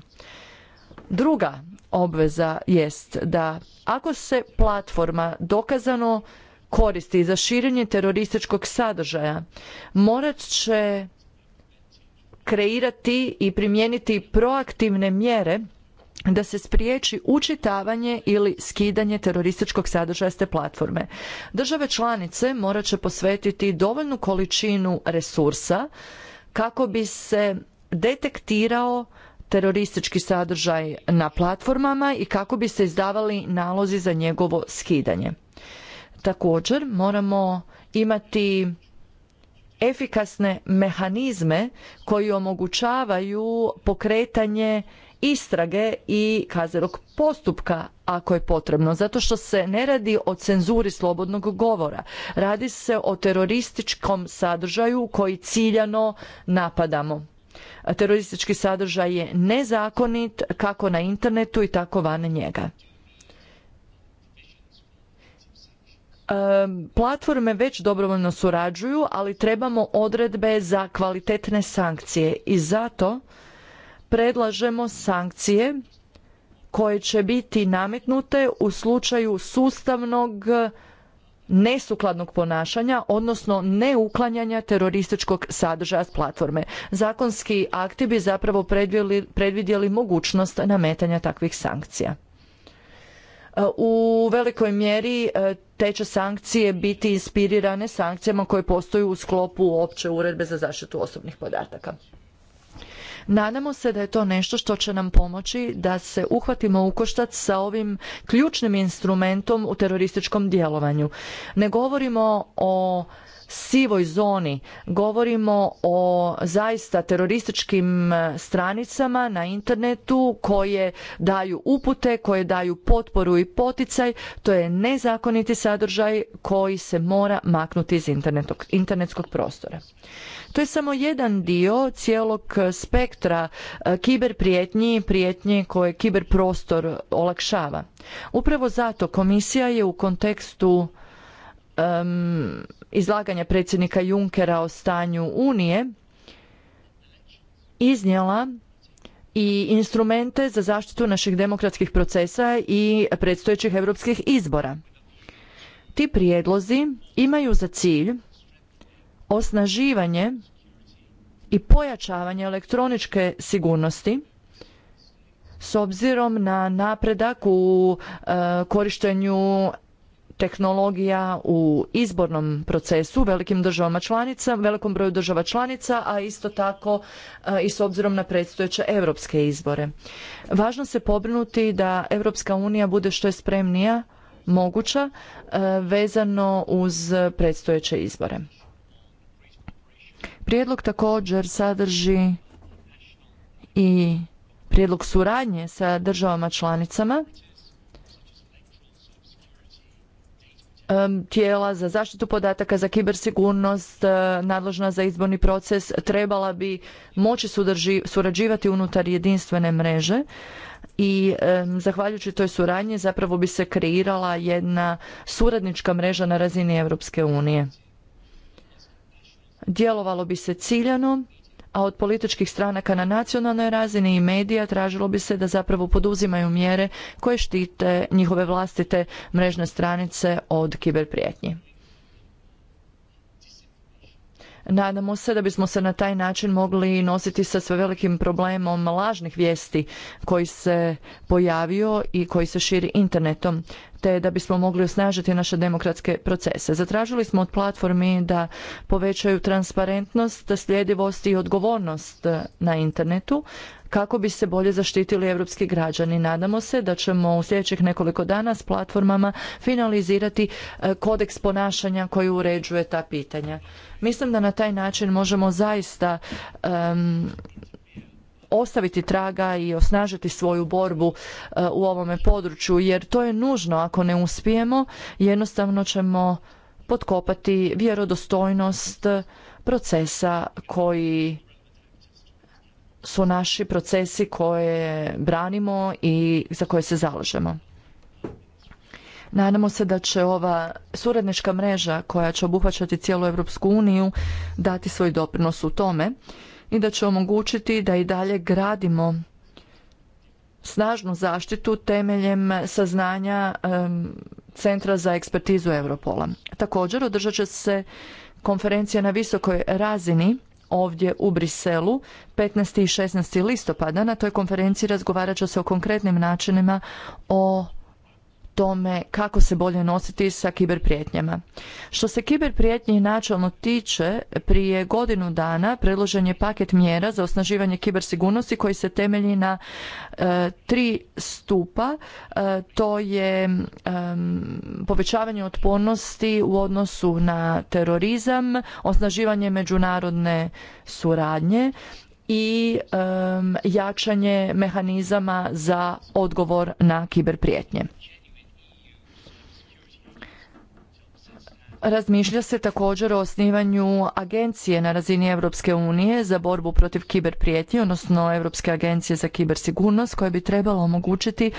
Druga obveza jest da ako se platforma dokazano koristi za širenje terorističkog sadržaja, morat će kreirati i primijeniti proaktivne mjere da se spriječi učitavanje ili skidanje terorističkog sadržaja s te platforme. Države članice morat će posvetiti dovoljnu količinu resursa kako bi se detektirao teroristički sadržaj na platformama i kako bi se izdavali nalozi za njegovo skidanje. Također moramo imati efikasne mehanizme koji omogućavaju pokretanje istrage i kaznenog postupka ako je potrebno zato što se ne radi o cenzuri slobodnog govora radi se o terorističkom sadržaju koji ciljano napadamo teroristički sadržaj je nezakonit kako na internetu i tako van njega platforme već dobrovoljno surađuju ali trebamo odredbe za kvalitetne sankcije i zato predlažemo sankcije koje će biti nametnute u slučaju sustavnog nesukladnog ponašanja, odnosno neuklanjanja terorističkog sadržaja s platforme. Zakonski akti bi zapravo predvidjeli mogućnost nametanja takvih sankcija. E, u velikoj mjeri e, te će sankcije biti inspirirane sankcijama koje postoju u sklopu opće uredbe za zaštitu osobnih podataka. Nadamo se da je to nešto što će nam pomoći da se uhvatimo u koštac sa ovim ključnim instrumentom u terorističkom djelovanju. Ne govorimo o sivoj zoni, govorimo o zaista terorističkim e, stranicama na internetu koje daju upute, koje daju potporu i poticaj, to je nezakoniti sadržaj koji se mora maknuti iz internetskog prostora. To je samo jedan dio cijelog e, spektra e, kiber prijetnji, prijetnje koje kiber prostor olakšava. Upravo zato komisija je u kontekstu izlaganja predsjednika Junckera o stanju Unije iznijela i instrumente za zaštitu naših demokratskih procesa i predstojećih europskih izbora. Ti prijedlozi imaju za cilj osnaživanje i pojačavanje elektroničke sigurnosti s obzirom na napredak u e, korištenju tehnologija u izbornom procesu velikim državama članica, velikom broju država članica, a isto tako e, i s obzirom na predstojeće europske izbore. Važno se pobrinuti da Europska unija bude što je spremnija moguća e, vezano uz predstojeće izbore. Prijedlog također sadrži i prijedlog suradnje sa državama članicama tijela za zaštitu podataka, za kibersigurnost, e, nadležna za izborni proces, trebala bi moći surađivati unutar jedinstvene mreže i zahvaljujući toj suradnji zapravo bi se kreirala jedna suradnička mreža na razini Europske unije djelovalo bi se ciljano, a od političkih stranaka na nacionalnoj razini i medija tražilo bi se da zapravo poduzimaju mjere koje štite njihove vlastite mrežne stranice od kiberprijetnji. Nadamo se da bismo se na taj način mogli nositi sa sve velikim problemom lažnih vijesti koji se pojavio i koji se širi internetom te da bismo mogli osnažiti naše demokratske procese. Zatražili smo od platformi da povećaju transparentnost, sljedivost i odgovornost na internetu, kako bi se bolje zaštitili europski građani. Nadamo se da ćemo u sljedećih nekoliko dana s platformama finalizirati e, kodeks ponašanja koji uređuje ta pitanja. Mislim da na taj način možemo zaista ostaviti traga i osnažiti svoju borbu e, u ovome području jer to je nužno ako ne uspijemo jednostavno ćemo potkopati vjerodostojnost procesa koji su naši procesi koje branimo i za koje se zalažemo. Nadamo se da će ova suradnička mreža koja će obuhvaćati cijelu Europsku uniju dati svoj doprinos u tome i da će omogućiti da i dalje gradimo snažnu zaštitu temeljem saznanja Centra za ekspertizu Europola. Također održat će se konferencija na visokoj razini ovdje u Briselu 15. i 16. listopada. Na toj konferenciji razgovarat će se o konkretnim načinima o tome kako se bolje nositi sa kiberprijetnjama. Što se kiberprijetnji načelno tiče, prije godinu dana predložen je paket mjera za osnaživanje kibersigurnosti koji se temelji na e, tri stupa. E, to je povećavanje otpornosti u odnosu na terorizam, osnaživanje međunarodne suradnje i um, jačanje mehanizama za odgovor na kiberprijetnje. Razmišlja se također o osnivanju agencije na razini Europske unije za borbu protiv kiber prijetnji, odnosno Europske agencije za kibersigurnost koja bi trebala omogućiti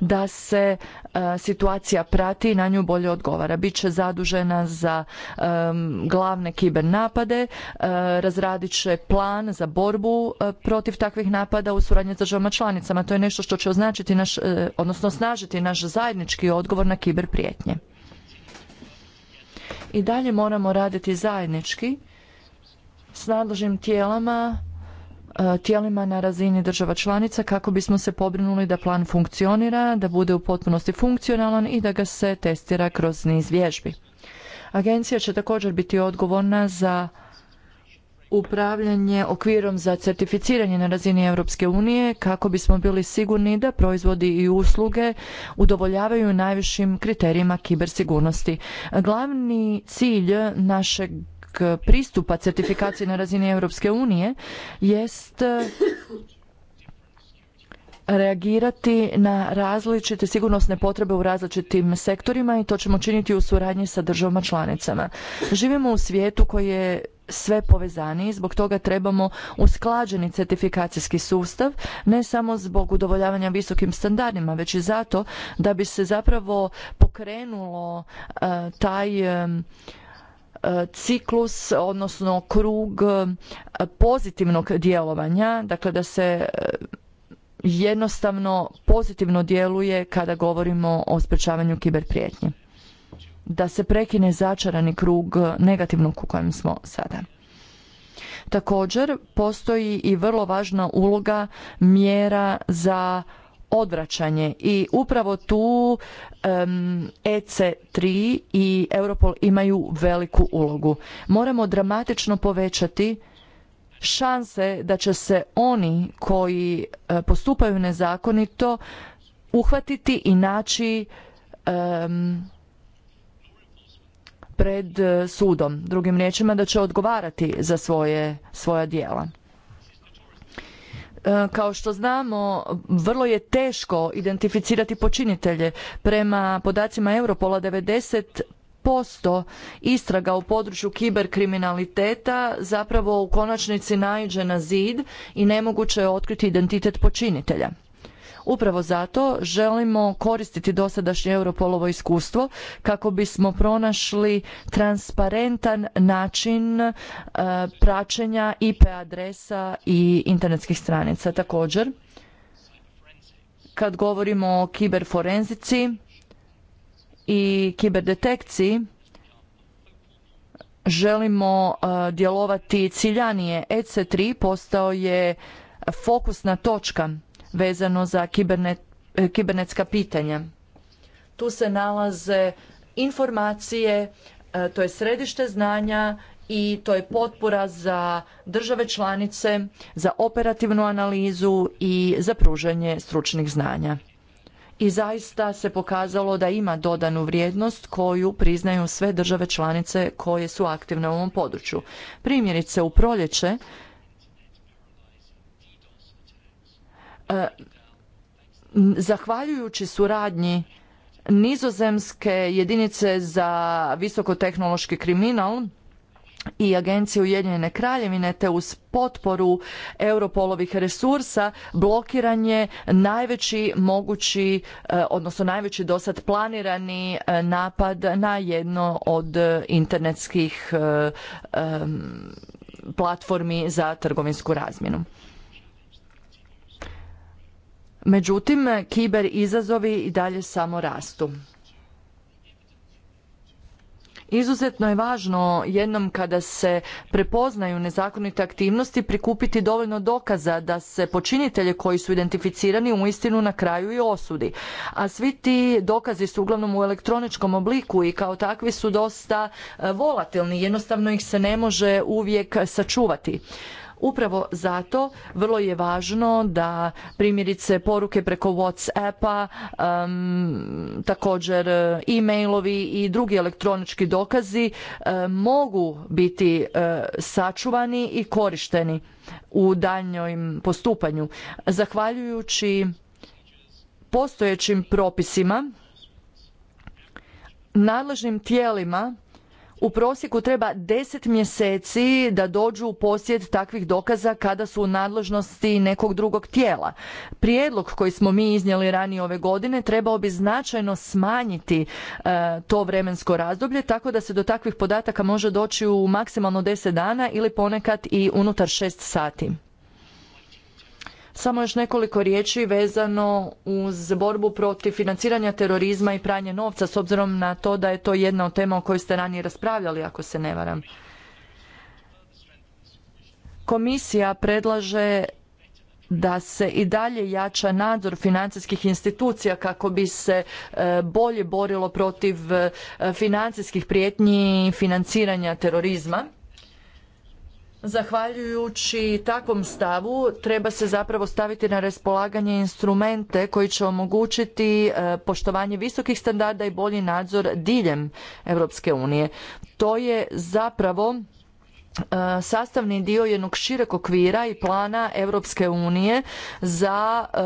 da se e, situacija prati i na nju bolje odgovara. Biće zadužena za glavne kiber napade, e, razradit će plan za borbu e, protiv takvih napada u suradnji s državama članicama. To je nešto što će označiti naš, odnosno osnažiti naš zajednički odgovor na kiber prijetnje i dalje moramo raditi zajednički s nadležnim tijelama, e, tijelima na razini država članica kako bismo se pobrinuli da plan funkcionira, da bude u potpunosti funkcionalan i da ga se testira kroz niz vježbi. Agencija će također biti odgovorna za upravljanje okvirom za certificiranje na razini Europske unije kako bismo bili sigurni da proizvodi i usluge udovoljavaju najvišim kriterijima kibersigurnosti. Glavni cilj našeg pristupa certifikaciji na razini Europske unije jest reagirati na različite sigurnosne potrebe u različitim sektorima i to ćemo činiti u suradnji sa državama članicama. Živimo u svijetu koji je sve povezaniji, zbog toga trebamo usklađeni certifikacijski sustav, ne samo zbog udovoljavanja visokim standardima, već i zato da bi se zapravo pokrenulo e, taj e, e, ciklus, odnosno krug pozitivnog djelovanja, dakle da se jednostavno pozitivno djeluje kada govorimo o sprečavanju kiberprijetnje da se prekine začarani krug negativnog u kojem smo sada. Također postoji i vrlo važna uloga mjera za odvraćanje i upravo tu um, EC3 i Europol imaju veliku ulogu. Moramo dramatično povećati šanse da će se oni koji e, postupaju nezakonito uhvatiti i naći pred e, sudom, drugim riječima da će odgovarati za svoje, svoja djela. E, kao što znamo, vrlo je teško identificirati počinitelje. Prema podacima Europola 90 posto istraga u području kiberkriminaliteta zapravo u konačnici naiđe na zid i nemoguće je otkriti identitet počinitelja. Upravo zato želimo koristiti dosadašnje Europolovo iskustvo kako bismo pronašli transparentan način e, praćenja IP adresa i internetskih stranica. Također, kad govorimo o kiberforenzici i kiberdetekciji, želimo e, djelovati ciljanije. EC3 postao je fokusna točka vezano za e, kibernetska pitanja. Tu se nalaze informacije, e, to je središte znanja i to je potpora za države članice, za operativnu analizu i za pružanje stručnih znanja. I zaista se pokazalo da ima dodanu vrijednost koju priznaju sve države članice koje su aktivne u ovom području. Primjerice u proljeće zahvaljujući suradnji nizozemske jedinice za visokotehnološki kriminal i agencije Ujedinjene kraljevine te uz potporu Europolovih resursa blokiran je najveći mogući, e, odnosno najveći dosad planirani e, napad na jedno od e, internetskih platformi za trgovinsku razmjenu. Međutim, kiber izazovi i dalje samo rastu. Izuzetno je važno jednom kada se prepoznaju nezakonite aktivnosti prikupiti dovoljno dokaza da se počinitelje koji su identificirani uistinu na kraju i osudi. A svi ti dokazi su uglavnom u elektroničkom obliku i kao takvi su dosta e, volatilni, jednostavno ih se ne može uvijek sačuvati. Upravo zato vrlo je važno da primjerice poruke preko Whatsappa, također e, e-mailovi i drugi elektronički dokazi e, mogu biti e, sačuvani i korišteni u daljnjem postupanju. Zahvaljujući postojećim propisima nadležnim tijelima u prosjeku treba deset mjeseci da dođu u posjed takvih dokaza kada su u nadležnosti nekog drugog tijela. Prijedlog koji smo mi iznijeli ranije ove godine trebao bi značajno smanjiti e, to vremensko razdoblje tako da se do takvih podataka može doći u maksimalno deset dana ili ponekad i unutar šest sati. Samo još nekoliko riječi vezano uz borbu protiv financiranja terorizma i pranje novca, s obzirom na to da je to jedna od tema o kojoj ste ranije raspravljali, ako se ne varam. Komisija predlaže da se i dalje jača nadzor financijskih institucija kako bi se e, bolje borilo protiv e, financijskih prijetnji i financiranja terorizma Zahvaljujući takvom stavu treba se zapravo staviti na raspolaganje instrumente koji će omogućiti e, poštovanje visokih standarda i bolji nadzor diljem Europske unije. To je zapravo E, sastavni dio jednog šireg okvira i plana Europske unije za e,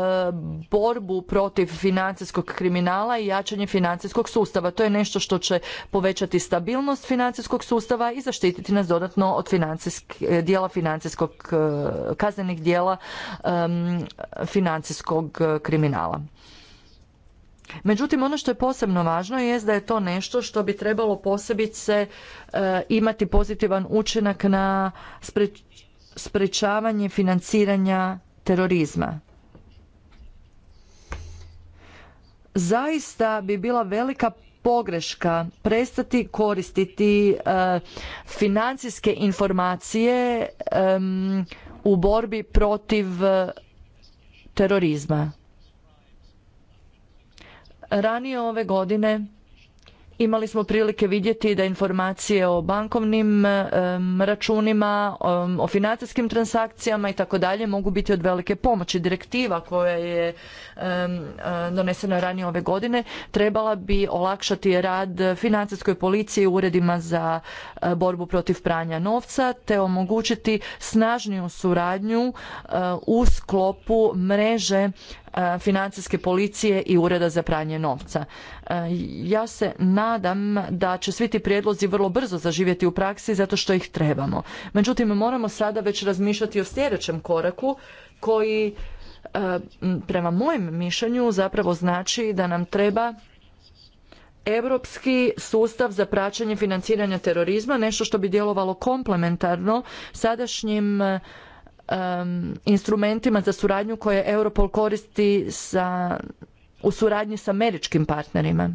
borbu protiv financijskog kriminala i jačanje financijskog sustava. To je nešto što će povećati stabilnost financijskog sustava i zaštititi nas dodatno od dijela financijskog e, kaznenih dijela financijskog kriminala. Međutim, ono što je posebno važno je da je to nešto što bi trebalo posebice e, imati pozitivan učinak na sprečavanje financiranja terorizma. Zaista bi bila velika pogreška prestati koristiti e, financijske informacije u borbi protiv e, terorizma. Ranije ove godine imali smo prilike vidjeti da informacije o bankovnim računima, o financijskim transakcijama i tako dalje mogu biti od velike pomoći. Direktiva koja je donesena ranije ove godine trebala bi olakšati rad financijskoj policiji u uredima za eh, borbu protiv pranja novca te omogućiti snažniju suradnju eh, u sklopu mreže E, financijske policije i ureda za pranje novca. E, ja se nadam da će svi ti prijedlozi vrlo brzo zaživjeti u praksi zato što ih trebamo. Međutim, moramo sada već razmišljati o sljedećem koraku koji e, prema mojem mišljenju zapravo znači da nam treba europski sustav za praćenje financiranja terorizma, nešto što bi djelovalo komplementarno sadašnjim instrumentima za suradnju koje Europol koristi u suradnji s američkim partnerima.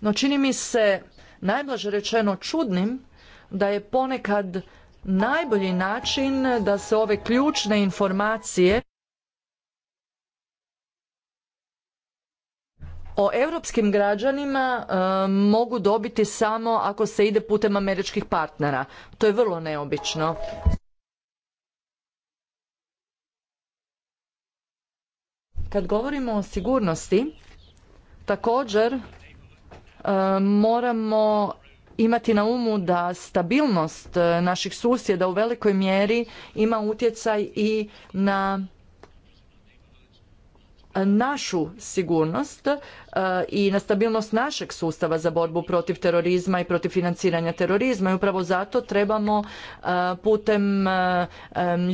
No čini mi se najblaže rečeno čudnim da je ponekad najbolji način da se ove ključne informacije o europskim građanima e, mogu dobiti samo ako se ide putem američkih partnera. To je vrlo neobično. Kad govorimo o sigurnosti, također e, moramo imati na umu da stabilnost e, naših susjeda u velikoj mjeri ima utjecaj i na našu sigurnost e, i na stabilnost našeg sustava za borbu protiv terorizma i protiv financiranja terorizma i upravo zato trebamo e, putem e,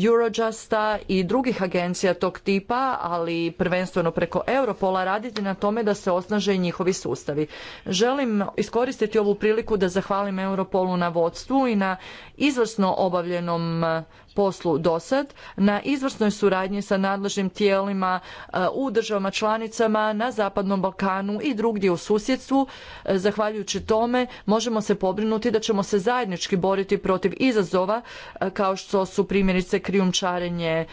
Eurojusta i drugih agencija tog tipa, ali prvenstveno preko Europola raditi na tome da se osnaže i njihovi sustavi. Želim iskoristiti ovu priliku da zahvalim Europolu na vodstvu i na izvrsno obavljenom poslu dosad, na izvrsnoj suradnji sa nadležnim tijelima e, u državama članicama, na Zapadnom Balkanu i drugdje u susjedstvu. E, zahvaljujući tome možemo se pobrinuti da ćemo se zajednički boriti protiv izazova e, kao što su primjerice krijumčarenje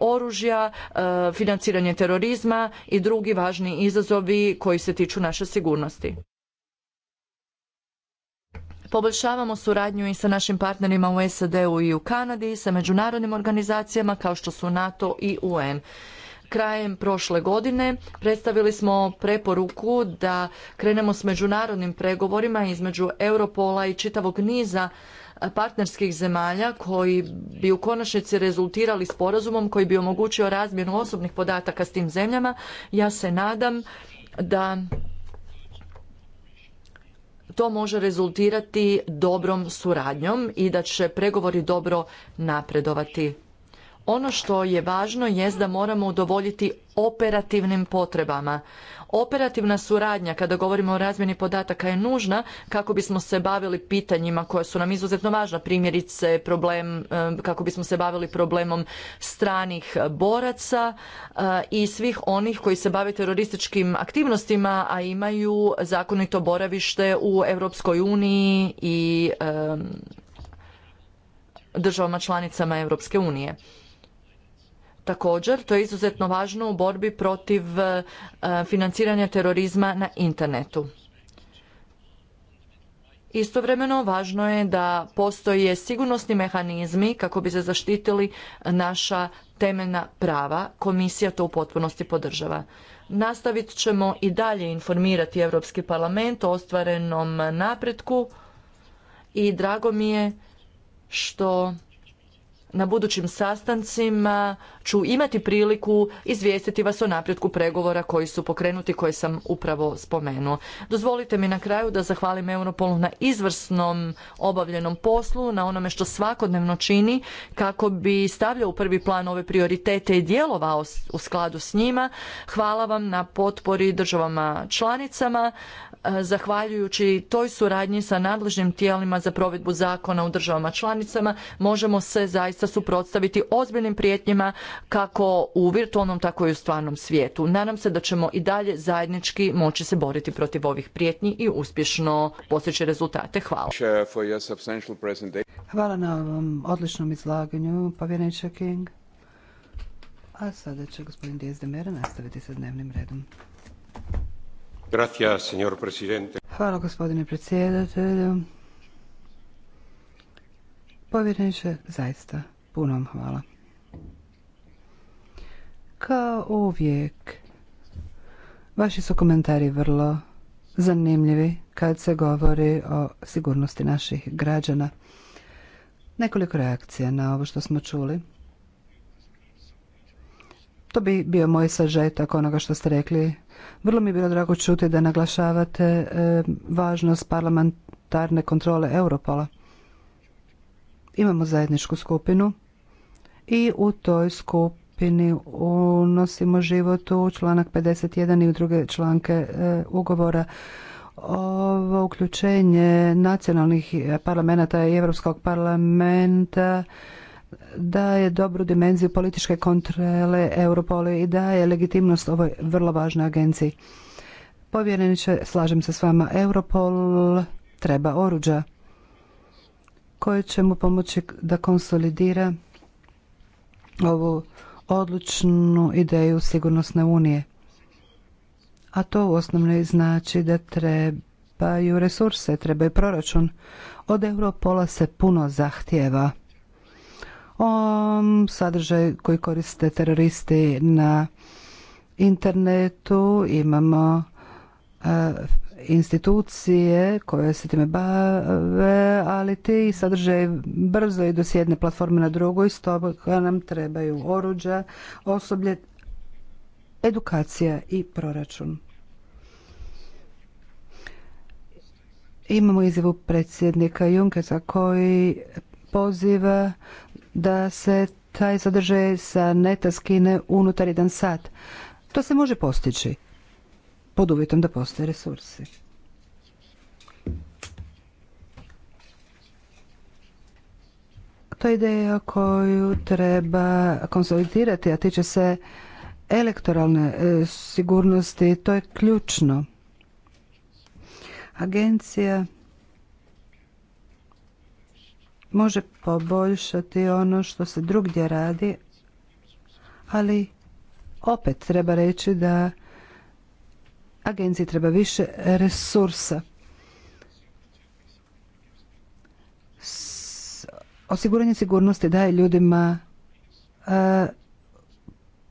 oružja, financiranje terorizma i drugi važni izazovi koji se tiču naše sigurnosti. Poboljšavamo suradnju i sa našim partnerima u SAD-u i u Kanadi, i sa međunarodnim organizacijama kao što su NATO i UN krajem prošle godine predstavili smo preporuku da krenemo s međunarodnim pregovorima između Europola i čitavog niza partnerskih zemalja koji bi u konačnici rezultirali sporazumom koji bi omogućio razmjenu osobnih podataka s tim zemljama. Ja se nadam da to može rezultirati dobrom suradnjom i da će pregovori dobro napredovati ono što je važno je da moramo udovoljiti operativnim potrebama. Operativna suradnja kada govorimo o razmjeni podataka je nužna kako bismo se bavili pitanjima koja su nam izuzetno važna, primjerice problem, kako bismo se bavili problemom stranih boraca eh, i svih onih koji se bave terorističkim aktivnostima, a imaju zakonito boravište u Europskoj uniji i državama članicama Europske unije. Također, to je izuzetno važno u borbi protiv e, financiranja terorizma na internetu. Istovremeno važno je da postoje sigurnosni mehanizmi kako bi se zaštitili naša temeljna prava. Komisija to u potpunosti podržava. Nastavit ćemo i dalje informirati Europski parlament o ostvarenom napretku i drago mi je što na budućim sastancima ću imati priliku izvijestiti vas o napretku pregovora koji su pokrenuti koje sam upravo spomenuo. Dozvolite mi na kraju da zahvalim Europolu na izvrsnom obavljenom poslu, na onome što svakodnevno čini kako bi stavljao u prvi plan ove prioritete i djelovao u skladu s njima. Hvala vam na potpori državama članicama. E, zahvaljujući toj suradnji sa nadležnim tijelima za provedbu zakona u državama članicama možemo se zaista suprotstaviti ozbiljnim prijetnjima kako u virtualnom tako i u stvarnom svijetu. Nadam se da ćemo i dalje zajednički moći se boriti protiv ovih prijetnji i uspješno postići rezultate. Hvala. Hvala na ovom odličnom izlaganju, povjereniče King. A sada će gospodin Mera nastaviti sa dnevnim redom. Hvala gospodine predsjedatelju. Povjereniče, zaista, puno vam hvala. Kao uvijek, vaši su komentari vrlo zanimljivi kad se govori o sigurnosti naših građana. Nekoliko reakcija na ovo što smo čuli. To bi bio moj sažetak onoga što ste rekli vrlo mi je bilo drago čuti da naglašavate e, važnost parlamentarne kontrole Europola. Imamo zajedničku skupinu i u toj skupini unosimo život u članak 51 i u druge članke e, ugovora ovo uključenje nacionalnih parlamenta i Europskog parlamenta daje dobru dimenziju političke kontrole Europole i daje legitimnost ovoj vrlo važnoj agenciji. Povjereniče, slažem se s vama, Europol treba oruđa koje će mu pomoći da konsolidira ovu odlučnu ideju sigurnosne unije. A to u osnovnoj znači da trebaju resurse, trebaju proračun. Od Europola se puno zahtjeva o sadržaj koji koriste teroristi na internetu, imamo e, institucije koje se time bave, ali ti sadržaj brzo idu s jedne platforme na drugu i stoga nam trebaju oruđa, osoblje, edukacija i proračun. Imamo izjavu predsjednika junkeca koji poziva da se taj sadržaj sa neta skine unutar jedan sat. To se može postići pod uvjetom da postoje resursi. To je ideja koju treba konsolidirati, a tiče se elektoralne e, sigurnosti. To je ključno. Agencija može poboljšati ono što se drugdje radi, ali opet treba reći da agenciji treba više resursa. Osiguranje sigurnosti daje ljudima e,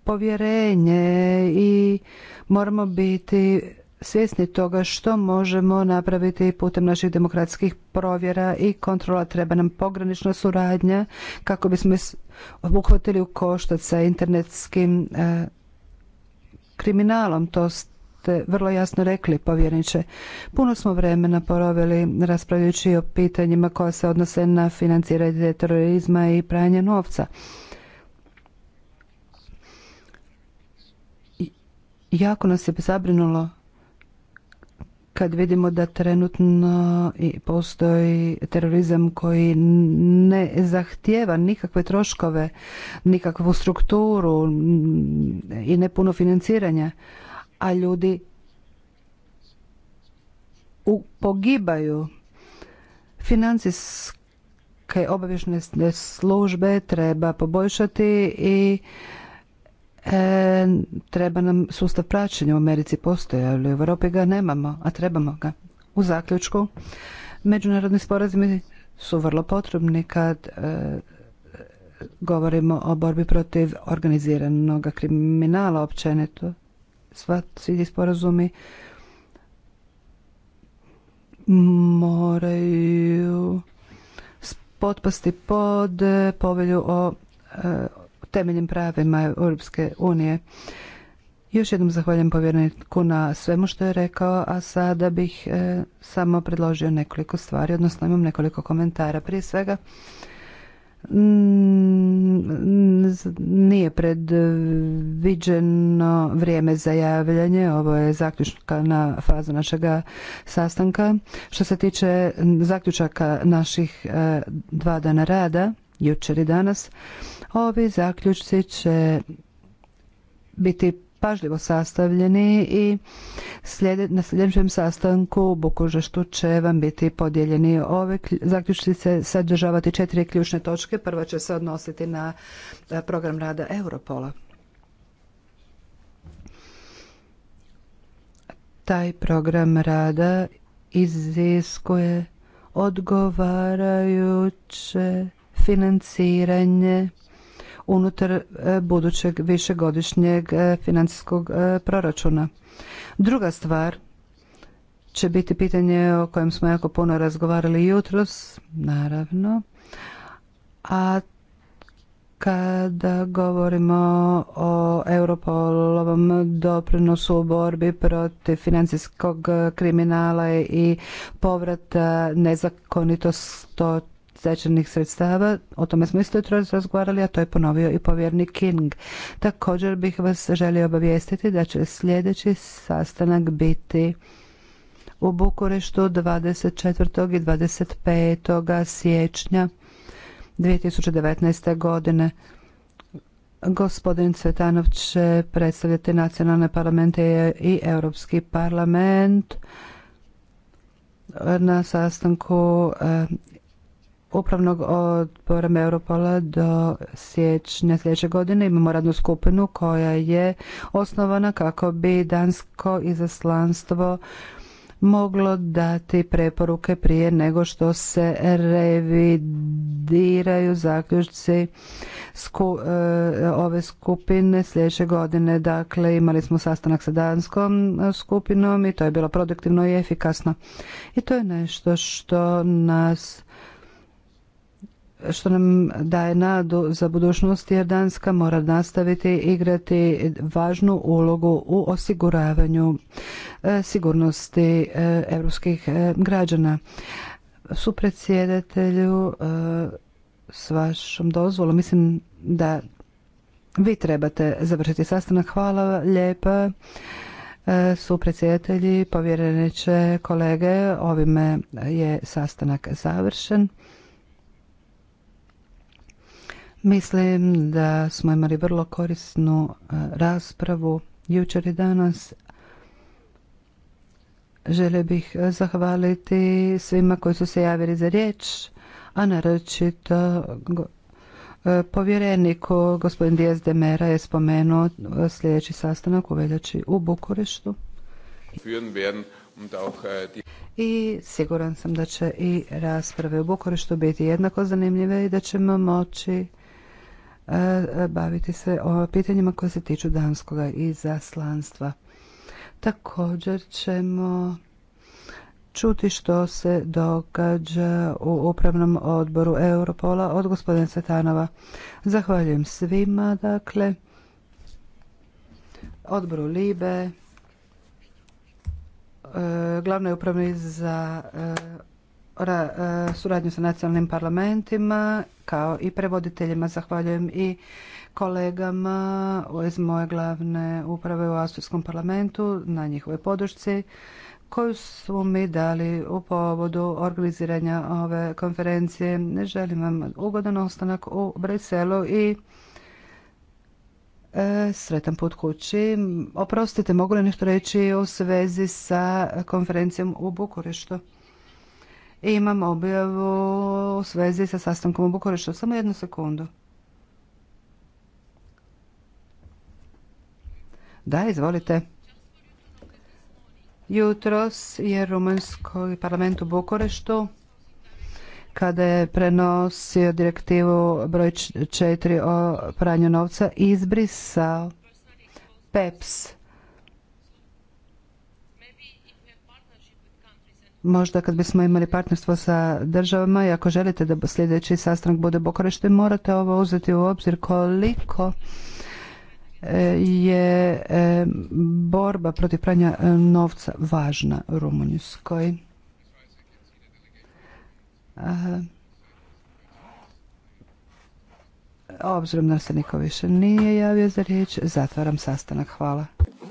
povjerenje i moramo biti svjesni toga što možemo napraviti putem naših demokratskih provjera i kontrola. Treba nam pogranična suradnja kako bismo obuhvatili u koštac sa internetskim e, kriminalom. To ste vrlo jasno rekli, povjereniče. Puno smo vremena proveli raspravljajući o pitanjima koja se odnose na financiranje terorizma i pranje novca. jako nas je zabrinulo kad vidimo da trenutno postoji terorizam koji ne zahtijeva nikakve troškove, nikakvu strukturu i ne puno financiranja, a ljudi pogibaju financijske obavješne službe treba poboljšati i E, treba nam sustav praćenja u Americi postoje, ali u Europi ga nemamo, a trebamo ga. U zaključku, međunarodni sporazumi su vrlo potrebni kad e, govorimo o borbi protiv organiziranog kriminala općenito. Sva, svi sporazumi moraju potpasti pod e, povelju o e, temeljnim pravima Europske unije. Još jednom zahvaljujem povjereniku na svemu što je rekao, a sada bih e, samo predložio nekoliko stvari, odnosno imam nekoliko komentara. Prije svega, nije predviđeno vrijeme za javljanje. Ovo je zaključka na fazu našega sastanka. Što se tiče zaključaka naših e, dva dana rada, jučer i danas, Ovi zaključci će biti pažljivo sastavljeni i na sljedećem sastanku u Bukužeštu će vam biti podijeljeni ove zaključci će sadržavati četiri ključne točke. Prva će se odnositi na e, program rada Europola. Taj program rada iziskuje odgovarajuće financiranje unutar e, budućeg višegodišnjeg e, financijskog e, proračuna. Druga stvar će biti pitanje o kojem smo jako puno razgovarali jutros, naravno, a kada govorimo o Europolovom doprinosu u borbi protiv financijskog kriminala i povrata nezakonitosti stečenih sredstava. O tome smo isto jutro razgovarali, a to je ponovio i povjernik King. Također bih vas želio obavijestiti da će sljedeći sastanak biti u Bukureštu 24. i 25. siječnja 2019. godine. Gospodin Cvetanov će predstavljati nacionalne parlamente i Europski parlament na sastanku eh, upravnog odbora Europola do siječnja sljedeće godine imamo radnu skupinu koja je osnovana kako bi dansko izaslanstvo moglo dati preporuke prije nego što se revidiraju zaključci e, ove skupine sljedeće godine. Dakle, imali smo sastanak sa danskom skupinom i to je bilo produktivno i efikasno. I to je nešto što nas što nam daje nadu za budućnost jer Danska mora nastaviti igrati važnu ulogu u osiguravanju e, sigurnosti europskih e, građana. Supredsjedatelju, e, s vašom dozvolom, mislim da vi trebate završiti sastanak. Hvala lijepa su predsjedatelji, povjereniče, kolege. Ovime je sastanak završen. Mislim da smo imali vrlo korisnu e, raspravu jučer i danas. Žele bih zahvaliti svima koji su se javili za riječ, a naročito e, povjereniku gospodin Dijez de Mera je spomenuo e, sljedeći sastanak u veljači u Bukureštu. I siguran sam da će i rasprave u Bukureštu biti jednako zanimljive i da ćemo moći E, baviti se o pitanjima koje se tiču danskoga izaslanstva. Također ćemo čuti što se događa u upravnom odboru Europola od gospodina Svetanova. Zahvaljujem svima, dakle, odboru Libe, e, glavnoj upravni za e, E, suradnju sa nacionalnim parlamentima kao i prevoditeljima. Zahvaljujem i kolegama iz moje glavne uprave u Austrijskom parlamentu na njihovoj podršci koju su mi dali u povodu organiziranja ove konferencije. Želim vam ugodan ostanak u Briselu i e, sretan put kući. Oprostite, mogu li nešto reći u svezi sa konferencijom u Bukureštu? Imam objavu u svezi sa sastankom u Bukureštu. Samo jednu sekundu. Da, izvolite. Jutros je i parlament u Bukureštu kada je prenosio direktivu broj 4 o pranju novca izbrisao PEPS možda kad bismo imali partnerstvo sa državama i ako želite da sljedeći sastanak bude bukurešte morate ovo uzeti u obzir koliko e, je e, borba protiv pranja e, novca važna Rumunjskoj. Obzirom da se niko više nije javio za riječ, zatvaram sastanak. Hvala.